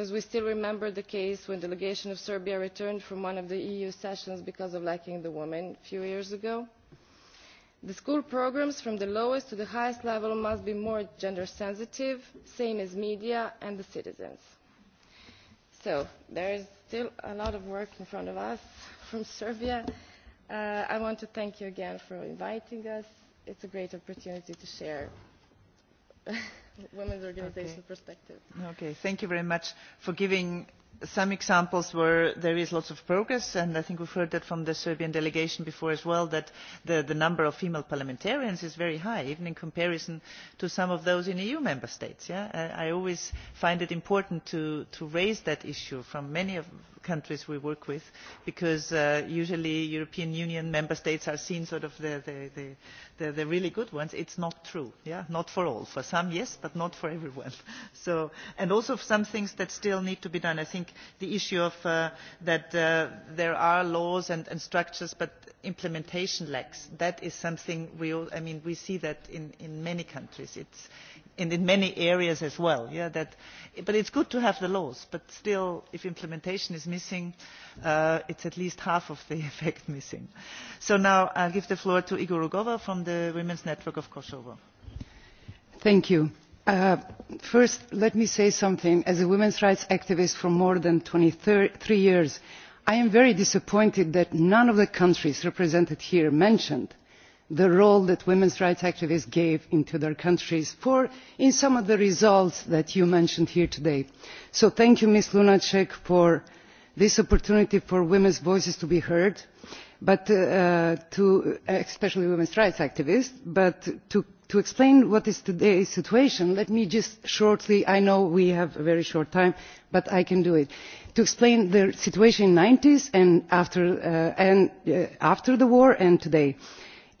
because we still remember the case when a delegation of serbia returned from one of the eu sessions because of lacking the women a few years ago. the school programmes from the lowest to the highest level must be more gender sensitive the same as media and the citizens. so there is still a lot of work in front of us from serbia. Uh, i want to thank you again for inviting us. it's a great opportunity to share women's organisation okay. perspective. Okay, thank you very much for giving some examples where there is lots of progress and i think we've heard that from the serbian delegation before as well that the, the number of female parliamentarians is very high even in comparison to some of those in eu member states. Yeah? I, i always find it important to, to raise that issue from many of, countries we work with because uh, usually european union member states are seen as the, really good ones. it is not true not for all. for some yes but not for everyone. So, and also some things that still need to be done. i think the issue of uh, that uh, there are laws and, structures but implementation lacks that is something we, all, I mean, we see that in, many countries. and in many areas as well. Yeah, that, but good to have the laws, but still, if implementation missing uh, it's at least half of the effect missing. so now i'll give the floor to igor rugova from the women's network of kosovo. thank you. Uh, first let me say something as a women's rights activist for more than twenty three years i am very disappointed that none of the countries represented here mentioned the role that women's rights activists gave into their countries for, in some of the results that you mentioned here today. so thank you ms lunacek for this opportunity for women's voices to be heard but uh, especially women's rights activists but to, explain what is today's situation let me just shortly i know we have a very short time but i can do it to explain the situation in the 90s and after uh, and uh, after the war and today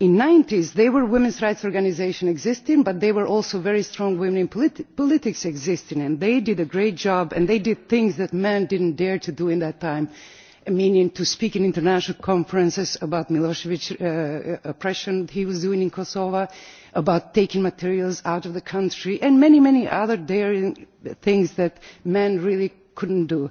in the one thousand nine hundred and ninety s there were women's rights organisations existing but there were also very strong women in politics existing and they did a great job and they did things that men did not dare to do at that time meaning to speak in international conferences about the milosevic's uh, uh, oppression he was doing in kosovo about taking materials out of the country and many many other daring things that men really could not do.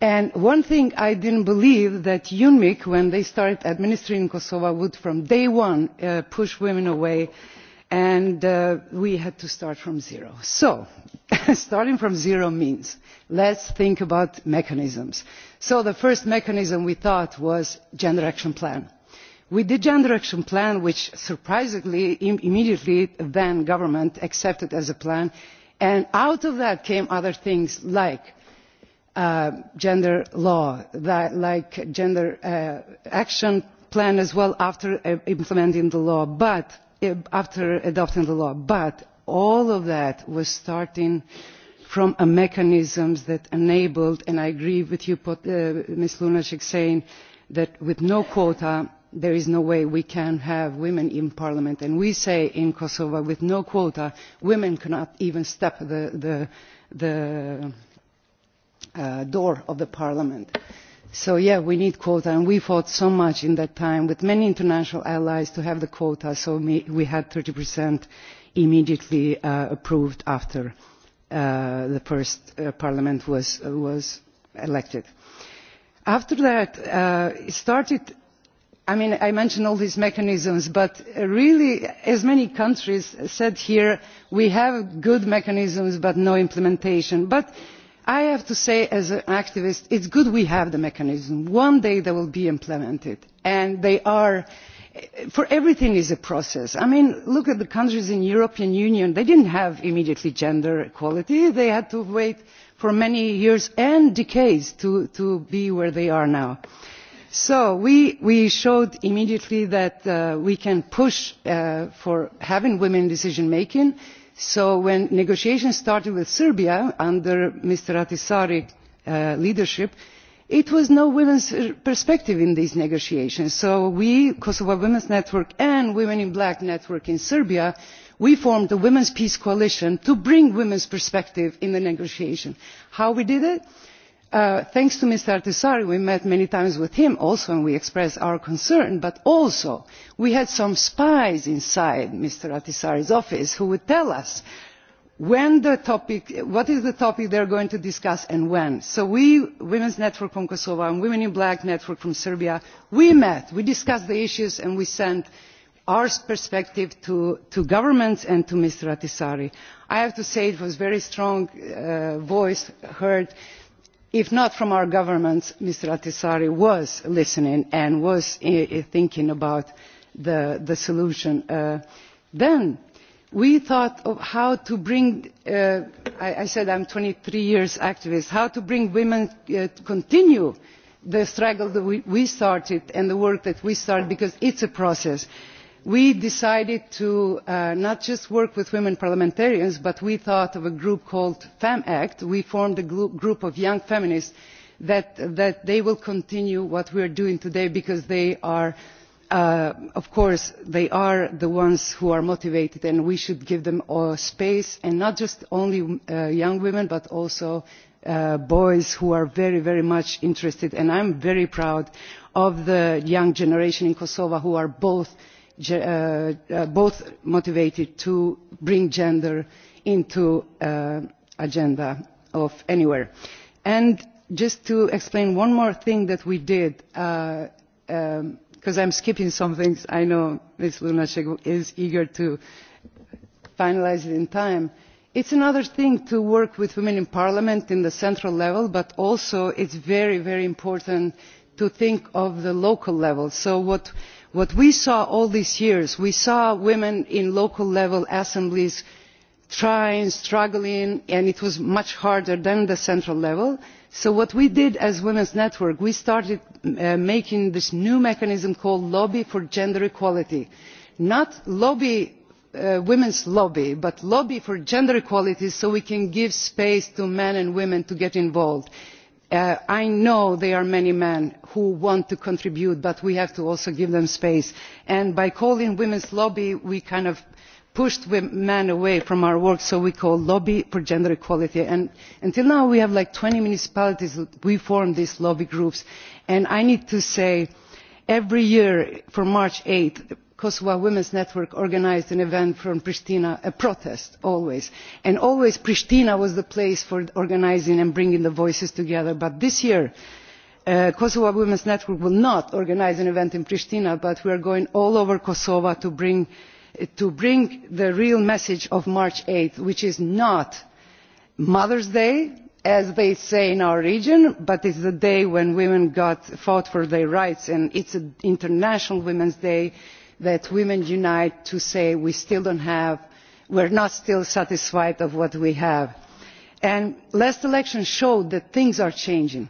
And one thing i did not believe that unmic when they started administering kosovo would from day one uh, push women away and uh, we had to start from zero. so starting from zero means let us think about mechanisms. so the first mechanism we thought was the gender action plan. with the gender action plan which surprisingly immediately the then government accepted as a plan and out of that came other things like uh, gender law, that, like gender uh, action plan as well after uh, implementing the law, but uh, after adopting the law. But all of that was starting from a mechanisms that enabled, and I agree with you, uh, Ms. Lunacek, saying that with no quota, there is no way we can have women in parliament. And we say in Kosovo, with no quota, women cannot even step the, the, the uh, door of the parliament. so yes we need quotas and we fought so much in that time with many international allies to have the quota so we had thirty immediately uh, approved after uh, the first uh, parliament was, uh, was elected. after that uh, it started I, mean, i mentioned all these mechanisms but really as many countries said here we have good mechanisms but no implementation. but i have to say as an activist that it is good that we have the mechanism. one day they will be implemented and everything is a process. I mean, look at the countries in the European Union. They did not have immediate gender equality. They had to wait for many years and decades to, be where they are now. So we, showed immediately that uh, we can push uh, for having women in decision making so when negotiations started with serbia under mr ahtisaari's uh, leadership it was no women's perspective in these negotiations so we kosovo women's network and women in black network in serbia we formed a women's peace coalition to bring women's perspective in the negotiations. how we did we Uh, thanks to mr ahtisaari we met many times with him also and we expressed our concern but also we had some spies inside mr ahtisaari's office who would tell us what is the topic they are going to discuss and when. so we women's network from kosovo and women in black network from serbia we met we discussed the issues and we sent our perspective to, to governments and to mr ahtisaari. i have to say it was a very strong uh, voice heard if not from our governments mr ahtisaari was listening and was eh, eh, thinking about the, solution uh, then we thought of how to bring uh, I, said i am a twenty three year activist how to bring women uh, to continue the struggle that we, we started and the work that we started because it is a process we decided to uh, not just work with women parliamentarians but we thought of a group called femact. we formed a group of young feminists that, they will continue what we are doing today because they are uh, of course they are the ones who are motivated and we should give them uh, space and not just only young women but also boys who are very very much interested and i am very proud of the young generation in kosovo who are both Uh, uh, both motivated to bring gender into the uh, agenda of anywhere. and just to explain one more thing that we did because um, i am skipping some things i know ms lunacek is eager to finalise it in time it is another thing to work with women in parliament at the central level but also it is very important to think of the local level. so what we saw all these years we saw women in local level assemblies trying struggling and it was much harder than the central level so what we did as the women's network we started uh, making this new mechanism called lobby for gender equality not lobby uh, women's lobby but lobby for gender equality so we can give space to men and women to get involved. Uh, i know there are many men who want to contribute but we have to also give them space and by calling it women's lobby we kind of pushed men away from our work so we call it lobby for gender equality and until now we have like twenty municipalities that form these lobby groups and i need to say every year for march eighth kosovo women's network organised an event from pristina a protest always and always pristina was the place for organising and bringing the voices together but this year uh, kosovo women's network will not organise an event in pristina but we are going all over kosovo to bring, to bring the real message of march eight which is not mother's day as they say in our region but it is the day when women fought for their rights and it is international women's day and that women unite to say we still don't have we're not still satisfied of what we have and last election showed that things are changing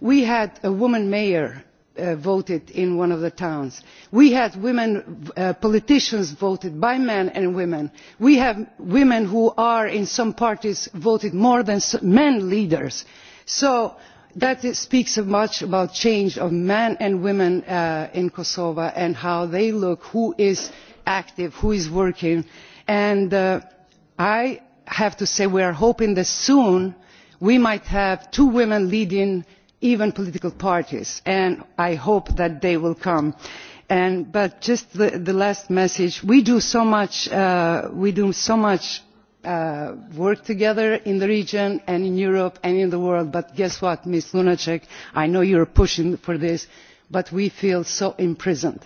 we had a woman mayor uh, voted in one of the towns we had women uh, politicians voted by men and women we have women who are in some parties voted more than men leaders so that speaks much about change of men and women uh, in kosovo and how they look who is active who is working and uh, i have to say we are hoping that soon we might have two women leading even political parties and i hope that they will come. but just the, last message we do so much, uh, we do so much Uh, work together in the region and in Europe and in the world. But guess what, Ms. Lunacek, I know you are pushing for this, but we feel so imprisoned.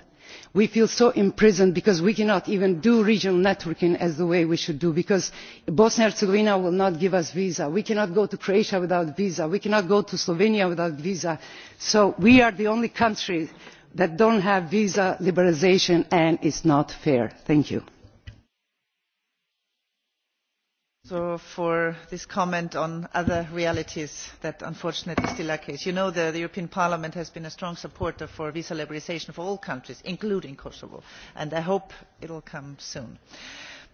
We feel so imprisoned because we cannot even do regional networking in the way we should do because Bosnia and Herzegovina will not give us visa. We cannot go to Croatia without a visa. We cannot go to Slovenia without a visa. So we are the only country that does not have visa liberalisation and it is not fair. Thank you. So for this comment on other realities that unfortunately still are the case. You know the, the European Parliament has been a strong supporter for visa liberalisation for all countries, including Kosovo, and I hope it will come soon.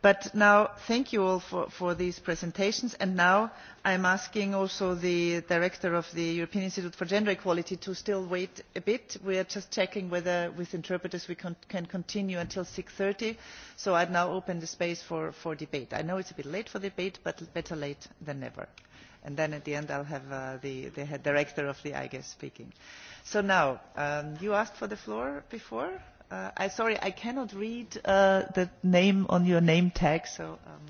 But now, thank you all for, for these presentations. And now i am asking also the director of the European Institute for Gender Equality to still wait a bit. We are just checking whether with interpreters we con can continue until 6.30. So i now open the space for, for debate. I know it's a bit late for debate, but better late than never and then at the end I'll have uh, the, the head director of the IGES speaking. So now, um, you asked for the floor before? Uh, I sorry, I cannot read uh, the name on your name tag, so. Um,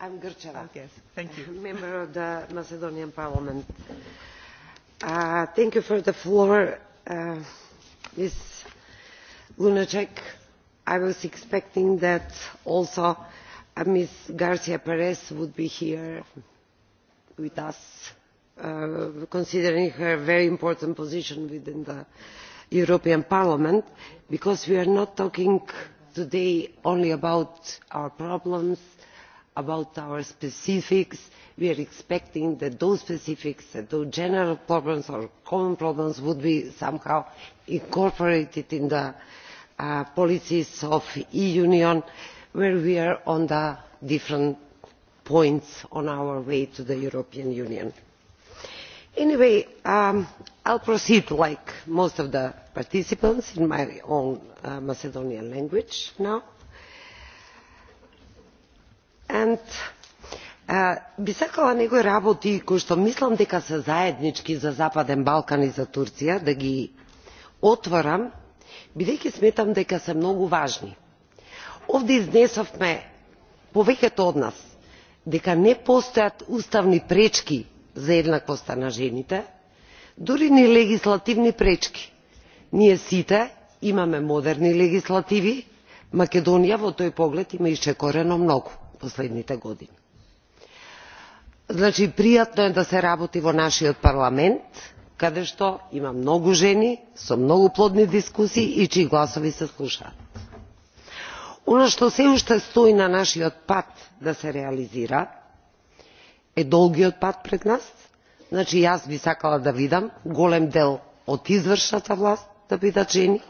I'm Gurcheva. Oh, yes, thank you. Member of the Macedonian Parliament. Uh, thank you for the floor, uh, Ms. Lunacek. I was expecting that also uh, Ms. Garcia Perez would be here with us, uh, considering her very important position within the uh, european parliament because we are not talking today only about our problems about our specifics we are expecting that those specifics those general problems or common problems would be somehow incorporated in the uh, policies of the eu union where we are on the different points on our way to the european union anyway i will proceed like most of the participants in my own macedonian language now. би сакала некои работи кои што мислам дека се заеднички за западен балкан и за турција да ги отворам бидејќи сметам дека се многу важни. овде изнесовме повеќето од нас дека не постојат уставни пречки за еднаквоста на жените дури ни легислативни пречки. ние сите имаме модерни легислативи македонија во тој поглед има ишчекорено многу последните години. значи пријатно е да се работи во нашиот парламент каде што има многу жени со многу плодни дискусии и чии гласови се слушаат. Оно што се уште стои на нашиот пат да се реализира е долгиот пат пред нас. Значи јас би сакала да видам голем дел од извршната власт да бидат жени.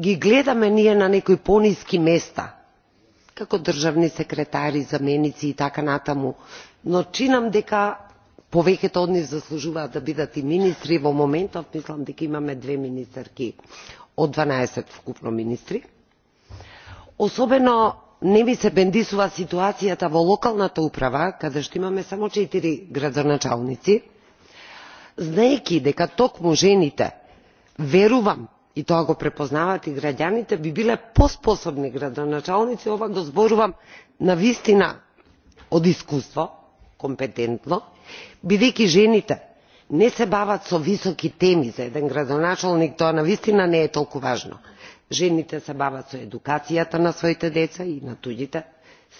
Ги гледаме ние на некои пониски места, како државни секретари, заменици и така натаму, но чинам дека повеќето од нив заслужуваат да бидат и министри. Во моментов мислам дека имаме две министерки од 12 вкупно министри. Особено не ми се бендисува ситуацијата во локалната управа каде што имаме само 4 градоначалници знаејќи дека токму жените верувам и тоа го препознаваат и граѓаните би биле поспособни градоначалници ова го зборувам на вистина од искуство компетентно бидејќи жените не се бават со високи теми за еден градоначалник тоа на вистина не е толку важно жените се бават со едукацијата на своите деца и на туѓите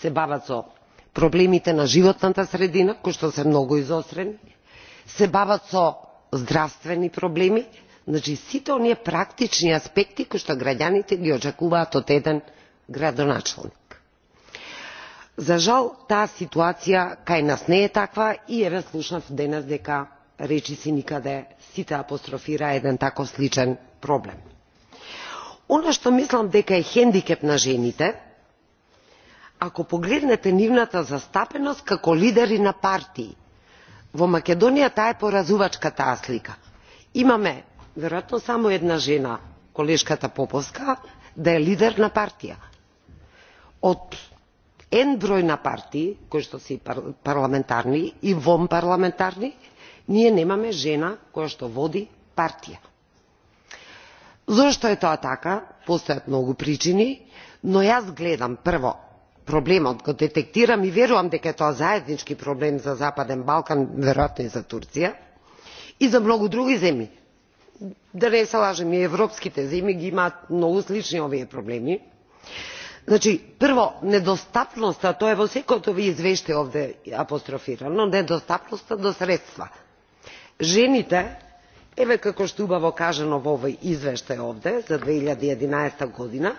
се бават со проблемите на животната средина кои што се многу изострени се бават со здравствени проблеми значи сите оние практични аспекти кои што граѓаните ги очекуваат од еден градоначалник за жал таа ситуација кај нас не е таква и е слушнав денес дека речи си никаде сите апострофира еден таков сличен проблем. Оно што мислам дека е хендикеп на жените, ако погледнете нивната застапеност како лидери на партии, во Македонија таа е поразувачка таа слика. Имаме веројатно само една жена, колешката Поповска, да е лидер на партија. Од ен број на партии, кои што се и парламентарни и вон парламентарни, ние немаме жена која што води партија Зошто е тоа така? Постојат многу причини, но јас гледам прво проблемот го детектирам и верувам дека е тоа заеднички проблем за Западен Балкан, веројатно и за Турција и за многу други земји. Да не се лажем, и европските земји ги имаат многу слични овие проблеми. Значи, прво, недостапноста, тоа е во секој од овие извештаи овде апострофирано, недостапноста до средства. Жените еве како што убаво кажано во овој извештај овде за 2011 година,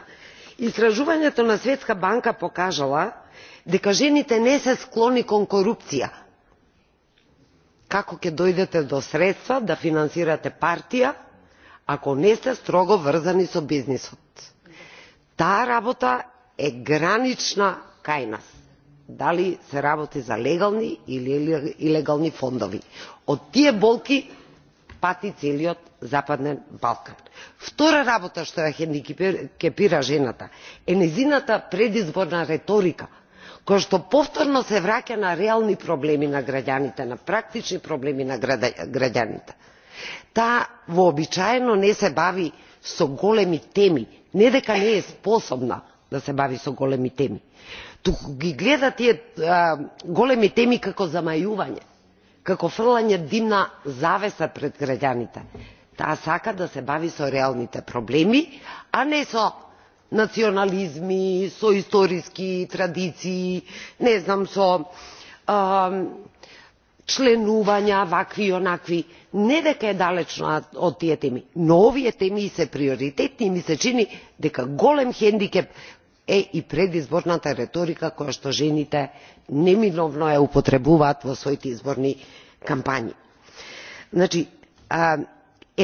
истражувањето на Светска банка покажала дека жените не се склони кон корупција. Како ќе дојдете до средства да финансирате партија ако не сте строго врзани со бизнисот? Таа работа е гранична кај нас. Дали се работи за легални или илегални фондови. Од тие болки пати целиот Западен Балкан. Втора работа што ја хендикепира жената е незината предизборна реторика, која што повторно се враќа на реални проблеми на граѓаните, на практични проблеми на граѓаните. Та вообичаено не се бави со големи теми, не дека не е способна да се бави со големи теми. Туку ги гледа тие а, големи теми како замајување како фрлање димна завеса пред граѓаните. Таа сака да се бави со реалните проблеми, а не со национализми, со историски традиции, не знам, со а, членувања, вакви и онакви. Не дека е далечно од тие теми, но овие теми се приоритетни и ми се чини дека голем хендикеп е и предизборната реторика која што жените неминовно ја употребуваат во своите изборни кампањи. Значи,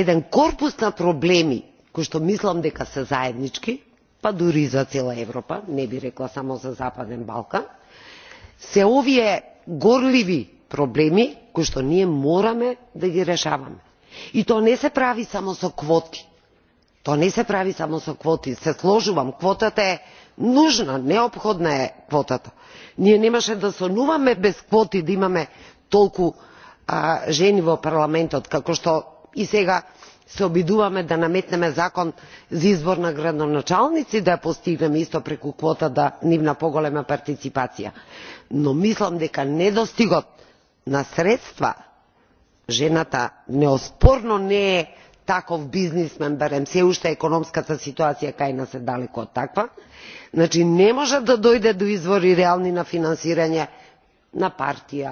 еден корпус на проблеми кои што мислам дека се заеднички, па дури и за цела Европа, не би рекла само за Западен Балкан, се овие горливи проблеми кои што ние мораме да ги решаваме. И тоа не се прави само со квоти to не се прави само со квоти се сложувам квотата е нужна неопходна е квотата. ние немаше да сонуваме без квоти да имаме толку жени во парламентот како што и сега се обидуваме да наметнеме закон за избор на градоначалници да ја постигнеме исто преку квота да нивна поголема партиципација но мислам дека недостигот на средства жената неоспорно не е таков бизнисмен барем се уште економската ситуација кај нас е далеку од таква значи не може да дојде до извори реални на финансирање на партија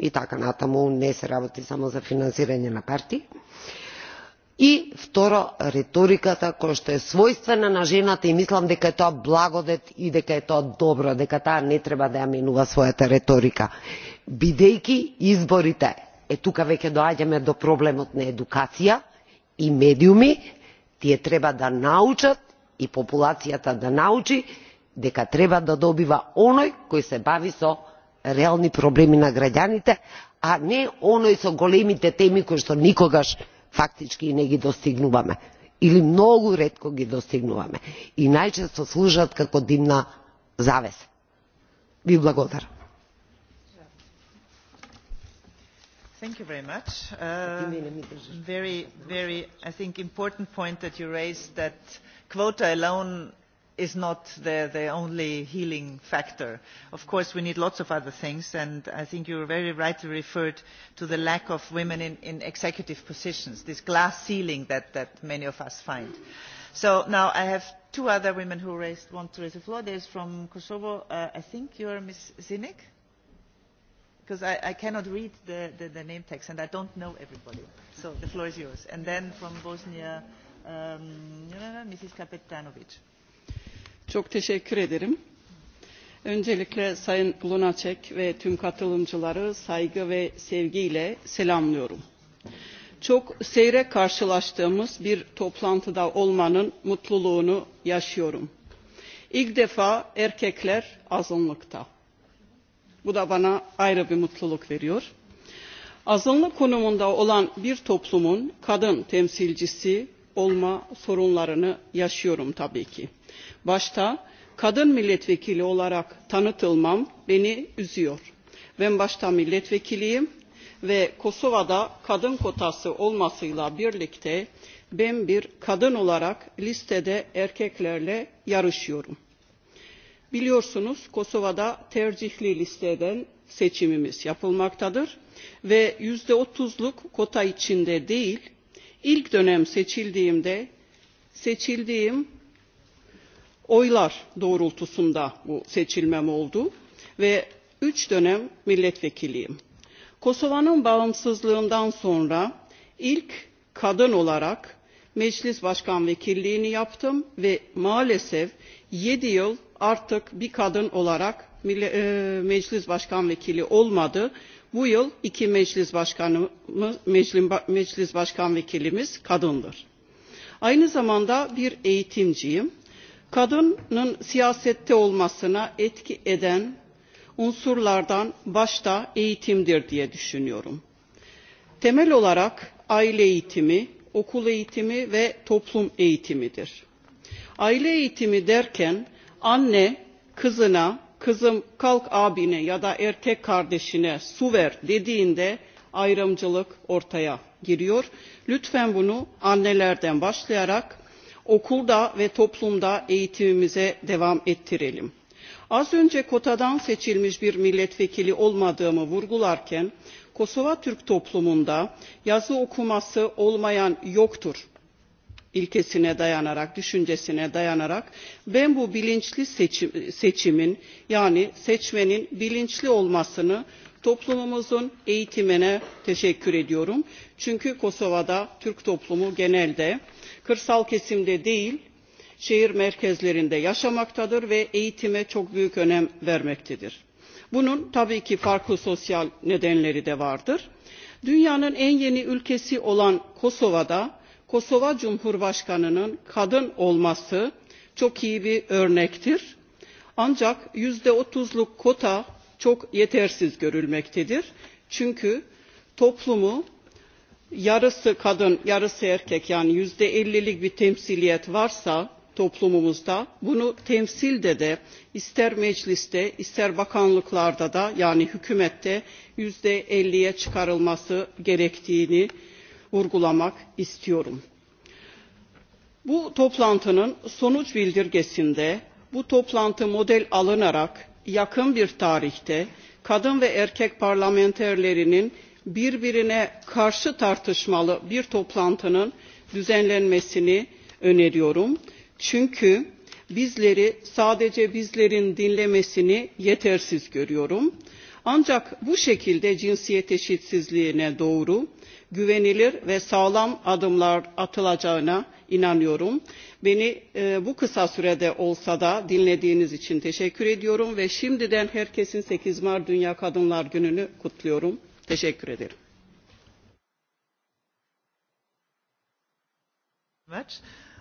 и така натаму не се работи само за финансирање на партии и второ реториката која што е својствена на жената и мислам дека е тоа благодет и дека е тоа добро дека таа не треба да ја менува својата реторика бидејќи изборите е тука веќе доаѓаме до проблемот на едукација и медиуми тие треба да научат и популацијата да научи дека треба да добива оној кој се бави со реални проблеми на граѓаните а не оној со големите теми кои што никогаш фактички не ги достигнуваме или многу ретко ги достигнуваме и најчесто служат како димна завеса. ви благодарам. Thank you very much. Uh, very, very, I think, important point that you raised that quota alone is not the, the only healing factor. Of course, we need lots of other things, and I think you were very rightly referred to the lack of women in, in executive positions, this glass ceiling that, that many of us find. So now I have two other women who raised, want to raise the floor. There's from Kosovo, uh, I think you're Ms. Zinek because I, I cannot read the, the, the name text and I don't know everybody. So the floor is yours. And then from Bosnia, um, no, no, no, Mrs. Kapetanovic. Çok teşekkür ederim. Öncelikle Sayın Lunacek ve tüm katılımcıları saygı ve sevgiyle selamlıyorum. Çok seyre karşılaştığımız bir toplantıda olmanın mutluluğunu yaşıyorum. İlk defa erkekler azınlıkta Bu da bana ayrı bir mutluluk veriyor. Azınlık konumunda olan bir toplumun kadın temsilcisi olma sorunlarını yaşıyorum tabii ki. Başta kadın milletvekili olarak tanıtılmam beni üzüyor. Ben başta milletvekiliyim ve Kosova'da kadın kotası olmasıyla birlikte ben bir kadın olarak listede erkeklerle yarışıyorum. Biliyorsunuz Kosova'da tercihli listeden seçimimiz yapılmaktadır ve yüzde otuzluk kota içinde değil, ilk dönem seçildiğimde seçildiğim oylar doğrultusunda bu seçilmem oldu ve üç dönem milletvekiliyim. Kosova'nın bağımsızlığından sonra ilk kadın olarak meclis başkan vekilliğini yaptım ve maalesef 7 yıl artık bir kadın olarak e, meclis başkan vekili olmadı. Bu yıl iki meclis başkanımız, meclis başkan vekilimiz kadındır. Aynı zamanda bir eğitimciyim. Kadının siyasette olmasına etki eden unsurlardan başta eğitimdir diye düşünüyorum. Temel olarak aile eğitimi, okul eğitimi ve toplum eğitimidir. Aile eğitimi derken anne kızına, kızım kalk abine ya da erkek kardeşine su ver dediğinde ayrımcılık ortaya giriyor. Lütfen bunu annelerden başlayarak okulda ve toplumda eğitimimize devam ettirelim. Az önce kotadan seçilmiş bir milletvekili olmadığımı vurgularken Kosova Türk toplumunda yazı okuması olmayan yoktur ilkesine dayanarak, düşüncesine dayanarak ben bu bilinçli seçim, seçimin yani seçmenin bilinçli olmasını toplumumuzun eğitimine teşekkür ediyorum. Çünkü Kosova'da Türk toplumu genelde kırsal kesimde değil şehir merkezlerinde yaşamaktadır ve eğitime çok büyük önem vermektedir Bunun tabii ki farklı sosyal nedenleri de vardır. Dünyanın en yeni ülkesi olan Kosova'da Kosova Cumhurbaşkanı'nın kadın olması çok iyi bir örnektir. Ancak yüzde otuzluk kota çok yetersiz görülmektedir. Çünkü toplumu yarısı kadın yarısı erkek yani yüzde ellilik bir temsiliyet varsa toplumumuzda bunu temsilde de ister mecliste ister bakanlıklarda da yani hükümette yüzde elliye çıkarılması gerektiğini vurgulamak istiyorum. Bu toplantının sonuç bildirgesinde bu toplantı model alınarak yakın bir tarihte kadın ve erkek parlamenterlerinin birbirine karşı tartışmalı bir toplantının düzenlenmesini öneriyorum. Çünkü bizleri sadece bizlerin dinlemesini yetersiz görüyorum. Ancak bu şekilde cinsiyet eşitsizliğine doğru güvenilir ve sağlam adımlar atılacağına inanıyorum. Beni e, bu kısa sürede olsa da dinlediğiniz için teşekkür ediyorum ve şimdiden herkesin 8 Mart Dünya Kadınlar Günü'nü kutluyorum. Teşekkür ederim. Much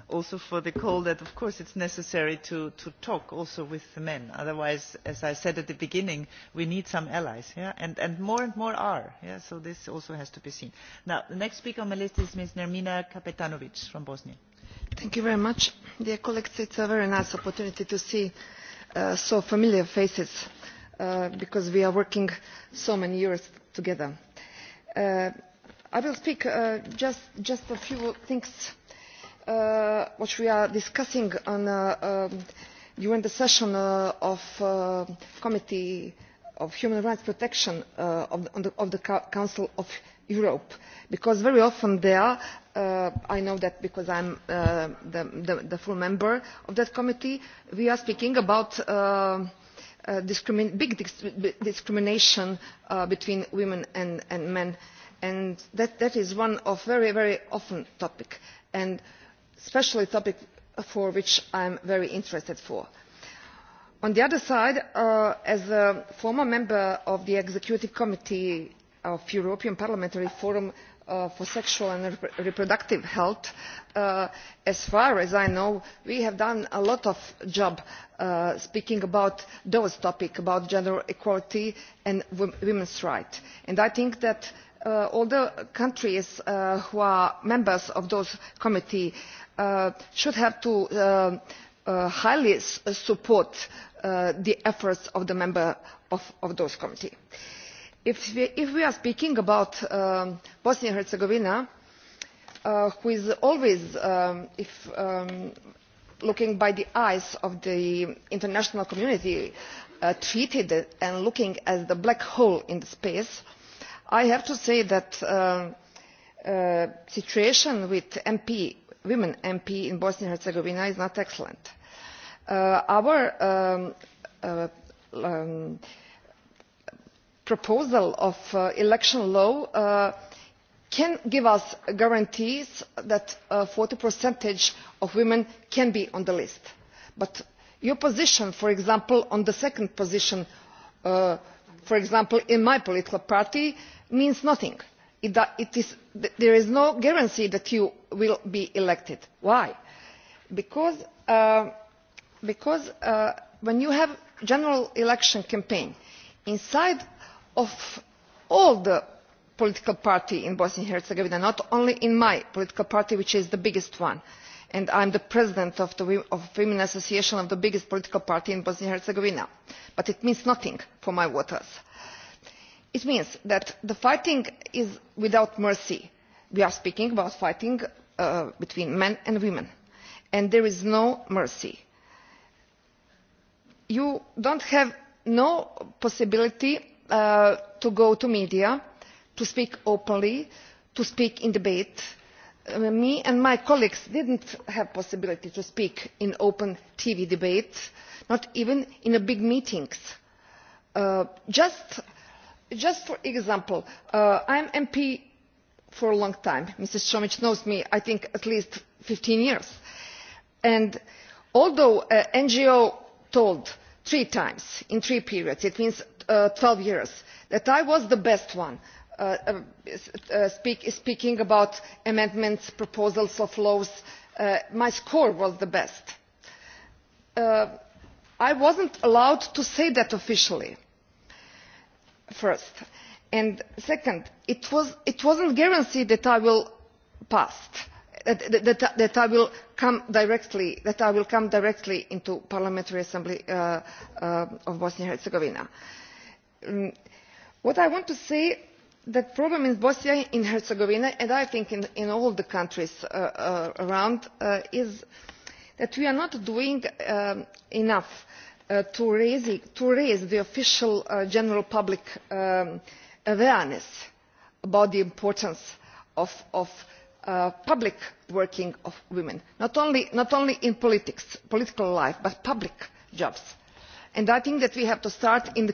also for the call that of course it is necessary to, to talk also with the men otherwise as i said at the beginning we need some allies yeah? and, and more and more are yeah? so this also has to be seen. Now, the next speaker on my list is ms nermina kapetanovic from bosnia. thank you very much. dear colleagues it is a very nice opportunity to see uh, so familiar faces uh, because we are working so many years together. Uh, i will speak uh, just, just a few things Uh, which we are discussing uh, um, during the session uh, of the committee on human rights protection of the, council of europe because very often there uh, i know that because i am uh, the, full member of that committee we are speaking about big discrimination between women and, men and that, is one of very very often topic and especially a topic for which i am very interested on the other side uh, as a former member of the executive committee of the european parliamentary forum uh, for sexual and reproductive health uh, as far as i know we have done a lot of work speaking about those topics about gender equality and women's rights and i think that Uh, all the countries uh, who are members of those committees uh, should have to highly support the efforts of the members of, those committees. If, we are speaking about um, bosnia and herzegovina which is always um, if, um, looking by the eyes of the international community treated and looked at as the black hole in space' i have to say that the uh, uh, situation with women mps in bosnia and herzegovina is not excellent. Uh, our um, um, proposal of election law can give us guarantees that a forty percentage of women can be on the list but your position for example on the second position for example in my political party means nothing. there is no guarantee that you will be elected. why? because uh, uh, when you have a general election campaign inside all the political parties in bosnia and herzegovina not only in my political party which is the biggest one and i am the president of the women's association of the biggest political party in bosnia and herzegovina but it means nothing for my voters. it means that the fighting is without mercy. we are speaking about fighting uh, between men and women and there is no mercy. you do not have any no possibility uh, to go to the media to speak openly to speak in debate me and my colleagues did not have the possibility to speak in open tv debates not even in big meetings. Uh, just for example uh, i am an mp for a long time mrs somi knows me i think at least fifteen years and although an uh, ngo told three times in three periods it means twelve years that i was the best one Uh, uh, speaking about amendments proposals of laws uh, my score was the best. i was not allowed to say that officially first and second it was not guaranteed that i will pass that, i will come directly that i will come directly into the parliamentary assembly of bosnia and herzegovina. Mm, what i want to say the problem in bosnia and herzegovina and i think in all the countries uh, uh, around uh, is that we are not doing um, enough to raise the official general public um, awareness about the importance of public working of women not only in politics political life but public jobs and i think that we have to start in,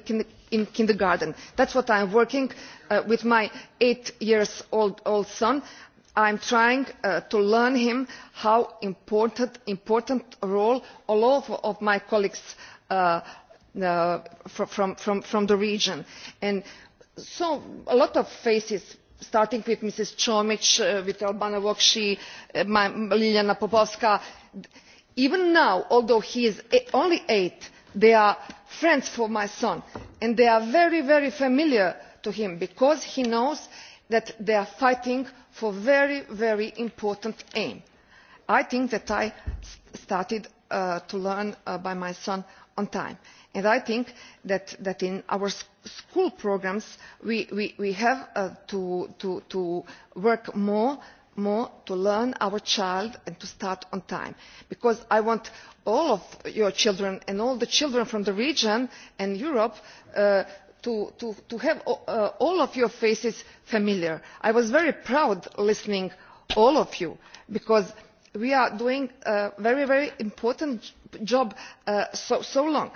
kindergarten. that is what i am working on uh, with my eight year old, son i am trying uh, to teach him how important a role all of, my colleagues uh, from, the region play. so a lot of faces starting with mrs comi with albana vokshi liljana popovska even now although he is only eight they are friends of my son and they are very very familiar to him because he knows that they are fighting for a very very important aim. i think that i started uh, to learn uh, my son on time and i think that, in our school programmes we, have uh, to work more more to learn our child and to start on time because i want all of your children and all the children from the region and europe uh, to, have all of your faces familiar. i was very proud listening to all of you because we are doing a very very important job for uh, so long.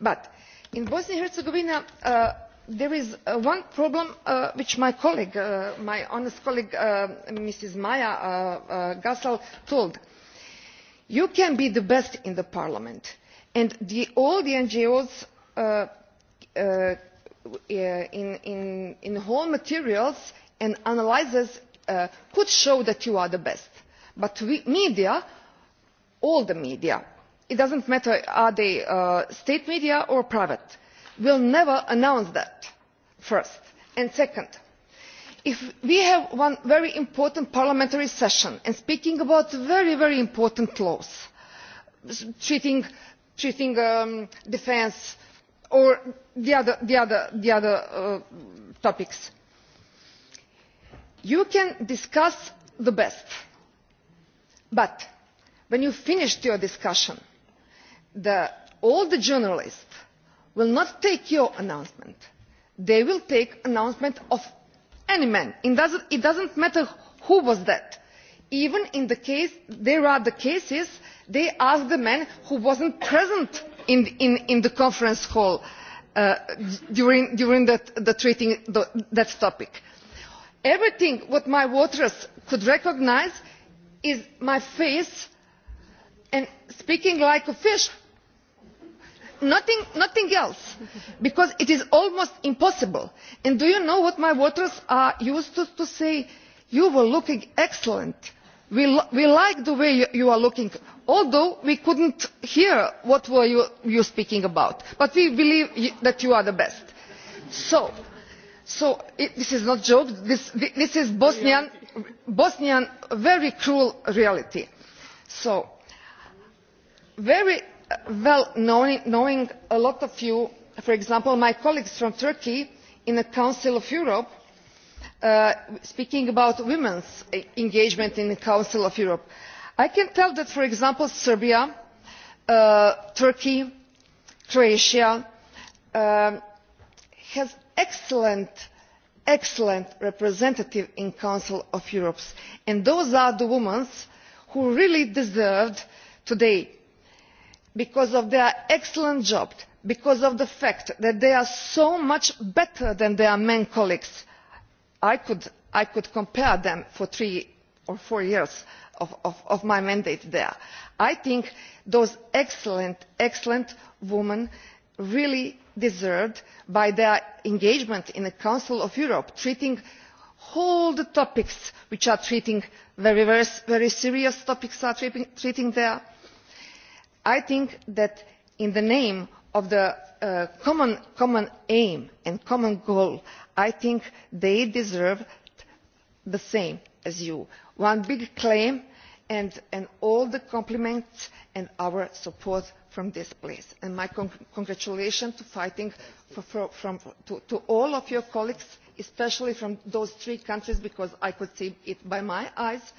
but in bosnia and herzegovina uh, there is uh, one problem uh, which my colleague uh, my honest colleague mrs maya gasol told us you can be the best in parliament and all the ngos in the whole materials and analyses could show that you are the best but the media all the media it does not matter whether they are state media or private will never announce that first and second if we have one very important parliamentary session and are speaking about very very important laws treating um, defence or the other uh, topics you can discuss the best but when you have finished your discussion all the journalists will not take your announcement they will take the announcement of any man it does not matter who was that even in the case there are the cases they ask the man who was not present in the conference hall uh, during treating that topic. everything that my voters could recognise is my face and speaking like a fish nothing, else because it is almost impossible. and do you know what my voters used to, say? you were looking excellent we, like the way you, are looking although we could not hear what were you were speaking about but we believe that you are the best. so, this is not a joke this, is bosnian, bosnian very cruel reality. so very well knowing a lot of you for example my colleagues from turkey in the council of europe uh, speaking about women's engagement in the council of europe i can tell that for example serbia uh, turkey croatia um, have excellent representatives in the council of europe and those are the women who really deserve today because of their excellent job because of the fact that they are so much better than their male colleagues i could compare them for three or four years of my mandate there i think those excellent women really deserved by their engagement in the council of europe treating all the topics which are very serious topics are treated there i think that in the name of the uh, common aim and common goal i think they deserve the same as you one big claim and all the compliments and our support from this place and my congratulations to all of your colleagues especially from those three countries because i could see it with my own eyes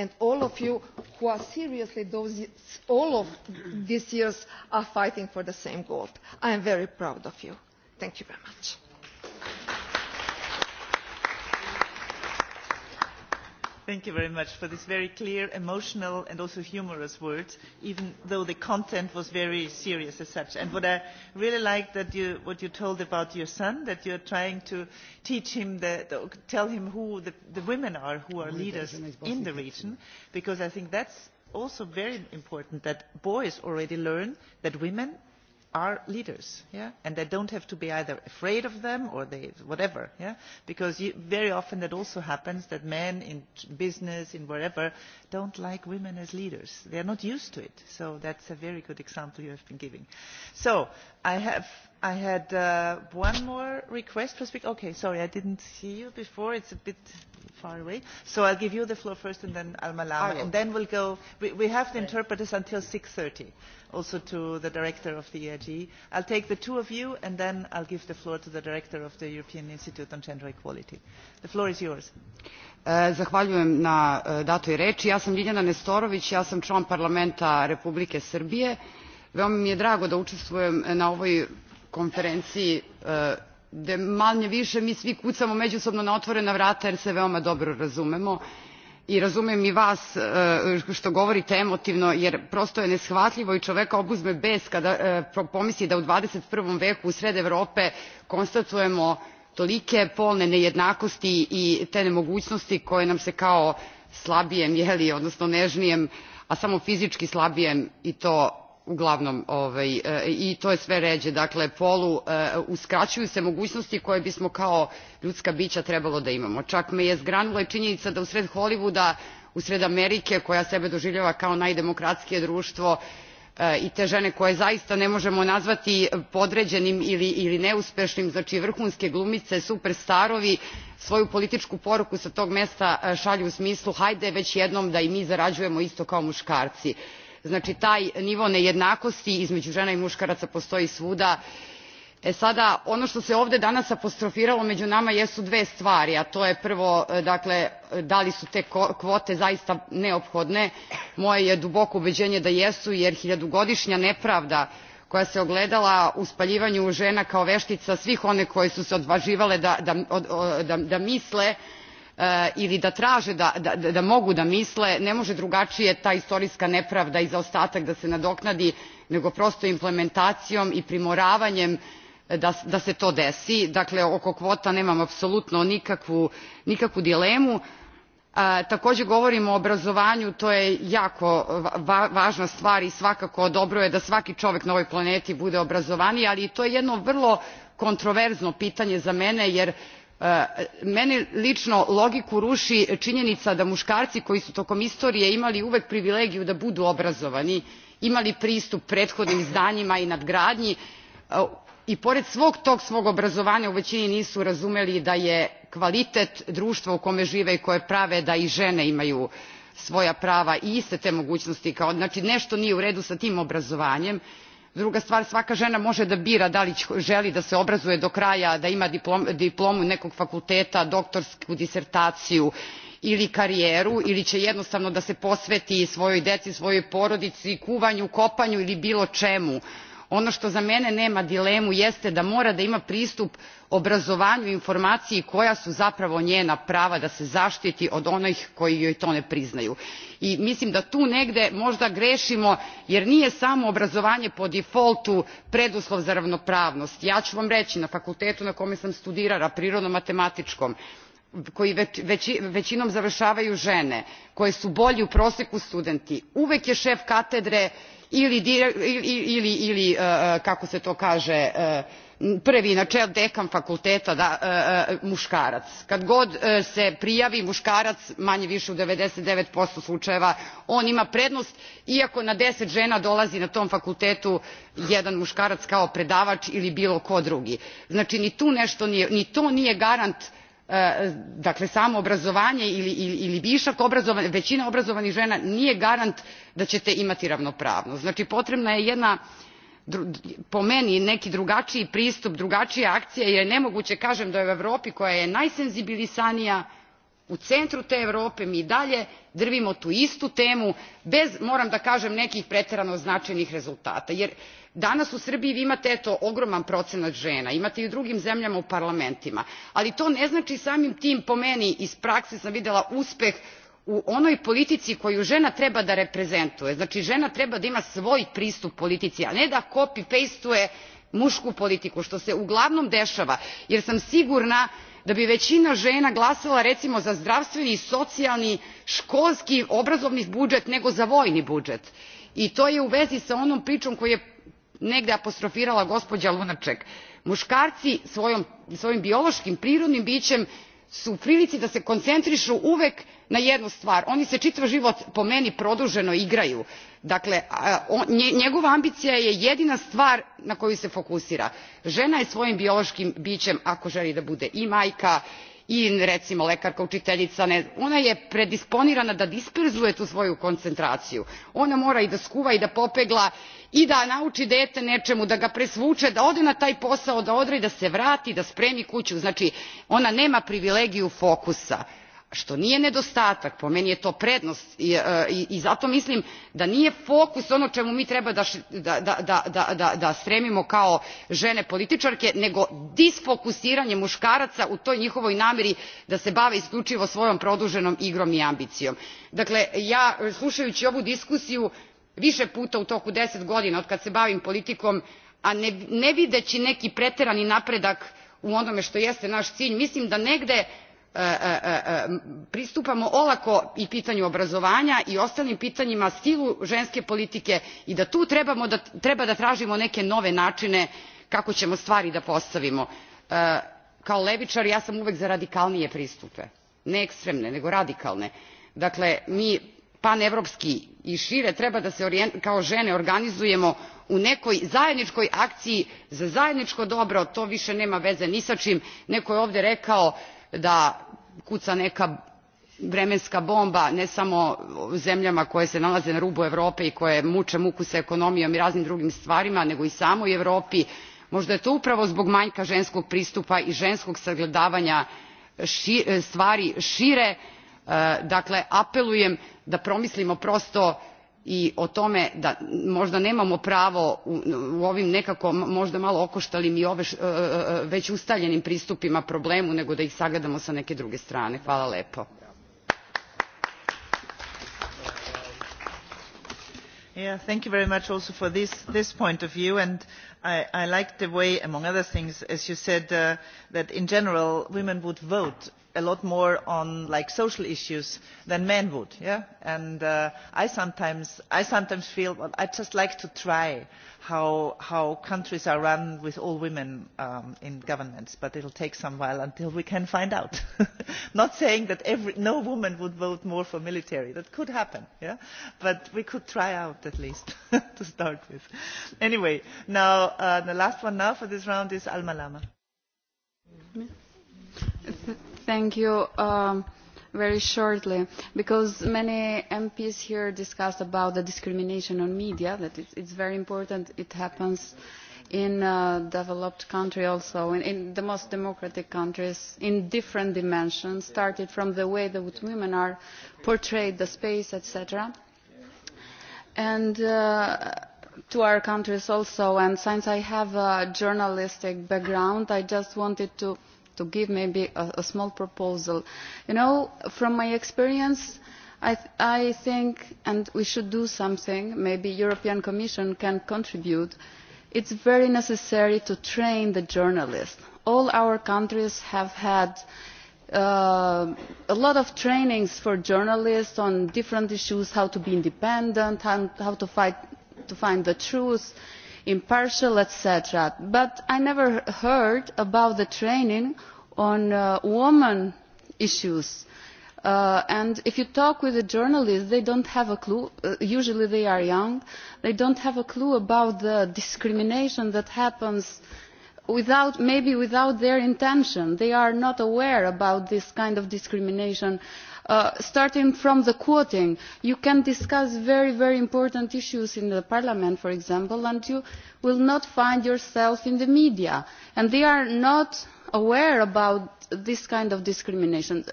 and all of you who are seriously all of these years are fighting for the same goal. i am very proud of you. thank you very much. thank you very much for this very clear emotional and also humorous words even though the content was very serious as such. And what i really liked that you what you told about your son that you are trying to teach him the, the, tell him who the, the women are who are leaders in the region because i think that's also very important that boys already learn that women are leaders yeah? and they do not have to be either afraid of them or they, whatever yeah? because you, very often it also happens that men in business in wherever do not like women as leaders they are not used to it so that is a very good example you have been giving. so I had uh, one more request to speak. Okay, sorry, I didn't see you before. It's a bit far away. So I'll give you the floor first and then Alma Lama. And then we'll go, we, have the interpreters until 6.30, also to the director of the EIG. I'll take the two of you and then I'll give the floor to the director of the European Institute on Gender Equality. The floor is yours. E, zahvaljujem na e, datoj reči. Ja sam Ljiljana Nestorović, ja sam član parlamenta Republike Srbije veoma mi je drago da učestvujem na ovoj konferenciji e, gde manje više mi svi kucamo međusobno na otvorena vrata jer se veoma dobro razumemo i razumem i vas e, što govorite emotivno jer prosto je neshvatljivo i čoveka obuzme bes kada e, pomisli da u 21. veku u sred Evrope konstatujemo tolike polne nejednakosti i te nemogućnosti koje nam se kao slabijem, odnosno nežnijem, a samo fizički slabijem i to uglavnom ovaj, e, i to je sve ređe dakle polu e, uskraćuju se mogućnosti koje bismo kao ljudska bića trebalo da imamo čak me je zgranula i činjenica da u sred hollywooda u sred amerike koja sebe doživljava kao najdemokratskije društvo e, i te žene koje zaista ne možemo nazvati podređenim ili, ili neuspešnim znači vrhunske glumice superstarovi svoju političku poruku sa tog mesta šalju u smislu hajde već jednom da i mi zarađujemo isto kao muškarci znači taj nivo nejednakosti između žena i muškaraca postoji svuda. E sada, ono što se ovdje danas apostrofiralo među nama jesu dve stvari, a to je prvo, e, dakle, da li su te kvote zaista neophodne. Moje je duboko ubeđenje da jesu, jer hiljadugodišnja nepravda koja se ogledala u spaljivanju žena kao veštica svih one koje su se odvaživale da, da, da, da misle Eh, ili da traže da, mogu da misle ne može drugačije ta istorijska nepravda i zaostatak da se nadoknadi nego prosto implementacijom i primoravanjem eh, da, se to desi. dakle oko kvota nemam apsolutno nikakvu, nikakvu dilemu. Eh, takođe govorimo o obrazovanju to je jako važna stvar i svakako dobro je da svaki čovek na ovoj planeti bude obrazovaniji ali to je jedno vrlo kontroverzno pitanje za mene jer E, meni lično logiku ruši činjenica da muškarci koji su tokom istorije imali uvek privilegiju da budu obrazovani imali pristup prethodnim znanjima i nadgradnji e, i pored svog tog svog obrazovanja u većini nisu razumeli da je kvalitet društva u kome žive i koje prave da i žene imaju svoja prava i iste te mogućnosti. znači nešto nije u redu s tim obrazovanjem druga stvar svaka žena može da bira da li želi da se obrazuje do kraja da ima diplomu nekog fakulteta doktorsku disertaciju ili karijeru ili će jednostavno da se posveti svojoj deci svojoj porodici kuvanju kopanju ili bilo čemu ono što za mene nema dilemu jeste da mora da ima pristup obrazovanju i informaciji koja su zapravo njena prava da se zaštiti od onih koji joj to ne priznaju i mislim da tu negde možda grešimo jer nije samo obrazovanje po defaultu preduslov za ravnopravnost ja ću vam reći na fakultetu na kome sam studirala prirodno matematičkom koji većinom završavaju žene koje su bolji u proseku studenti uvek je šef katedre ili, e, e, kako se to kaže e, prvi na čelu dekan fakulteta muškarac. kad god se prijavi muškarac manje više u ninety nine slučajeva on ima prednost iako na deset žena dolazi na tom fakultetu jedan muškarac kao predavač ili bilo ko drugi. znači ni to nije garant E, dakle samo obrazovanje ili višak obrazovanja većina obrazovanih žena nije garant da ćete imati ravnopravnost. znači potrebna je jedna po meni neki drugačiji pristup drugačija akcija jer je nemoguće kažem da u europi koja je najsenzibiliziranija u centru te europe mi i dalje drvimo tu istu temu bez moram da kažem nekih preterano značajnih rezultata jer danas u srbiji vi imate ogroman procenat žena imate i u drugim zemljama u parlamentima ali to ne znači samim tim po meni iz prakse sam videla uspeh u onoj politici koju žena treba da reprezentuje znači žena treba da ima svoj pristup politici a ne da copy pastuje mušku politiku što se uglavnom dešava jer sam sigurna da bi većina žena glasala recimo za zdravstveni socijalni školski obrazovni budžet nego za vojni budžet i to je u vezi sa onom pričom koju je negdje apostrofirala gospođa lunacek muškarci svojim biološkim prirodnim bićem su u prilici da se koncentrišu uvek na jednu stvar oni se čitav život po meni produženo igraju dakle njegova ambicija je jedina stvar na koju se fokusira. žena je svojim biološkim bićem ako želi da bude i majka i recimo lekarka učiteljica ona je predisponirana da disperzuje tu svoju koncentraciju ona mora i da skuva i da popegla i da nauči dete nečemu da ga presvuče da ode na taj posao da odradi da se vrati da spremi kuću znači ona nema privilegiju fokusa što nije nedostatak po meni je to prednost e, i zato mislim da nije fokus ono čemu mi treba da stremimo kao žene političarke nego disfokusiranje muškaraca u toj njihovoj nameri da se bave isključivo svojom produženom igrom i ambicijom. dakle ja slušajući ovu diskusiju više puta u toku deset godina od kad se bavim politikom a ne videći neki preterani napredak u onome što jeste naš cilj mislim da negde E, e, e, pristupamo olako i pitanju obrazovanja i ostalim pitanjima stilu ženske politike i da tu treba da tražimo neke nove načine kako ćemo stvari da postavimo. kao levičar ja sam uvek za radikalnije pristupe ne ekstremne nego radikalne. dakle mi panevropski i šire treba da se kao žene organizujemo u nekoj zajedničkoj akciji za zajedničko dobro to više nema veze ni sa čim. neko je ovde rekao da kuca neka vremenska bomba ne samo zemljama koje se nalaze na rubu evrope i koje muče muku s ekonomijom i raznim drugim stvarima nego i samoj evropi možda je to upravo zbog manjka ženskog pristupa i ženskog sagledavanja stvari šire e, dakle apelujem da promislimo prosto i o tome da možda nemamo pravo u, ovim nekako možda malo okoštalim i ove, e, e, e, već ustaljenim pristupima problemu nego da ih sagledamo sa neke druge strane. Hvala lepo. Yeah, thank you very much also for this, this point of view and i, i like the way among other things as you said uh, that in general women would vote a lot more on like social issues than men would yeah and uh, i sometimes i sometimes feel well, i just like to try how how countries are run with all women um, in governments but it'll take some while until we can find out not saying that every no woman would vote more for military that could happen yeah but we could try out at least to start with anyway now uh, the last one now for this round is alma lama thank you. Um, very shortly, because many MPs here discussed about the discrimination on media, that it, it's very important. It happens in uh, developed countries also, in, in the most democratic countries, in different dimensions, starting from the way that women are portrayed, the space, etc. And uh, to our countries also, and since I have a journalistic background, I just wanted to to give maybe a, a small proposal. You know, from my experience, I, th I think, and we should do something, maybe European Commission can contribute, it's very necessary to train the journalists. All our countries have had Uh, a lot of trainings for journalists on different issues how to be independent how, how to, fight, to find the truth impartial etc. but i never heard about the training on uh, women issues. Uh, and if you talk with the journalists, they don't have a clue. Uh, usually they are young. They don't have a clue about the discrimination that happens without, maybe without their intention. They are not aware about this kind of discrimination. Uh, starting from the quoting, you can discuss very, very important issues in the parliament, for example, and you will not find yourself in the media. And they are not aware about this kind of discrimination.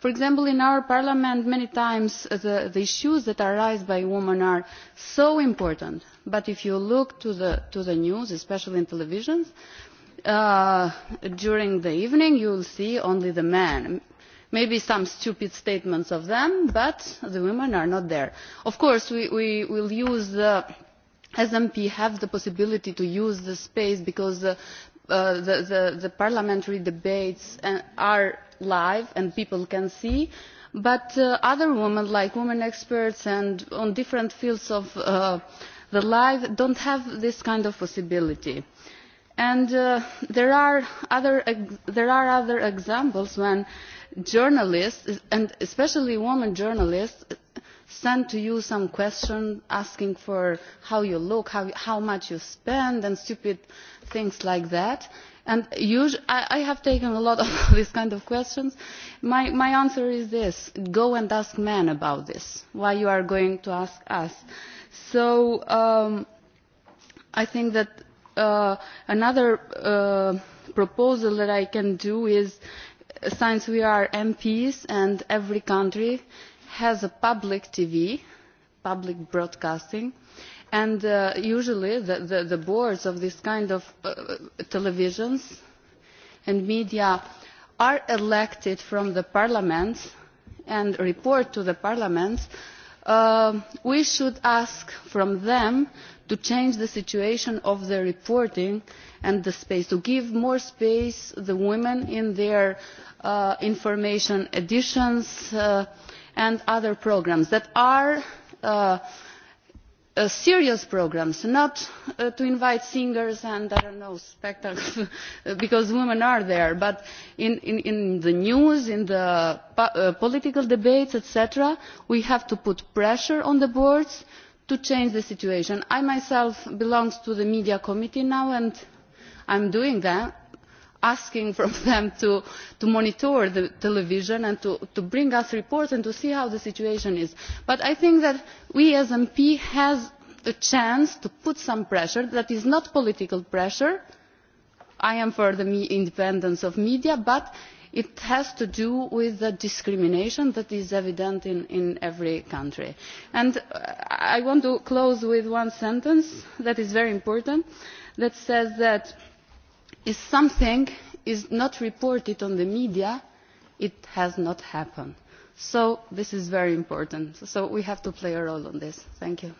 For example, in our parliament, many times the, the issues that are raised by women are so important. But if you look to the, to the news, especially in television, uh, during the evening you will see only the men. Maybe some stupid statements of them, but the women are not there. Of course, we, we will use the SMP have the possibility to use the space because the Uh, the, the, parliamentary debates uh, are live and people can see but uh, other women like women experts and on different fields of the life do not have this kind of possibility. And, there, are other, there are other examples when journalists and especially women journalists send to you some questions asking for how you look how, much you spend and stupid things like that and i have taken a lot of these kind of questions my, answer is this go and ask men about this why you are going to ask us so um, i think that uh, another uh, proposal that i can do is since we are mps and every country has a public tv public broadcasting and uh, usually the, boards of these kind of uh, television and media are elected from the parliaments and report to the parliaments uh, we should ask them to change the situation of the reporting and the space to give more space to women in their information editions and other programmes that are serious programmes not uh, to invite singers and i don't know spectacles because women are there but in, the news in the uh, political debates etc we have to put pressure on the boards to change the situation. i myself belong to the media committee now and i am doing that asking from them to, to monitor the television and to, to bring us reports and to see how the situation is. But I think that we as MP have a chance to put some pressure that is not political pressure. I am for the independence of media, but it has to do with the discrimination that is evident in, in every country. And uh, I want to close with one sentence that is very important that says that If something is not reported on the media it has not happened so this is very important so we have to play a role in this. thank you.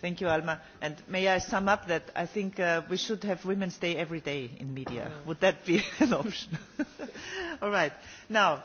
thank you alma and may i sum up that i think uh, we should have women's day every day in media would that be an option? all right now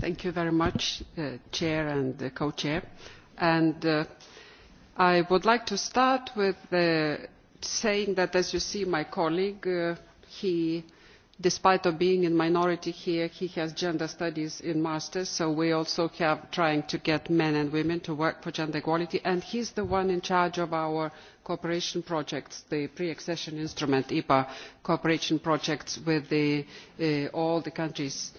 Thank you very much, uh, Chair and Co-Chair. And uh, I would like to start with uh, saying that, as you see, my colleague, uh, he, despite of being in minority here, he has gender studies in master's, so we also have trying to get men and women to work for gender equality, and he's the one in charge of our cooperation projects, the pre-accession instrument, IPA cooperation projects with the, uh, all the countries uh,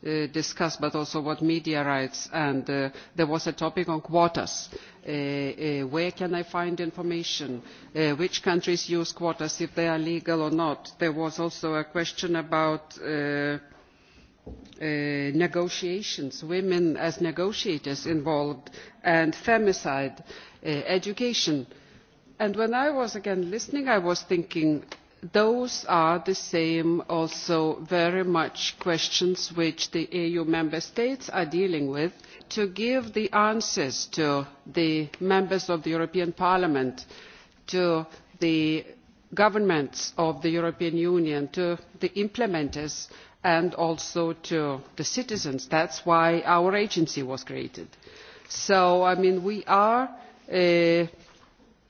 Uh, discussed but also what media rights and uh, there was a topic on quotas uh, uh where can i find information uh, which countries use quotas if they are legal or not there was also a question about negotiations women as negotiators involved and femicide education and when i was again listening i was thinking that those are the same also very much questions which the eu member states are dealing with to give the answers to the members of the european parliament to the governments of the european union to the implementers and also to the citizens. that is why our agency was created. so I mean, we are uh,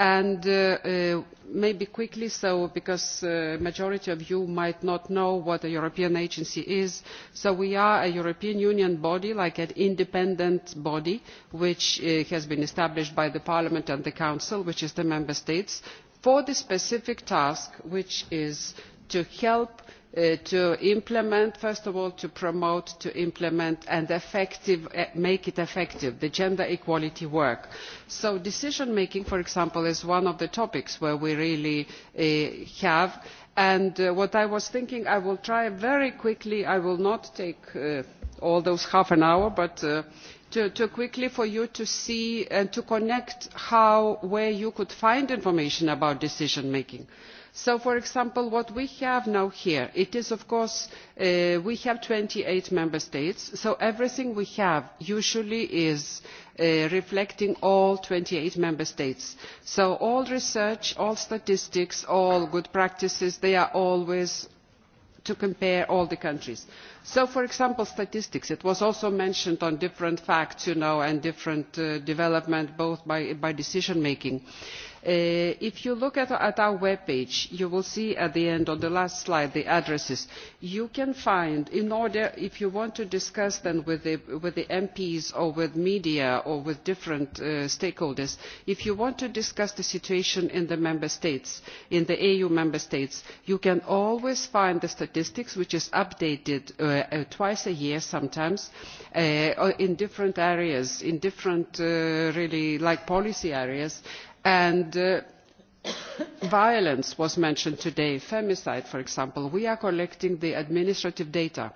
and uh, uh, maybe quickly because the uh, majority of you might not know what a european agency is so we are a european union body like an independent body which has been established by parliament and the council which is the member states for the specific task which is to help Uh, to implement first of all to promote to implement and uh, make it effective the gender equality work. so decision making for example is one of the topics where we really uh, have and what i was thinking i will try very quickly i will not take all those half an hour but to quickly for you to see and to connect how where you could find information about decision making so for example what we have now here is of course uh, we have twenty eight member states so everything we have usually is uh, reflecting all twenty eight member states so all research all statistics all good practices they are always to compare all the countries. So, for example, statistics. It was also mentioned on different facts, you know, and different uh, development, both by, by decision making. Uh, if you look at, at our web page you will see at the end on the last slide the addresses you can find in order if you want to discuss them with the, with the mps or with media or with different uh, stakeholders if you want to discuss the situation in the member states in the eu member states you can always find the statistics which is updated uh, Uh, twice a year sometimes uh, in different areas in different uh, really like policy areas and violence was mentioned today femicide for example we are collecting the administrative data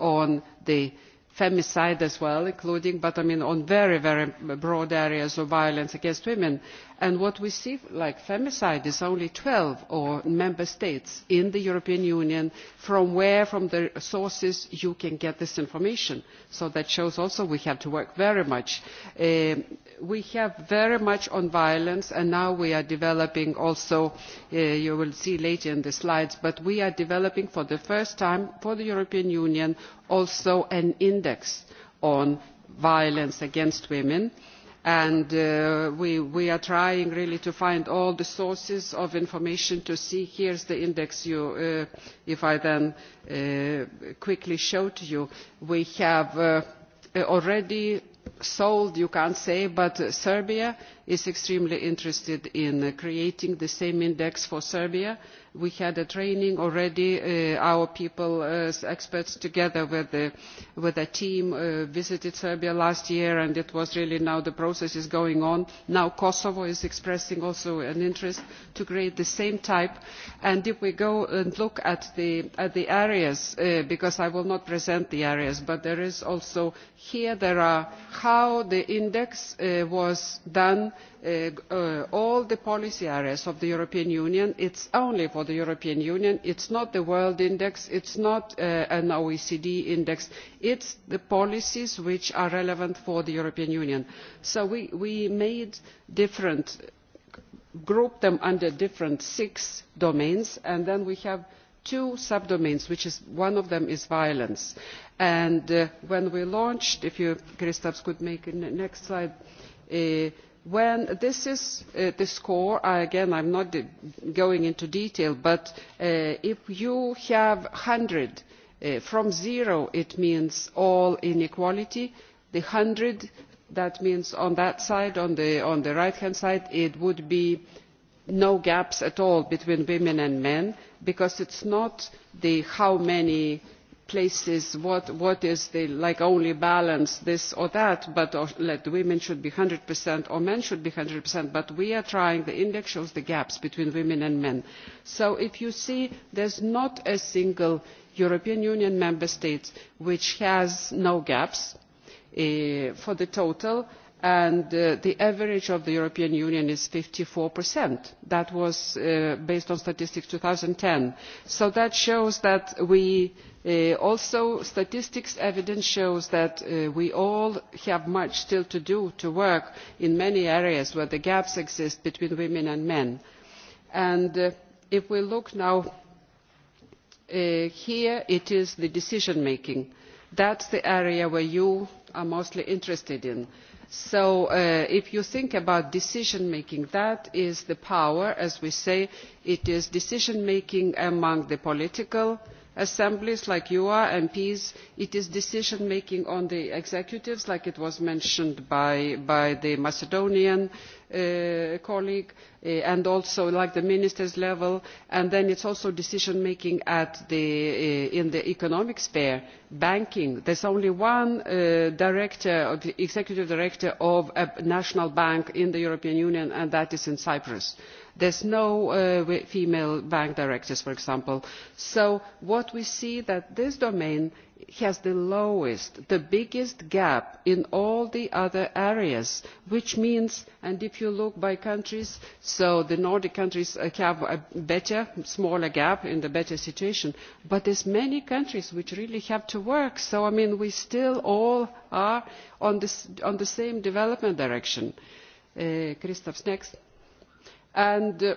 on the femicide as well including but I mean, on very very broad areas of violence against women and what we see like femicide is only twelve member states in the european union from where from the sources you can get this information so that shows also we have to work very much um, we have very much on violence and now we are developing also uh, you will see later in the slides but we are developing for the first time for the european union also an index on violence against women and uh, we, are trying really to find all the sources of information to see here is the index uh, if I then uh, quickly show to you. We have already sold, you can't say, but Serbia is extremely interested in uh, creating the same index for serbia. we had a training already uh, our people as uh, experts together with, with a team visited serbia last year and it was really now the process is going on. now kosovo is expressing also an interest to create the same type and if we go and look at the, at the areas because i will not present the areas but there is also here there are how the index was done Uh, uh, all the policy areas of the european union it is only for the european union it is not the world index it is not uh, an oecd index it is the policies which are relevant for the european union. so we made different grouped them under different six domains and then we have two sub domains which is one of them is violence and when we launched if you Christoph could make the next slide when this is uh, the score again i am not going into detail but uh, if you have one hundred uh, from zero it means all inequality the one hundred that means on that side on the, right hand side it would be no gaps at all between women and men because it is not how many places what, is the only balance this or that but or, uh, women should be one 100% or men should be one 100% but we are trying the index shows the gaps between women and men so if you see there is not a single european union member state which has no gaps eh, for the total and uh, the average of the european union is. fifty four that was uh, based on statistics two thousand and ten so that shows that we Uh, also statistics evidence shows that uh, we all have much to do to work in many areas where the gaps exist between women and men and uh, if we look now here it is the decision making that is the area where you are mostly interested in so if you think about decision making that is the power as we say it is decision making among the political assemblies like you are mps it is decision making on the executives like was mentioned by, the macedonian uh, Uh, colleague uh, and also at the ministers level and then it is also decision making uh, in the economic sphere banking there is only one executive director of a national bank in the european union and that is in cyprus there are no female bank directors for example. so what we see is that this domain has the lowest the biggest gap in all the other areas which means and if you look by countries so the nordic countries have a better smaller gap in the better situation but there are many countries which really have to work so i mean we still all are on this on the same development direction. Uh, Christoph's next and uh,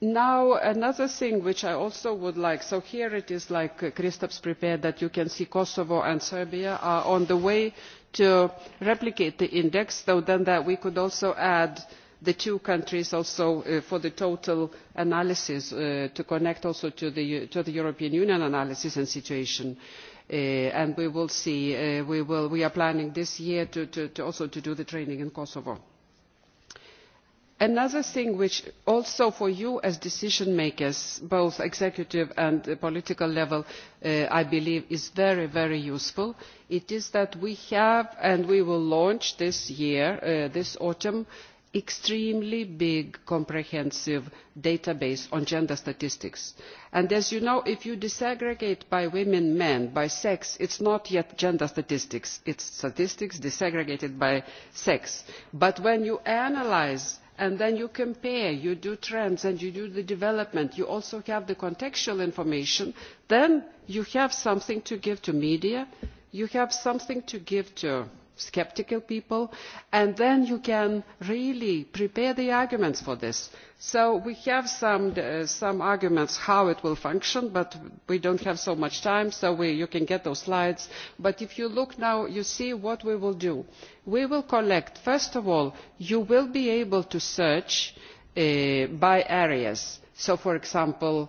now another thing which i also would like to say here it is like christophe prepared that you can see kosovo and serbia are on the way to replicate the index so then we could also add the two countries also uh, for the total analysis uh, to connect also to the, european union analysis and situation uh, and we will see we, are planning this year also to do the training in kosovo another thing which also for you as decision makers both at executive and political level uh, i believe is very very useful is that we have and we will launch this year uh, this autumn an extremely big comprehensive database on gender statistics and as you know if you disaggregate by women men by sex it is not yet gender statistics it is statistics disaggregated by sex but when you analyse and then you compare you do trends and you do the development you also have the contextual information then you have something to give to the media you have something to give to sceptical people and then you can really prepare the arguments for this. so we have some, uh, some arguments on how it will function but we do not have so much time so we, you can get those slides but if you look now you see what we will do. we will collect first of all you will be able to search uh, by areas so for example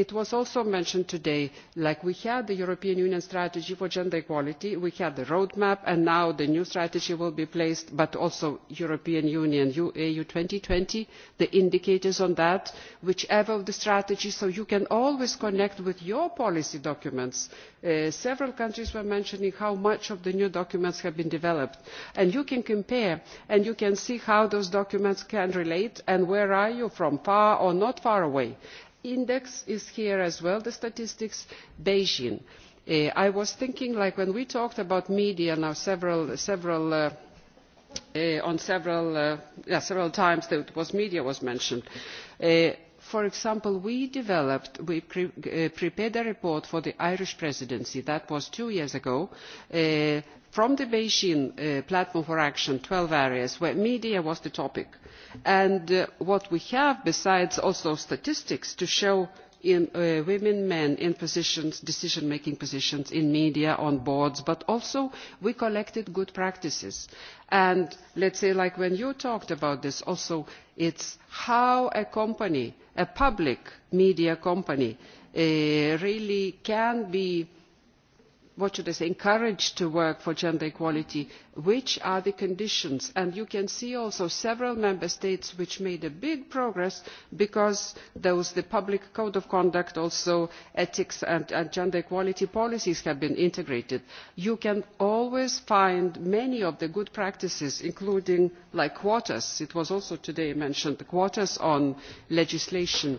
it was also mentioned today that we had the european union strategy for gender equality we had the road map and now the new strategy will be placed but also european union eu two thousand and twenty the indicators on that whichever of the strategies so you can always connect with your policy documents. Uh, several countries were mentioning how much of the new documents have been developed and you can compare and you can see how those documents can relate and where are you from far or not far away? index is here as well the statistics beijing. Eh, i was thinking like when we talked about media now several, several, uh, eh, uh, several times that was media was mentioned eh, for example we developed we prepared a report for the irish presidency that was two years ago from the beijing uh, platform for action twelve areas where media was the topic and uh, what we have besides also statistics to show in, uh, women men in positions decision making positions in media on boards but also we collected good practices and let us say like when you talked about this also it is how a company a public media company uh, really can be what should I say, encouraged to work for gender equality, which are the conditions. And you can see also several member states which made big progress because those, the public code of conduct, also ethics and, gender equality policies have been integrated. You can always find many of the good practices, including quotas. It was also mentioned today quotas on legislation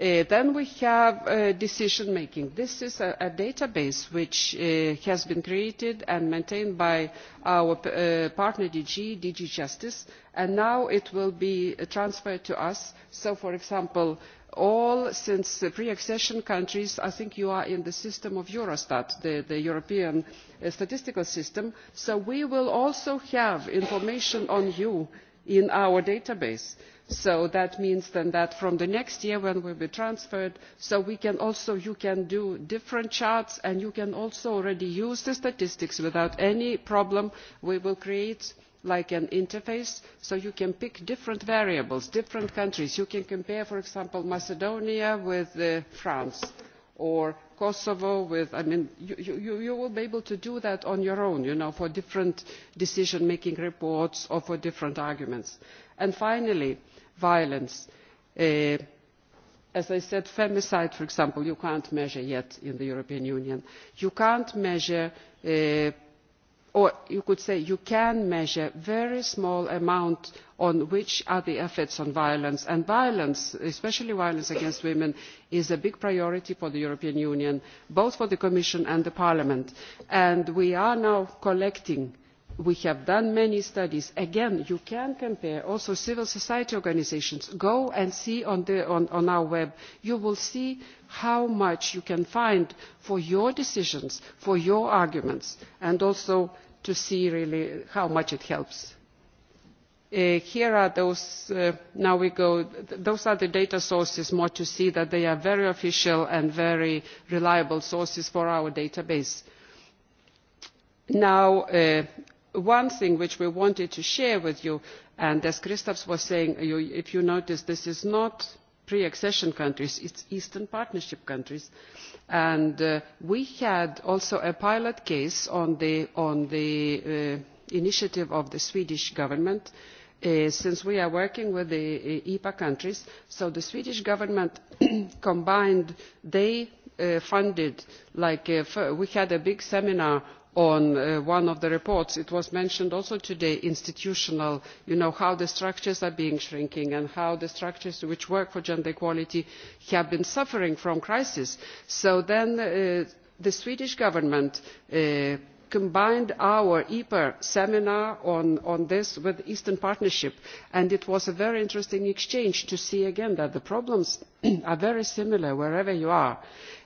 Uh, then we have uh, decision making. this is a, database which uh, has been created and maintained by our partner dg dg justice and now it will be transferred to us so for example all since the pre accession countries i think you are in the system of eurostat the european statistical system so we will also have information on you in our database so that means then that from the next year when will be transferred so we can also you can do different charts and you can also already use the statistics without any problem we will create like an interface so you can pick different variables different countries you can compare for example macedonia with uh, france or kosovo i mean you, will be able to do that on your own you know for different decision making reports or for different arguments. and finally violence uh, as i said femicide for example you cannot measure yet in the european union. you cannot measure uh, or you could say you can measure a very small amount on which are the effects on violence and violence especially violence against women is a big priority for the european union both for the commission and the parliament and we are now collecting we have done many studies again you can compare also civil society organisations go and see on, our web you will see how much you can find for your decisions for your arguments and also to see really how much it helps. Uh, here are those uh, now we go those are the data sources more to see that they are very official and very reliable sources for our database. now uh, one thing which we wanted to share with you and as christophe was saying if you notice this is not pre accession countries it is eastern partnership countries and uh, we had also a pilot case on the, uh, initiative of the swedish government uh, since we are working with the epa countries so the swedish government combined they funded like we had a big seminar on uh, one of the reports it was mentioned also today institutional you know how the structures are shrinking and how the structures which work for gender equality have been suffering from crisis so then uh, the swedish government uh, combined our epa e seminar on this with the eastern partnership and it was a very interesting exchange to see again that the problems are very similar wherever you are.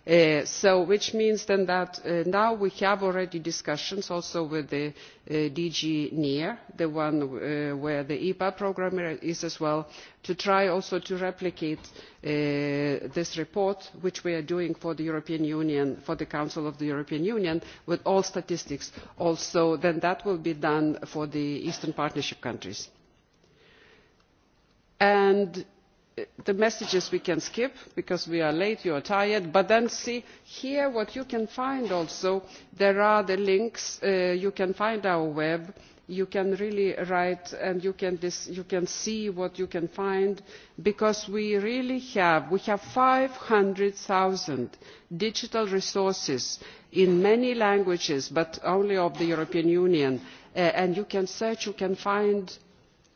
Uh, which means that uh, now we have already discussions also with the uh, dg near the one where the epa programme is as well to try also to replicate this report which we are doing for the european union for the council of the european union with all statistics also then that will be done for the eastern partnership countries the messages we can skip because we are late you are tired but then see here what you can find also there are the links uh, you can find our web you can really write and you can, you can see what you can find because we really have we have thousand digital resources in many languages but only of the European Union uh, and you can search you can find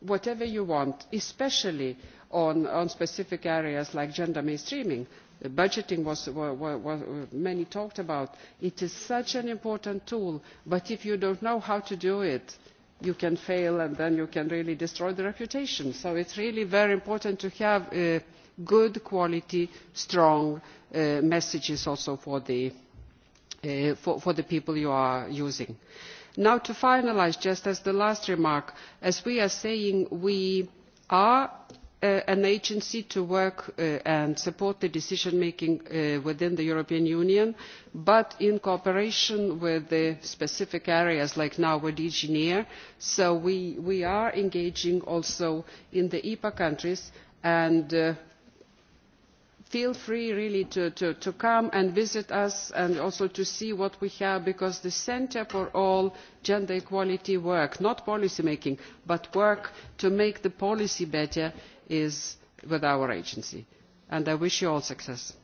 whatever you want especially on, specific areas like gender mainstreaming the budgeting was, many talked about it is such an important tool but if you do not know how to do it you can fail and then you can really destroy the reputation so it is really very important to have uh, good quality strong uh, messages also for the, uh, for the people you are using. now to finalise just as the last remark as we are saying we are Uh, an agency to work uh, and support the decision making uh, within the european union but in cooperation with the specific areas like now with dg near so we are engaging also in the epa countries and feel free really to, come and visit us and also to see what we have because the centre for all gender equality work not policy making but work to make the policy better is with our agency and i wish you all success.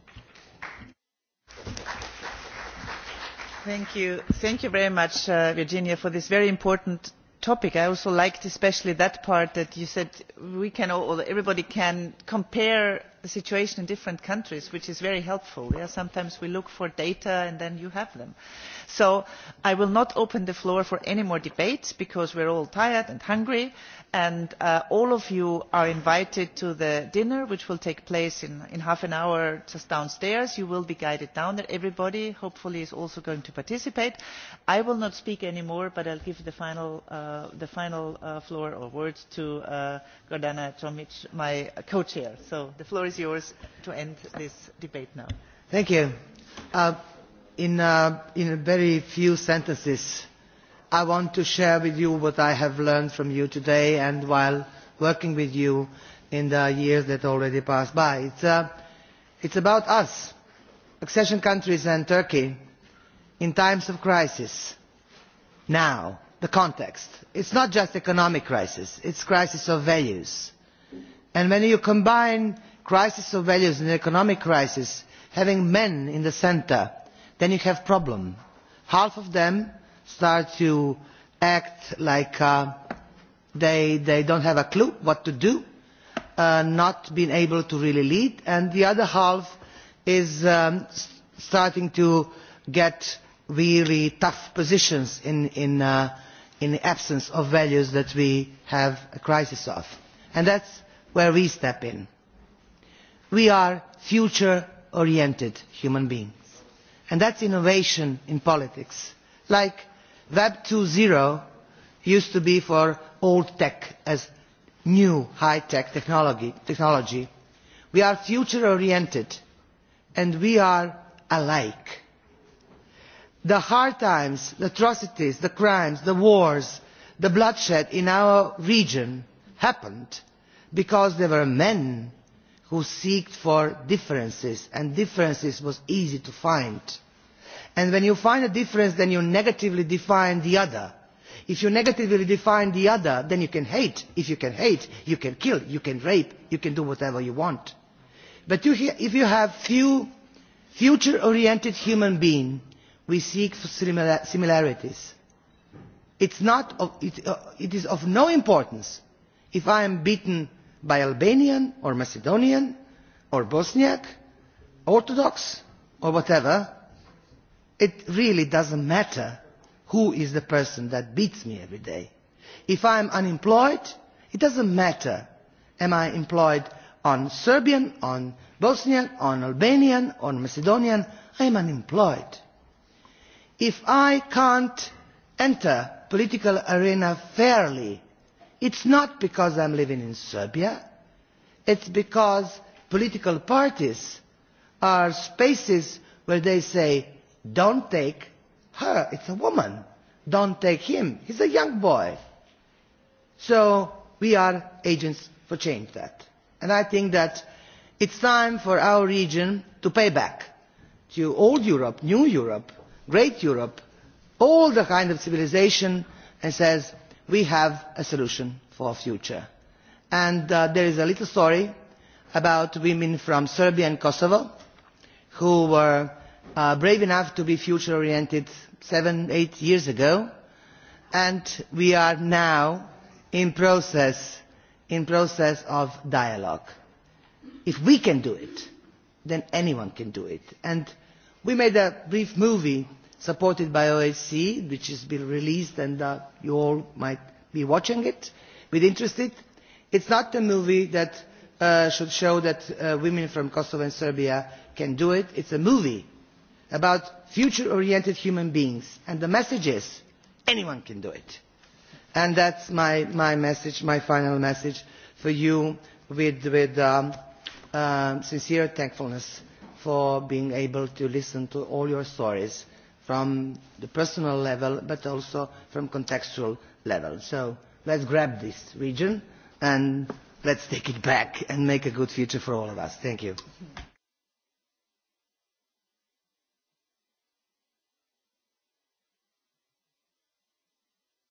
Thank you. thank you very much uh, virginia for this very important topic. i also liked especially that part that you said we can all, everybody can compare the situation in different countries which is very helpful. sometimes we look for data and then you have them. so i will not open the floor for any more debates because we are all tired and hungry and uh, all of you are invited to the dinner which will take place in, half an hour just downstairs. you will be guided down there. everybody hopefully is also going to participate. i will not speak any more but i will give the final, uh, the final uh, floor or words to uh, gordana tomic my co chair. so the floor is is yours to end this debate now. Thank you. Uh, in, uh, in very few sentences, I want to share with you what I have learned from you today and while working with you in the years that already passed by. It's, uh, it's about us, accession countries and Turkey, in times of crisis, now, the context. It's not just economic crisis, it's crisis of values. And when you combine crisis of values and an economic crisis having men in the centre then you have a problem. half of them start to act like uh, they, they don't have a clue what to do, uh, not being able to really lead, and the other half is um, starting to get really tough positions in, in, uh, in the absence of values that we have a crisis of. And that's where we step in we are future oriented human beings and that is innovation in politics like web. two used to be for old tech as new high tech technology. we are future oriented and we are alike. the hard times the atrocities the crimes the wars the bloodshed in our region happened because there were men who seek for differences and differences was easy to find. And when you find a difference then you negatively define the other. If you negatively define the other then you can hate. If you can hate you can kill, you can rape, you can do whatever you want. But you, if you have few future oriented human beings we seek for similar, similarities. It's not of, it, uh, it is of no importance if I am beaten by Albanian or Macedonian or Bosniak, Orthodox or whatever, it really doesn't matter who is the person that beats me every day. If I am unemployed, it doesn't matter am I employed on Serbian, on Bosnian, on Albanian, on Macedonian, I am unemployed. If I can't enter political arena fairly, It's not because I'm living in Serbia. It's because political parties are spaces where they say, don't take her, it's a woman. Don't take him, he's a young boy. So we are agents for change that. And I think that it's time for our region to pay back to old Europe, new Europe, great Europe, all the kind of civilization and says, we have a solution for our future. And uh, there is a little story about women from Serbia and Kosovo who were uh, brave enough to be future oriented seven, eight years ago. And we are now in process, in process of dialogue. If we can do it, then anyone can do it. And we made a brief movie supported by OSCE, which has been released and uh, you all might be watching it with interest. It's not a movie that uh, should show that uh, women from Kosovo and Serbia can do it. It's a movie about future-oriented human beings. And the message is, anyone can do it. And that's my, my message, my final message for you with, with um, um, sincere thankfulness for being able to listen to all your stories from the personal level but also from contextual level. So let's grab this region and let's take it back and make a good future for all of us. Thank you.